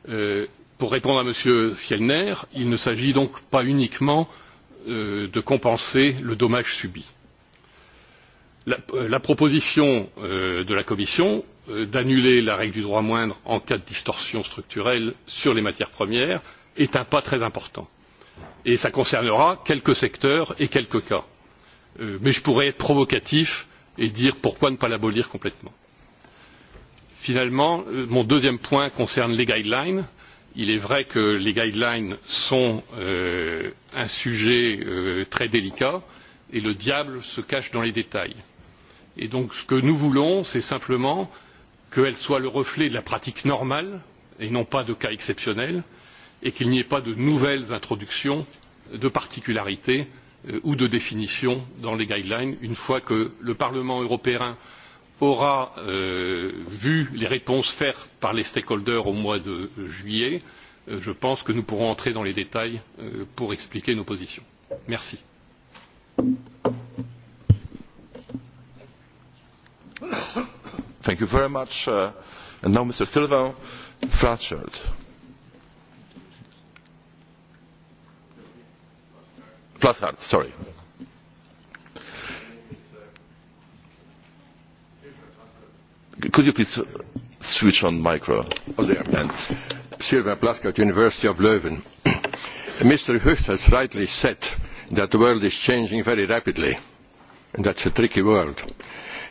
Euh, pour répondre à M. Fjellner, il ne s'agit donc pas uniquement euh, de compenser le dommage subi. La, euh, la proposition euh, de la Commission euh, d'annuler la règle du droit moindre en cas de distorsion structurelle sur les matières premières est un pas très important. Et ça concernera quelques secteurs et quelques cas. Euh, mais je pourrais être provocatif et dire pourquoi ne pas l'abolir complètement. Finalement, euh, mon deuxième point concerne les guidelines. Il est vrai que les guidelines sont euh, un sujet euh, très délicat et le diable se cache dans les détails. Et donc ce que nous voulons, c'est simplement qu'elles soient le reflet de la pratique normale et non pas de cas exceptionnels et qu'il n'y ait pas de nouvelles introductions de particularités euh, ou de définitions dans les guidelines une fois que le Parlement européen aura euh, vu les réponses faites par les stakeholders au mois de juillet, euh, je pense que nous pourrons entrer dans les détails euh, pour expliquer nos positions. Merci. Thank you very much. Uh, and now Mr. Plathard, sorry. Could you please switch on micro? Oh, there. And Sylvia Plathard, University of Leuven. Mr. Hucht has rightly said that the world is changing very rapidly. And that's a tricky world.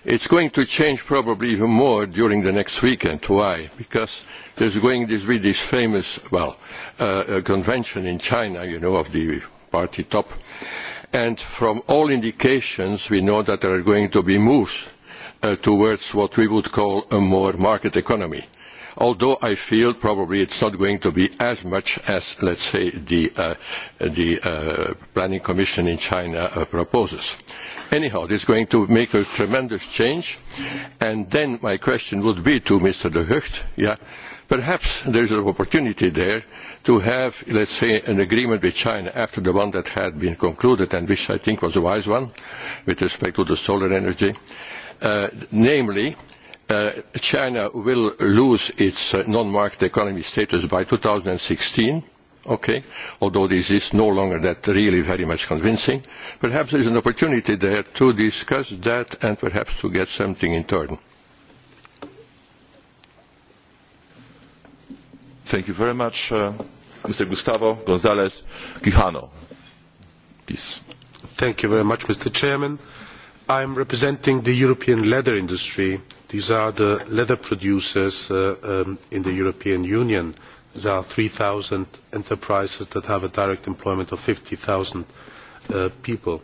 It's going to change probably even more during the next weekend. Why? Because there's going to be this famous, well, uh, uh convention in China, you know, of the party top. And from all indications, we know that there are going to be moves uh, towards what we would call a more market economy. Although I feel probably it's not going to be as much as, let's say, the, uh, the uh, Planning Commission in China uh, proposes. Anyhow, this is going to make a tremendous change. And then my question would be to Mr. de Hucht, yeah, Perhaps there is an opportunity there to have, let's say, an agreement with China after the one that had been concluded and which I think was a wise one with respect to the solar energy. Uh, namely, uh, China will lose its uh, non-market economy status by 2016 okay, although this is no longer that really very much convincing, perhaps there is an opportunity there to discuss that and perhaps to get something in turn. Thank you very much, uh, Mr. Gustavo Gonzalez Quijano. Peace. Thank you very much, Mr. Chairman. I'm representing the European leather industry. These are the leather producers uh, um, in the European Union. There are 3,000 enterprises that have a direct employment of 50,000 uh, people.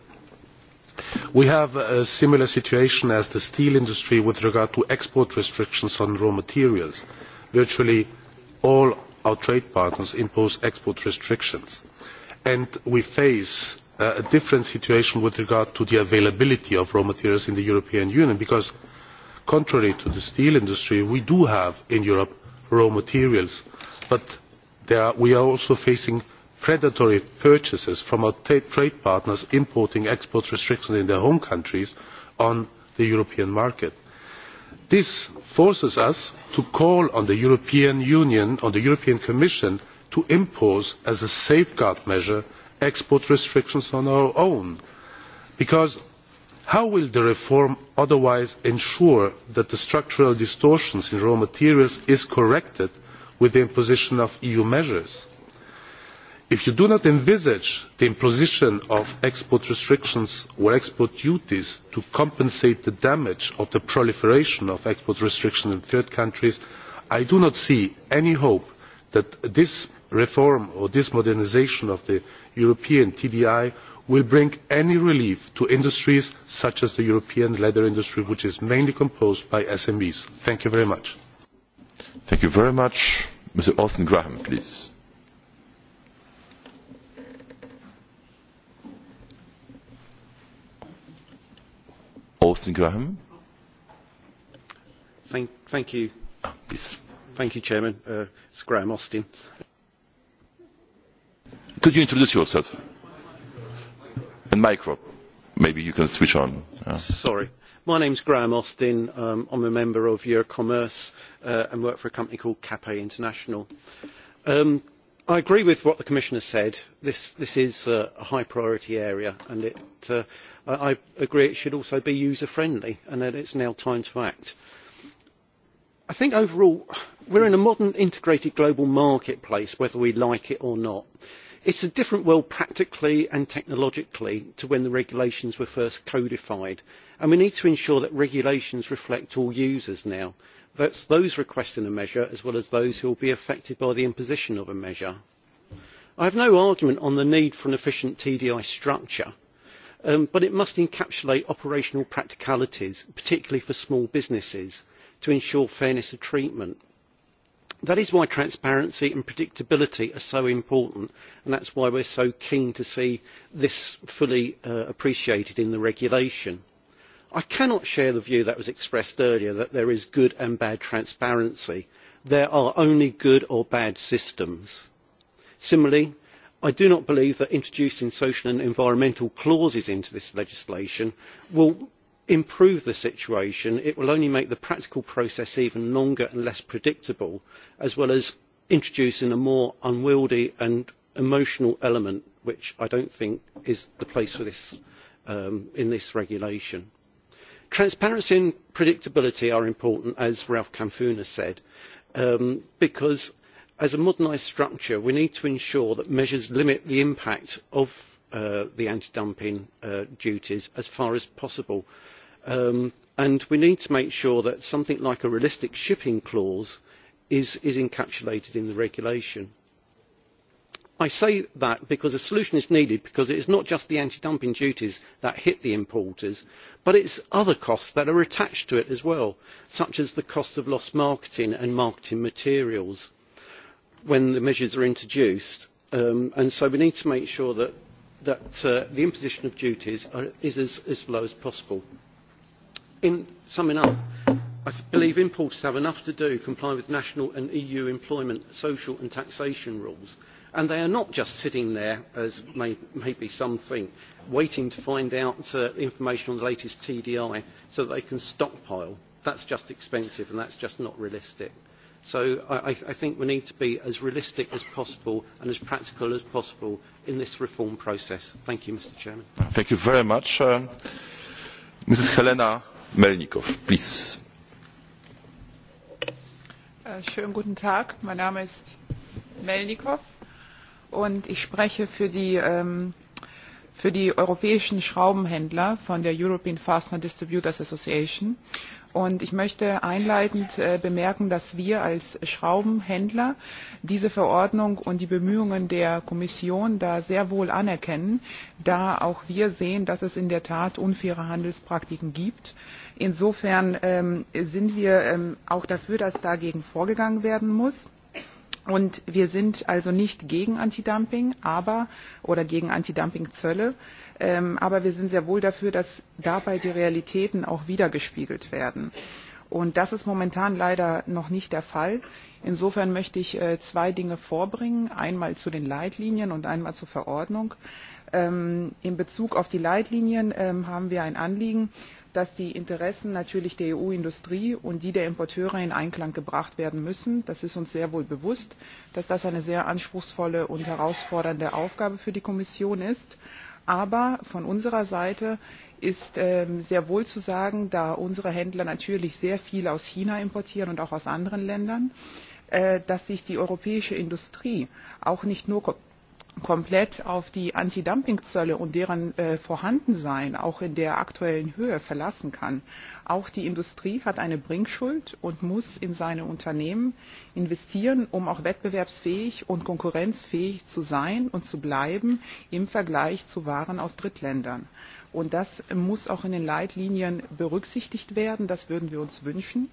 We have a similar situation as the steel industry with regard to export restrictions on raw materials. Virtually all our trade partners impose export restrictions and we face uh, a different situation with regard to the availability of raw materials in the European Union because contrary to the steel industry we do have in Europe raw materials but are, we are also facing predatory purchases from our trade partners importing export restrictions in their home countries on the European market. This forces us to call on the European Union, on the European Commission, to impose as a safeguard measure export restrictions on our own. Because how will the reform otherwise ensure that the structural distortions in raw materials are corrected with the imposition of EU measures? If you do not envisage the imposition of export restrictions or export duties to compensate the damage of the proliferation of export restrictions in third countries, I do not see any hope that this reform or this modernisation of the European TDI will bring any relief to industries such as the European leather industry, which is mainly composed by SMEs. Thank you very much. Mr. Austin Graham, please. Austin Graham. Thank, thank you. Yes. Thank you, Chairman. Uh, it's Graham Austin. Could you introduce yourself? And micro, maybe you can switch on. Yeah. Sorry. My name's Graham Austin. Um, I'm a member of Eurocommerce uh, and work for a company called CAPE International. Um, I agree with what the Commissioner said. This, this is uh, a high priority area and it, uh, I, I agree it should also be user friendly and that it's now time to act. I think overall we're in a modern integrated global marketplace whether we like it or not. It's a different world practically and technologically to when the regulations were first codified and we need to ensure that regulations reflect all users now those requesting a measure as well as those who will be affected by the imposition of a measure. I have no argument on the need for an efficient TDI structure, um, but it must encapsulate operational practicalities, particularly for small businesses, to ensure fairness of treatment. That is why transparency and predictability are so important, and that's why we're so keen to see this fully uh, appreciated in the regulation. I cannot share the view that was expressed earlier that there is good and bad transparency. There are only good or bad systems. Similarly, I do not believe that introducing social and environmental clauses into this legislation will improve the situation. It will only make the practical process even longer and less predictable, as well as introducing a more unwieldy and emotional element, which I don't think is the place for this um, in this regulation transparency and predictability are important as ralph kamfuna said um, because as a modernised structure we need to ensure that measures limit the impact of uh, the anti-dumping uh, duties as far as possible um, and we need to make sure that something like a realistic shipping clause is, is encapsulated in the regulation I say that because a solution is needed because it is not just the anti-dumping duties that hit the importers, but it's other costs that are attached to it as well, such as the cost of lost marketing and marketing materials when the measures are introduced. Um, and so we need to make sure that, that uh, the imposition of duties are, is as, as low as possible. In summing up, I believe importers have enough to do complying with national and EU employment, social and taxation rules And they are not just sitting there, as may, maybe some think, waiting to find out uh, information on the latest TDI so that they can stockpile. That's just expensive and that's just not realistic. So I, I think we need to be as realistic as possible and as practical as possible in this reform process. Thank you, Mr. Chairman. Thank you very much. Mrs. Um, Helena Melnikov, please. Äh, schönen guten Tag, mein Name ist Melnikov und ich spreche für die, ähm, für die europäischen Schraubenhändler von der European Fastener Distributors Association. Und ich möchte einleitend äh, bemerken, dass wir als Schraubenhändler diese Verordnung und die Bemühungen der Kommission da sehr wohl anerkennen, da auch wir sehen, dass es in der Tat unfaire Handelspraktiken gibt. Insofern ähm, sind wir ähm, auch dafür, dass dagegen vorgegangen werden muss. Und wir sind also nicht gegen Antidumping, aber oder gegen Antidumpingzölle, ähm, aber wir sind sehr wohl dafür, dass dabei die Realitäten auch wiedergespiegelt werden. Und das ist momentan leider noch nicht der Fall. Insofern möchte ich äh, zwei Dinge vorbringen, einmal zu den Leitlinien und einmal zur Verordnung. Ähm, in Bezug auf die Leitlinien ähm, haben wir ein Anliegen, dass die Interessen natürlich der EU-Industrie und die der Importeure in Einklang gebracht werden müssen. Das ist uns sehr wohl bewusst, dass das eine sehr anspruchsvolle und herausfordernde Aufgabe für die Kommission ist. Aber von unserer Seite ist ähm, sehr wohl zu sagen, da unsere Händler natürlich sehr viel aus China importieren und auch aus anderen Ländern, äh, dass sich die europäische Industrie auch nicht nur komplett auf die Anti-Dumping-Zölle und deren äh, Vorhandensein auch in der aktuellen Höhe verlassen kann. Auch die Industrie hat eine Bringschuld und muss in seine Unternehmen investieren, um auch wettbewerbsfähig und konkurrenzfähig zu sein und zu bleiben im Vergleich zu Waren aus Drittländern. Und das muss auch in den Leitlinien berücksichtigt werden. Das würden wir uns wünschen.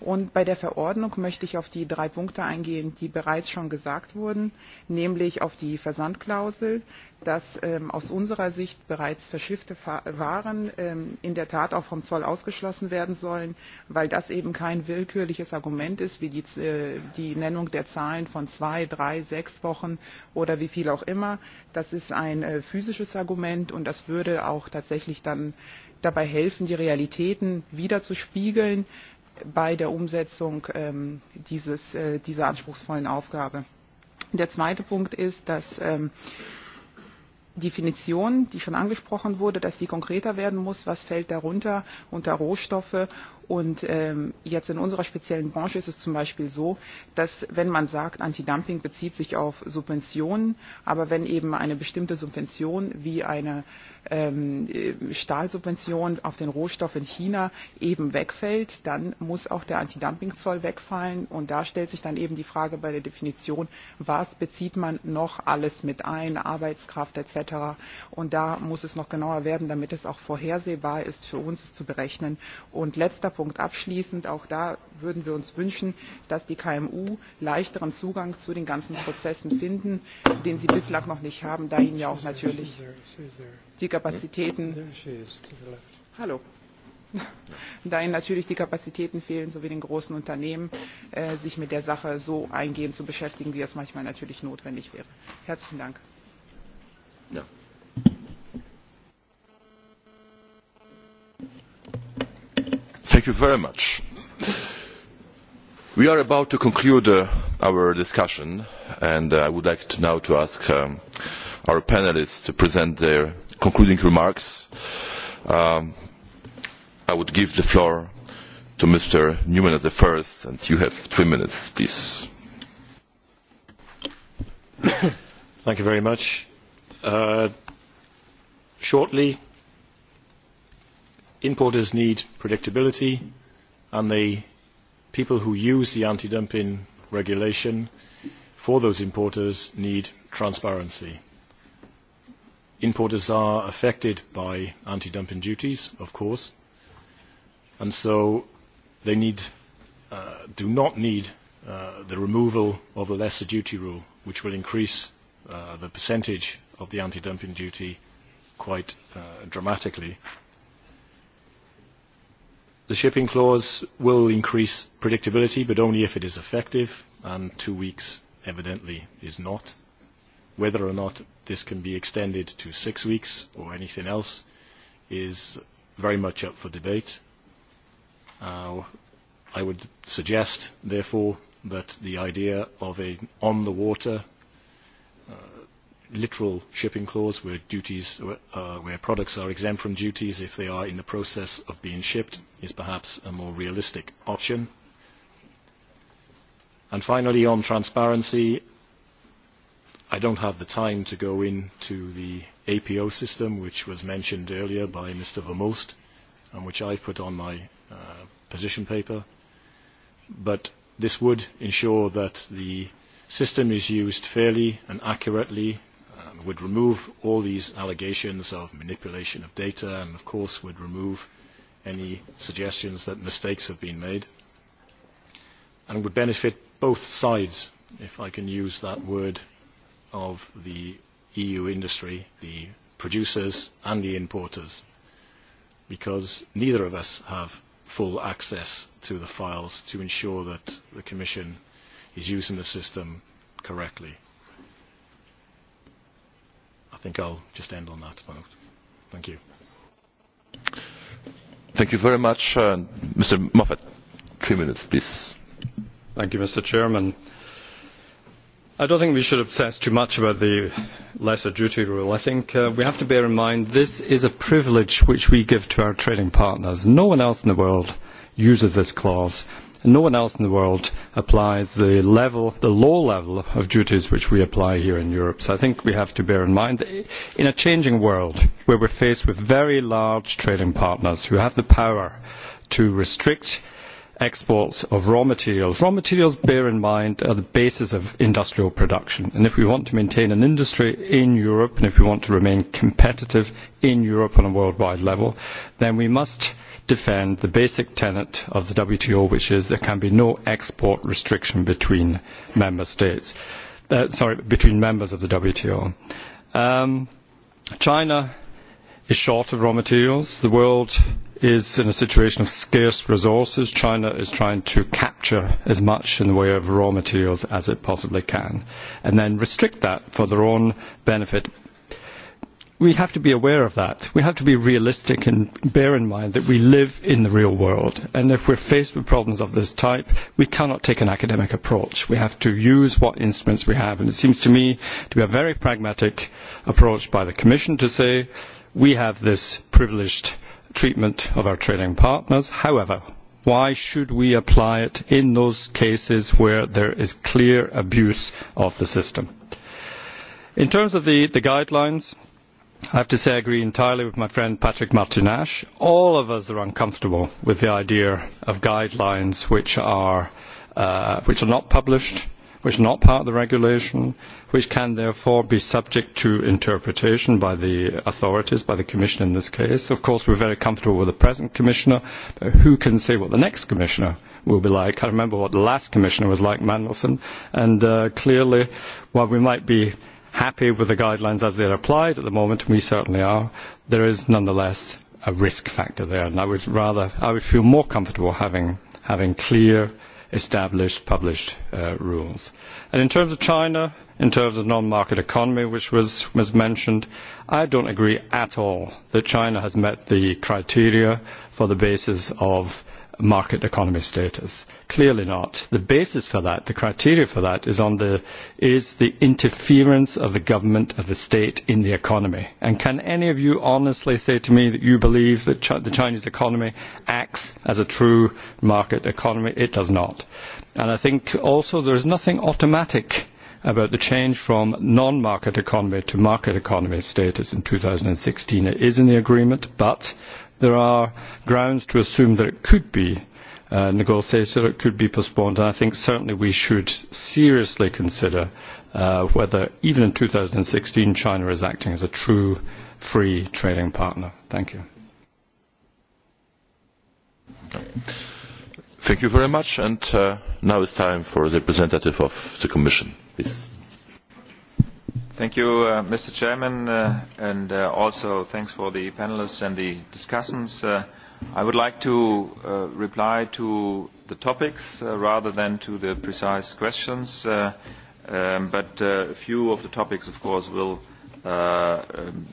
Und bei der Verordnung möchte ich auf die drei Punkte eingehen, die bereits schon gesagt wurden, nämlich auf die Versandklausel, dass ähm, aus unserer Sicht bereits verschiffte Waren ähm, in der Tat auch vom Zoll ausgeschlossen werden sollen, weil das eben kein willkürliches Argument ist, wie die, äh, die Nennung der Zahlen von zwei, drei, sechs Wochen oder wie viel auch immer. Das ist ein äh, physisches Argument und das würde auch tatsächlich dann dabei helfen, die Realitäten wiederzuspiegeln. zu spiegeln bei der Umsetzung ähm, dieses, äh, dieser anspruchsvollen Aufgabe. Der zweite Punkt ist, dass ähm, Definition, die schon angesprochen wurde, dass die konkreter werden muss, was fällt darunter unter Rohstoffe Und ähm, jetzt in unserer speziellen Branche ist es zum Beispiel so, dass wenn man sagt, Antidumping bezieht sich auf Subventionen, aber wenn eben eine bestimmte Subvention wie eine ähm, äh, Stahlsubvention auf den Rohstoff in China eben wegfällt, dann muss auch der Zoll wegfallen. Und da stellt sich dann eben die Frage bei der Definition, was bezieht man noch alles mit ein, Arbeitskraft etc. Und da muss es noch genauer werden, damit es auch vorhersehbar ist für uns, es zu berechnen. Und letzter Punkt abschließend, auch da würden wir uns wünschen, dass die KMU leichteren Zugang zu den ganzen Prozessen finden, den sie bislang noch nicht haben, da ihnen ja auch natürlich die Kapazitäten, hallo, da ihnen natürlich die Kapazitäten fehlen, sowie den großen Unternehmen, äh, sich mit der Sache so eingehend zu beschäftigen, wie es manchmal natürlich notwendig wäre. Herzlichen Dank. Ja. Thank you very much. We are about to conclude uh, our discussion, and uh, I would like to now to ask um, our panelists to present their concluding remarks. Um, I would give the floor to Mr. Newman at the first, and you have three minutes, please. Thank you very much. Uh, shortly, Importers need predictability and the people who use the anti-dumping regulation for those importers need transparency. Importers are affected by anti-dumping duties, of course, and so they need, uh, do not need uh, the removal of the lesser duty rule, which will increase uh, the percentage of the anti-dumping duty quite uh, dramatically. The shipping clause will increase predictability, but only if it is effective, and two weeks evidently is not. Whether or not this can be extended to six weeks or anything else is very much up for debate. Uh, I would suggest, therefore, that the idea of an on-the-water uh, literal shipping clause where duties uh, where products are exempt from duties if they are in the process of being shipped is perhaps a more realistic option and finally on transparency I don't have the time to go into the APO system which was mentioned earlier by Mr. Vermost and which I put on my uh, position paper but this would ensure that the system is used fairly and accurately um, would remove all these allegations of manipulation of data and, of course, would remove any suggestions that mistakes have been made and would benefit both sides, if I can use that word, of the EU industry, the producers and the importers, because neither of us have full access to the files to ensure that the Commission is using the system correctly think I'll just end on that point. Thank you. Thank you very much. Uh, Mr. Moffat, three minutes, please. Thank you, Mr. Chairman. I don't think we should obsess too much about the lesser duty rule. I think uh, we have to bear in mind this is a privilege which we give to our trading partners. No one else in the world uses this clause no one else in the world applies the level, the low level of duties which we apply here in Europe. So I think we have to bear in mind that in a changing world where we're faced with very large trading partners who have the power to restrict exports of raw materials. Raw materials, bear in mind, are the basis of industrial production. And if we want to maintain an industry in Europe and if we want to remain competitive in Europe on a worldwide level, then we must defend the basic tenet of the WTO, which is there can be no export restriction between member states, uh, sorry, between members of the WTO. Um, China is short of raw materials. The world is in a situation of scarce resources. China is trying to capture as much in the way of raw materials as it possibly can and then restrict that for their own benefit we have to be aware of that. We have to be realistic and bear in mind that we live in the real world. And if we're faced with problems of this type, we cannot take an academic approach. We have to use what instruments we have. And it seems to me to be a very pragmatic approach by the Commission to say, we have this privileged treatment of our trading partners. However, why should we apply it in those cases where there is clear abuse of the system? In terms of the, the guidelines, I have to say I agree entirely with my friend Patrick Martinash. All of us are uncomfortable with the idea of guidelines which are, uh, which are not published, which are not part of the regulation, which can therefore be subject to interpretation by the authorities, by the Commission in this case. Of course, we're very comfortable with the present Commissioner, but who can say what the next Commissioner will be like? I remember what the last Commissioner was like, Mandelson, and uh, clearly, while we might be happy with the guidelines as they are applied at the moment, and we certainly are, there is nonetheless a risk factor there. And I would rather, I would feel more comfortable having, having clear, established, published uh, rules. And in terms of China, in terms of non-market economy, which was, was mentioned, I don't agree at all that China has met the criteria for the basis of market economy status. Clearly not. The basis for that, the criteria for that is on the, is the interference of the government of the state in the economy. And can any of you honestly say to me that you believe that Ch the Chinese economy acts as a true market economy? It does not. And I think also there is nothing automatic about the change from non-market economy to market economy status in 2016. It is in the agreement, but there are grounds to assume that it could be uh, negotiated, it could be postponed, and I think certainly we should seriously consider uh, whether, even in 2016, China is acting as a true free trading partner. Thank you. Thank you very much, and uh, now it's time for the representative of the Commission. Please. Thank you, uh, Mr. Chairman, uh, and uh, also thanks for the panelists and the discussants. Uh, I would like to uh, reply to the topics uh, rather than to the precise questions, uh, um, but uh, a few of the topics, of course, will uh, um,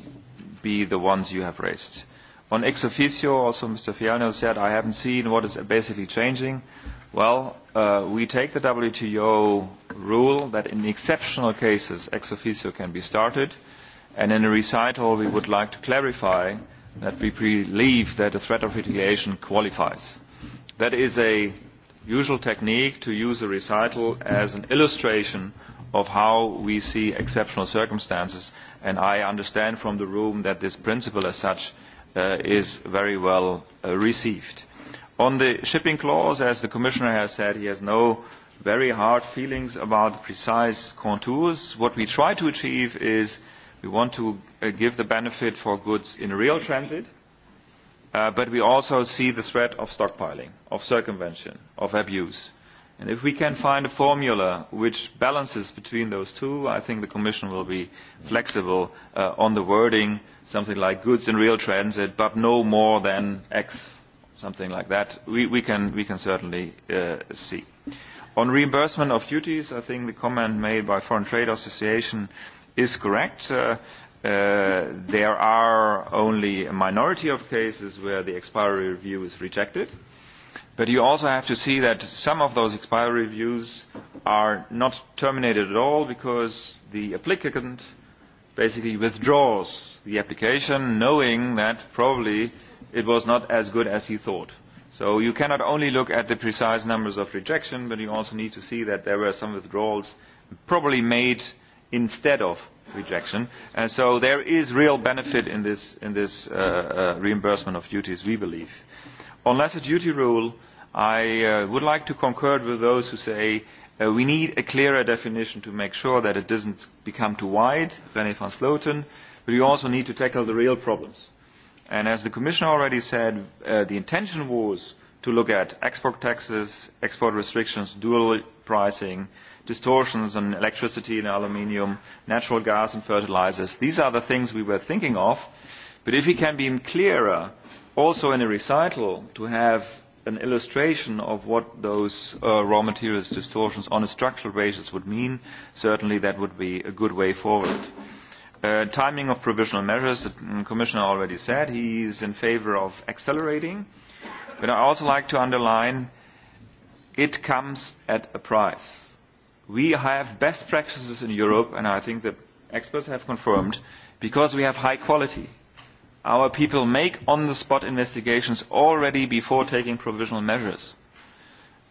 be the ones you have raised. On ex officio, also Mr. Fialno said, I haven't seen what is basically changing. Well, uh, we take the WTO rule that in exceptional cases ex officio can be started, and in a recital we would like to clarify that we believe that a threat of retaliation qualifies. That is a usual technique to use a recital as an illustration of how we see exceptional circumstances, and I understand from the room that this principle as such uh, is very well uh, received. On the shipping clause, as the Commissioner has said, he has no very hard feelings about precise contours. What we try to achieve is we want to uh, give the benefit for goods in real transit, uh, but we also see the threat of stockpiling, of circumvention, of abuse. And if we can find a formula which balances between those two, I think the Commission will be flexible uh, on the wording, something like goods in real transit, but no more than X something like that, we, we, can, we can certainly uh, see. On reimbursement of duties, I think the comment made by Foreign Trade Association is correct. Uh, uh, there are only a minority of cases where the expiry review is rejected. But you also have to see that some of those expiry reviews are not terminated at all because the applicant basically withdraws the application knowing that probably it was not as good as he thought. So you cannot only look at the precise numbers of rejection, but you also need to see that there were some withdrawals probably made instead of rejection. And so there is real benefit in this, in this uh, uh, reimbursement of duties, we believe. On lesser duty rule, I uh, would like to concur with those who say uh, we need a clearer definition to make sure that it doesn't become too wide, René van Sloten, but we also need to tackle the real problems. And as the Commissioner already said, uh, the intention was to look at export taxes, export restrictions, dual pricing, distortions on electricity and aluminium, natural gas and fertilizers. These are the things we were thinking of. But if we can be clearer, also in a recital, to have an illustration of what those uh, raw materials distortions on a structural basis would mean, certainly that would be a good way forward. Uh, timing of provisional measures, the mm, Commissioner already said, he is in favor of accelerating. But I also like to underline it comes at a price. We have best practices in Europe, and I think the experts have confirmed, because we have high quality. Our people make on-the-spot investigations already before taking provisional measures.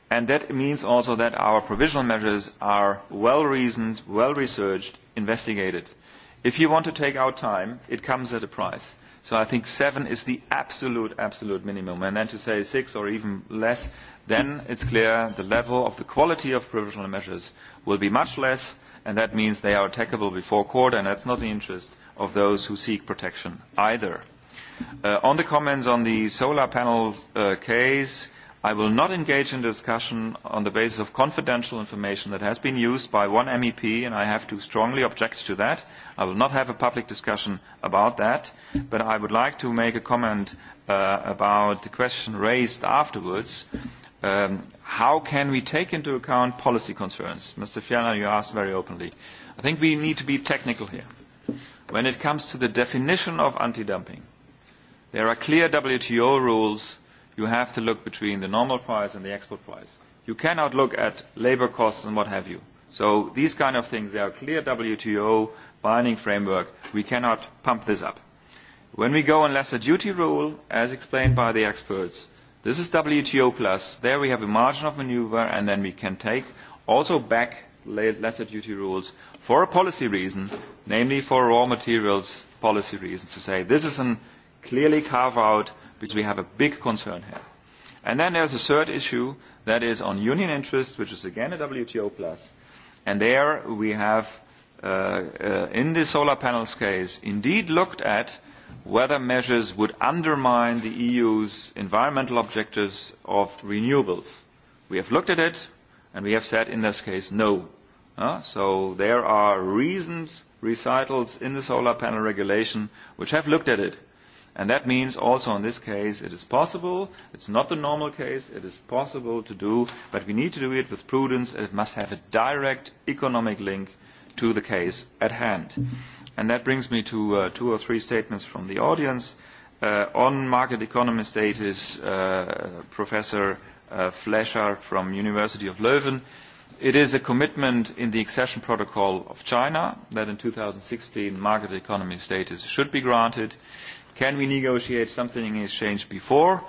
And that means also that our provisional measures are well-reasoned, well-researched, investigated. If you want to take out time, it comes at a price. So I think seven is the absolute, absolute minimum. And then to say six or even less, then it's clear the level of the quality of provisional measures will be much less, and that means they are attackable before court, and that's not the interest of those who seek protection either. Uh, on the comments on the solar panel uh, case, I will not engage in discussion on the basis of confidential information that has been used by one MEP, and I have to strongly object to that. I will not have a public discussion about that, but I would like to make a comment uh, about the question raised afterwards. Um, how can we take into account policy concerns? Mr. Fjellner, you asked very openly. I think we need to be technical here. When it comes to the definition of anti-dumping, there are clear WTO rules you have to look between the normal price and the export price. You cannot look at labor costs and what have you. So these kind of things, they are clear WTO binding framework. We cannot pump this up. When we go on lesser duty rule, as explained by the experts, this is WTO plus. There we have a margin of maneuver and then we can take also back lesser duty rules for a policy reason, namely for raw materials policy reasons to say this is a clearly carve out because we have a big concern here. And then there's a third issue that is on union interest, which is again a WTO plus. And there we have, uh, uh, in the solar panels case, indeed looked at whether measures would undermine the EU's environmental objectives of renewables. We have looked at it, and we have said in this case no. Uh, so there are reasons, recitals in the solar panel regulation which have looked at it And that means also in this case it is possible, it's not the normal case, it is possible to do, but we need to do it with prudence and it must have a direct economic link to the case at hand. And that brings me to uh, two or three statements from the audience. Uh, on market economy status, uh, Professor uh, Flescher from University of Leuven, It is a commitment in the accession protocol of China that in 2016 market economy status should be granted. Can we negotiate something in exchange before?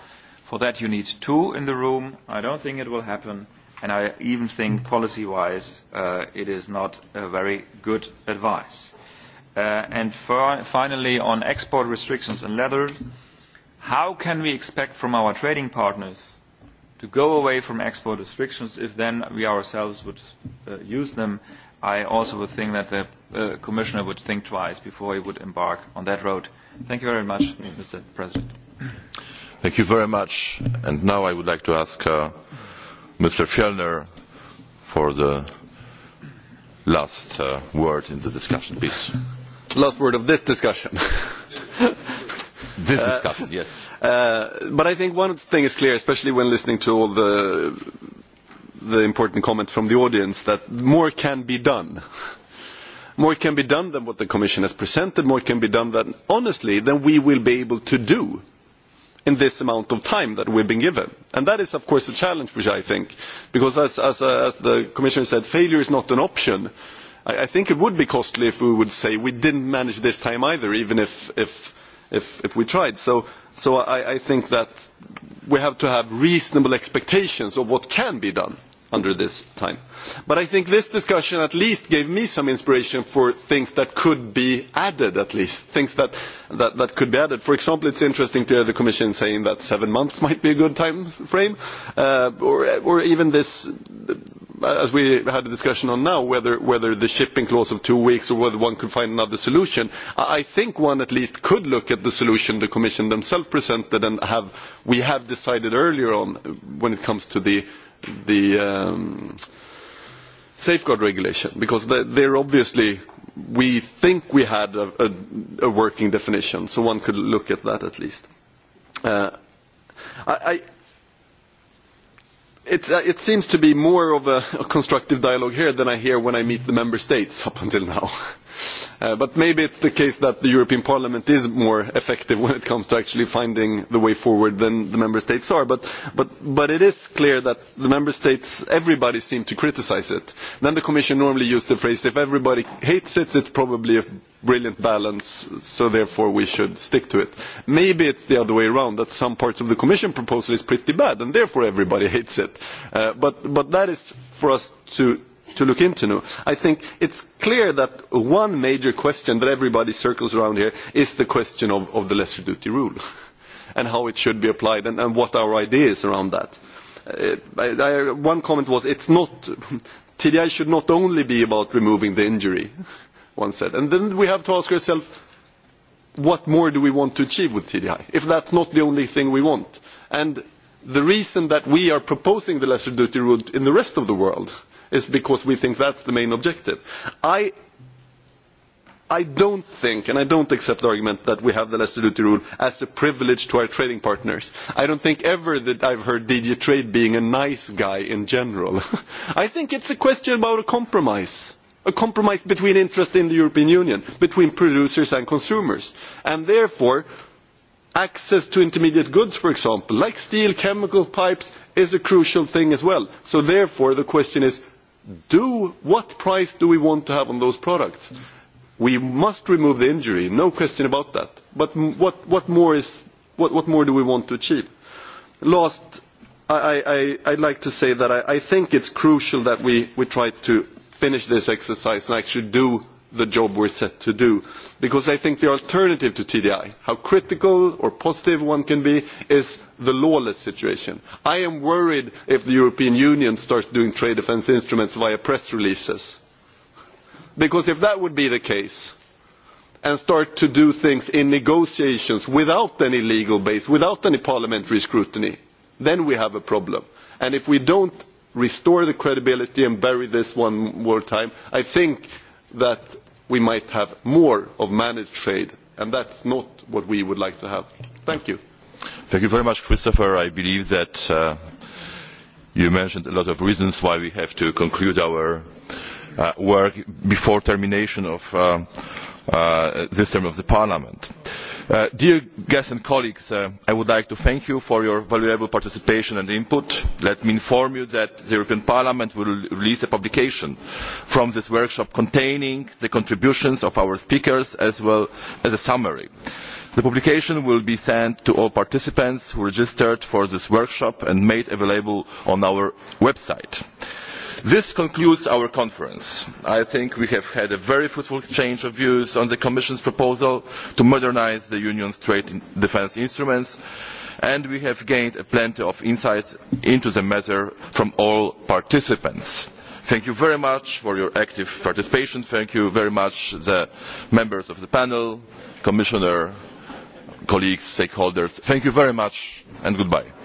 For that you need two in the room. I don't think it will happen. And I even think policy-wise uh, it is not a very good advice. Uh, and finally, on export restrictions and leather, how can we expect from our trading partners to go away from export restrictions if then we ourselves would uh, use them I also would think that the uh, Commissioner would think twice before he would embark on that road. Thank you very much, Mr. President. Thank you very much. And now I would like to ask uh, Mr. Fjellner for the last uh, word in the discussion, please. Last word of this discussion. this discussion, uh, yes. Uh, but I think one thing is clear, especially when listening to all the the important comment from the audience that more can be done. More can be done than what the Commission has presented, more can be done than, honestly, than we will be able to do in this amount of time that we've been given. And that is, of course, a challenge, which I think, because as, as, uh, as the Commissioner said, failure is not an option. I, I think it would be costly if we would say we didn't manage this time either, even if, if, if, if we tried. So, so I, I think that we have to have reasonable expectations of what can be done under this time. But I think this discussion at least gave me some inspiration for things that could be added at least, things that, that, that could be added. For example, it's interesting to hear the Commission saying that seven months might be a good time frame, uh, or, or even this, uh, as we had a discussion on now, whether, whether the shipping clause of two weeks or whether one could find another solution. I think one at least could look at the solution the Commission themselves presented and have, we have decided earlier on when it comes to the the um, safeguard regulation because they're obviously we think we had a, a, a working definition so one could look at that at least uh, I, I, it's, uh, it seems to be more of a, a constructive dialogue here than I hear when I meet the member states up until now Uh, but maybe it's the case that the European Parliament is more effective when it comes to actually finding the way forward than the Member States are. But, but, but it is clear that the Member States, everybody seemed to criticize it. Then the Commission normally used the phrase, if everybody hates it, it's probably a brilliant balance, so therefore we should stick to it. Maybe it's the other way around, that some parts of the Commission proposal is pretty bad, and therefore everybody hates it. Uh, but, but that is for us to, to look into. I think it's clear that one major question that everybody circles around here is the question of, of the lesser duty rule and how it should be applied and, and what our idea is around that. Uh, I, I, one comment was it's not, TDI should not only be about removing the injury, one said. And then we have to ask ourselves, what more do we want to achieve with TDI if that's not the only thing we want? And the reason that we are proposing the lesser duty rule in the rest of the world is because we think that's the main objective. I I don't think, and I don't accept the argument that we have the less duty rule as a privilege to our trading partners. I don't think ever that I've heard DG Trade being a nice guy in general. I think it's a question about a compromise. A compromise between interests in the European Union, between producers and consumers. And therefore, access to intermediate goods, for example, like steel, chemical pipes, is a crucial thing as well. So therefore, the question is, do what price do we want to have on those products? We must remove the injury, no question about that. But what, what, more, is, what, what more do we want to achieve? Last, I, I, I'd like to say that I, I think it's crucial that we, we try to finish this exercise and actually do the job we are set to do. Because I think the alternative to TDI, how critical or positive one can be, is the lawless situation. I am worried if the European Union starts doing trade defence instruments via press releases. Because if that would be the case, and start to do things in negotiations without any legal base, without any parliamentary scrutiny, then we have a problem. And if we don't restore the credibility and bury this one more time, I think that we might have more of managed trade, and that's not what we would like to have. Thank you. Thank you very much, Christopher. I believe that uh, you mentioned a lot of reasons why we have to conclude our uh, work before termination of uh, uh, this term of the parliament. Uh, dear guests and colleagues, uh, I would like to thank you for your valuable participation and input. Let me inform you that the European Parliament will release a publication from this workshop containing the contributions of our speakers as well as a summary. The publication will be sent to all participants who registered for this workshop and made available on our website. This concludes our conference. I think we have had a very fruitful exchange of views on the Commission's proposal to modernise the Union's trade defence instruments, and we have gained plenty of insight into the matter from all participants. Thank you very much for your active participation. Thank you very much the members of the panel, Commissioner, colleagues, stakeholders. Thank you very much and goodbye.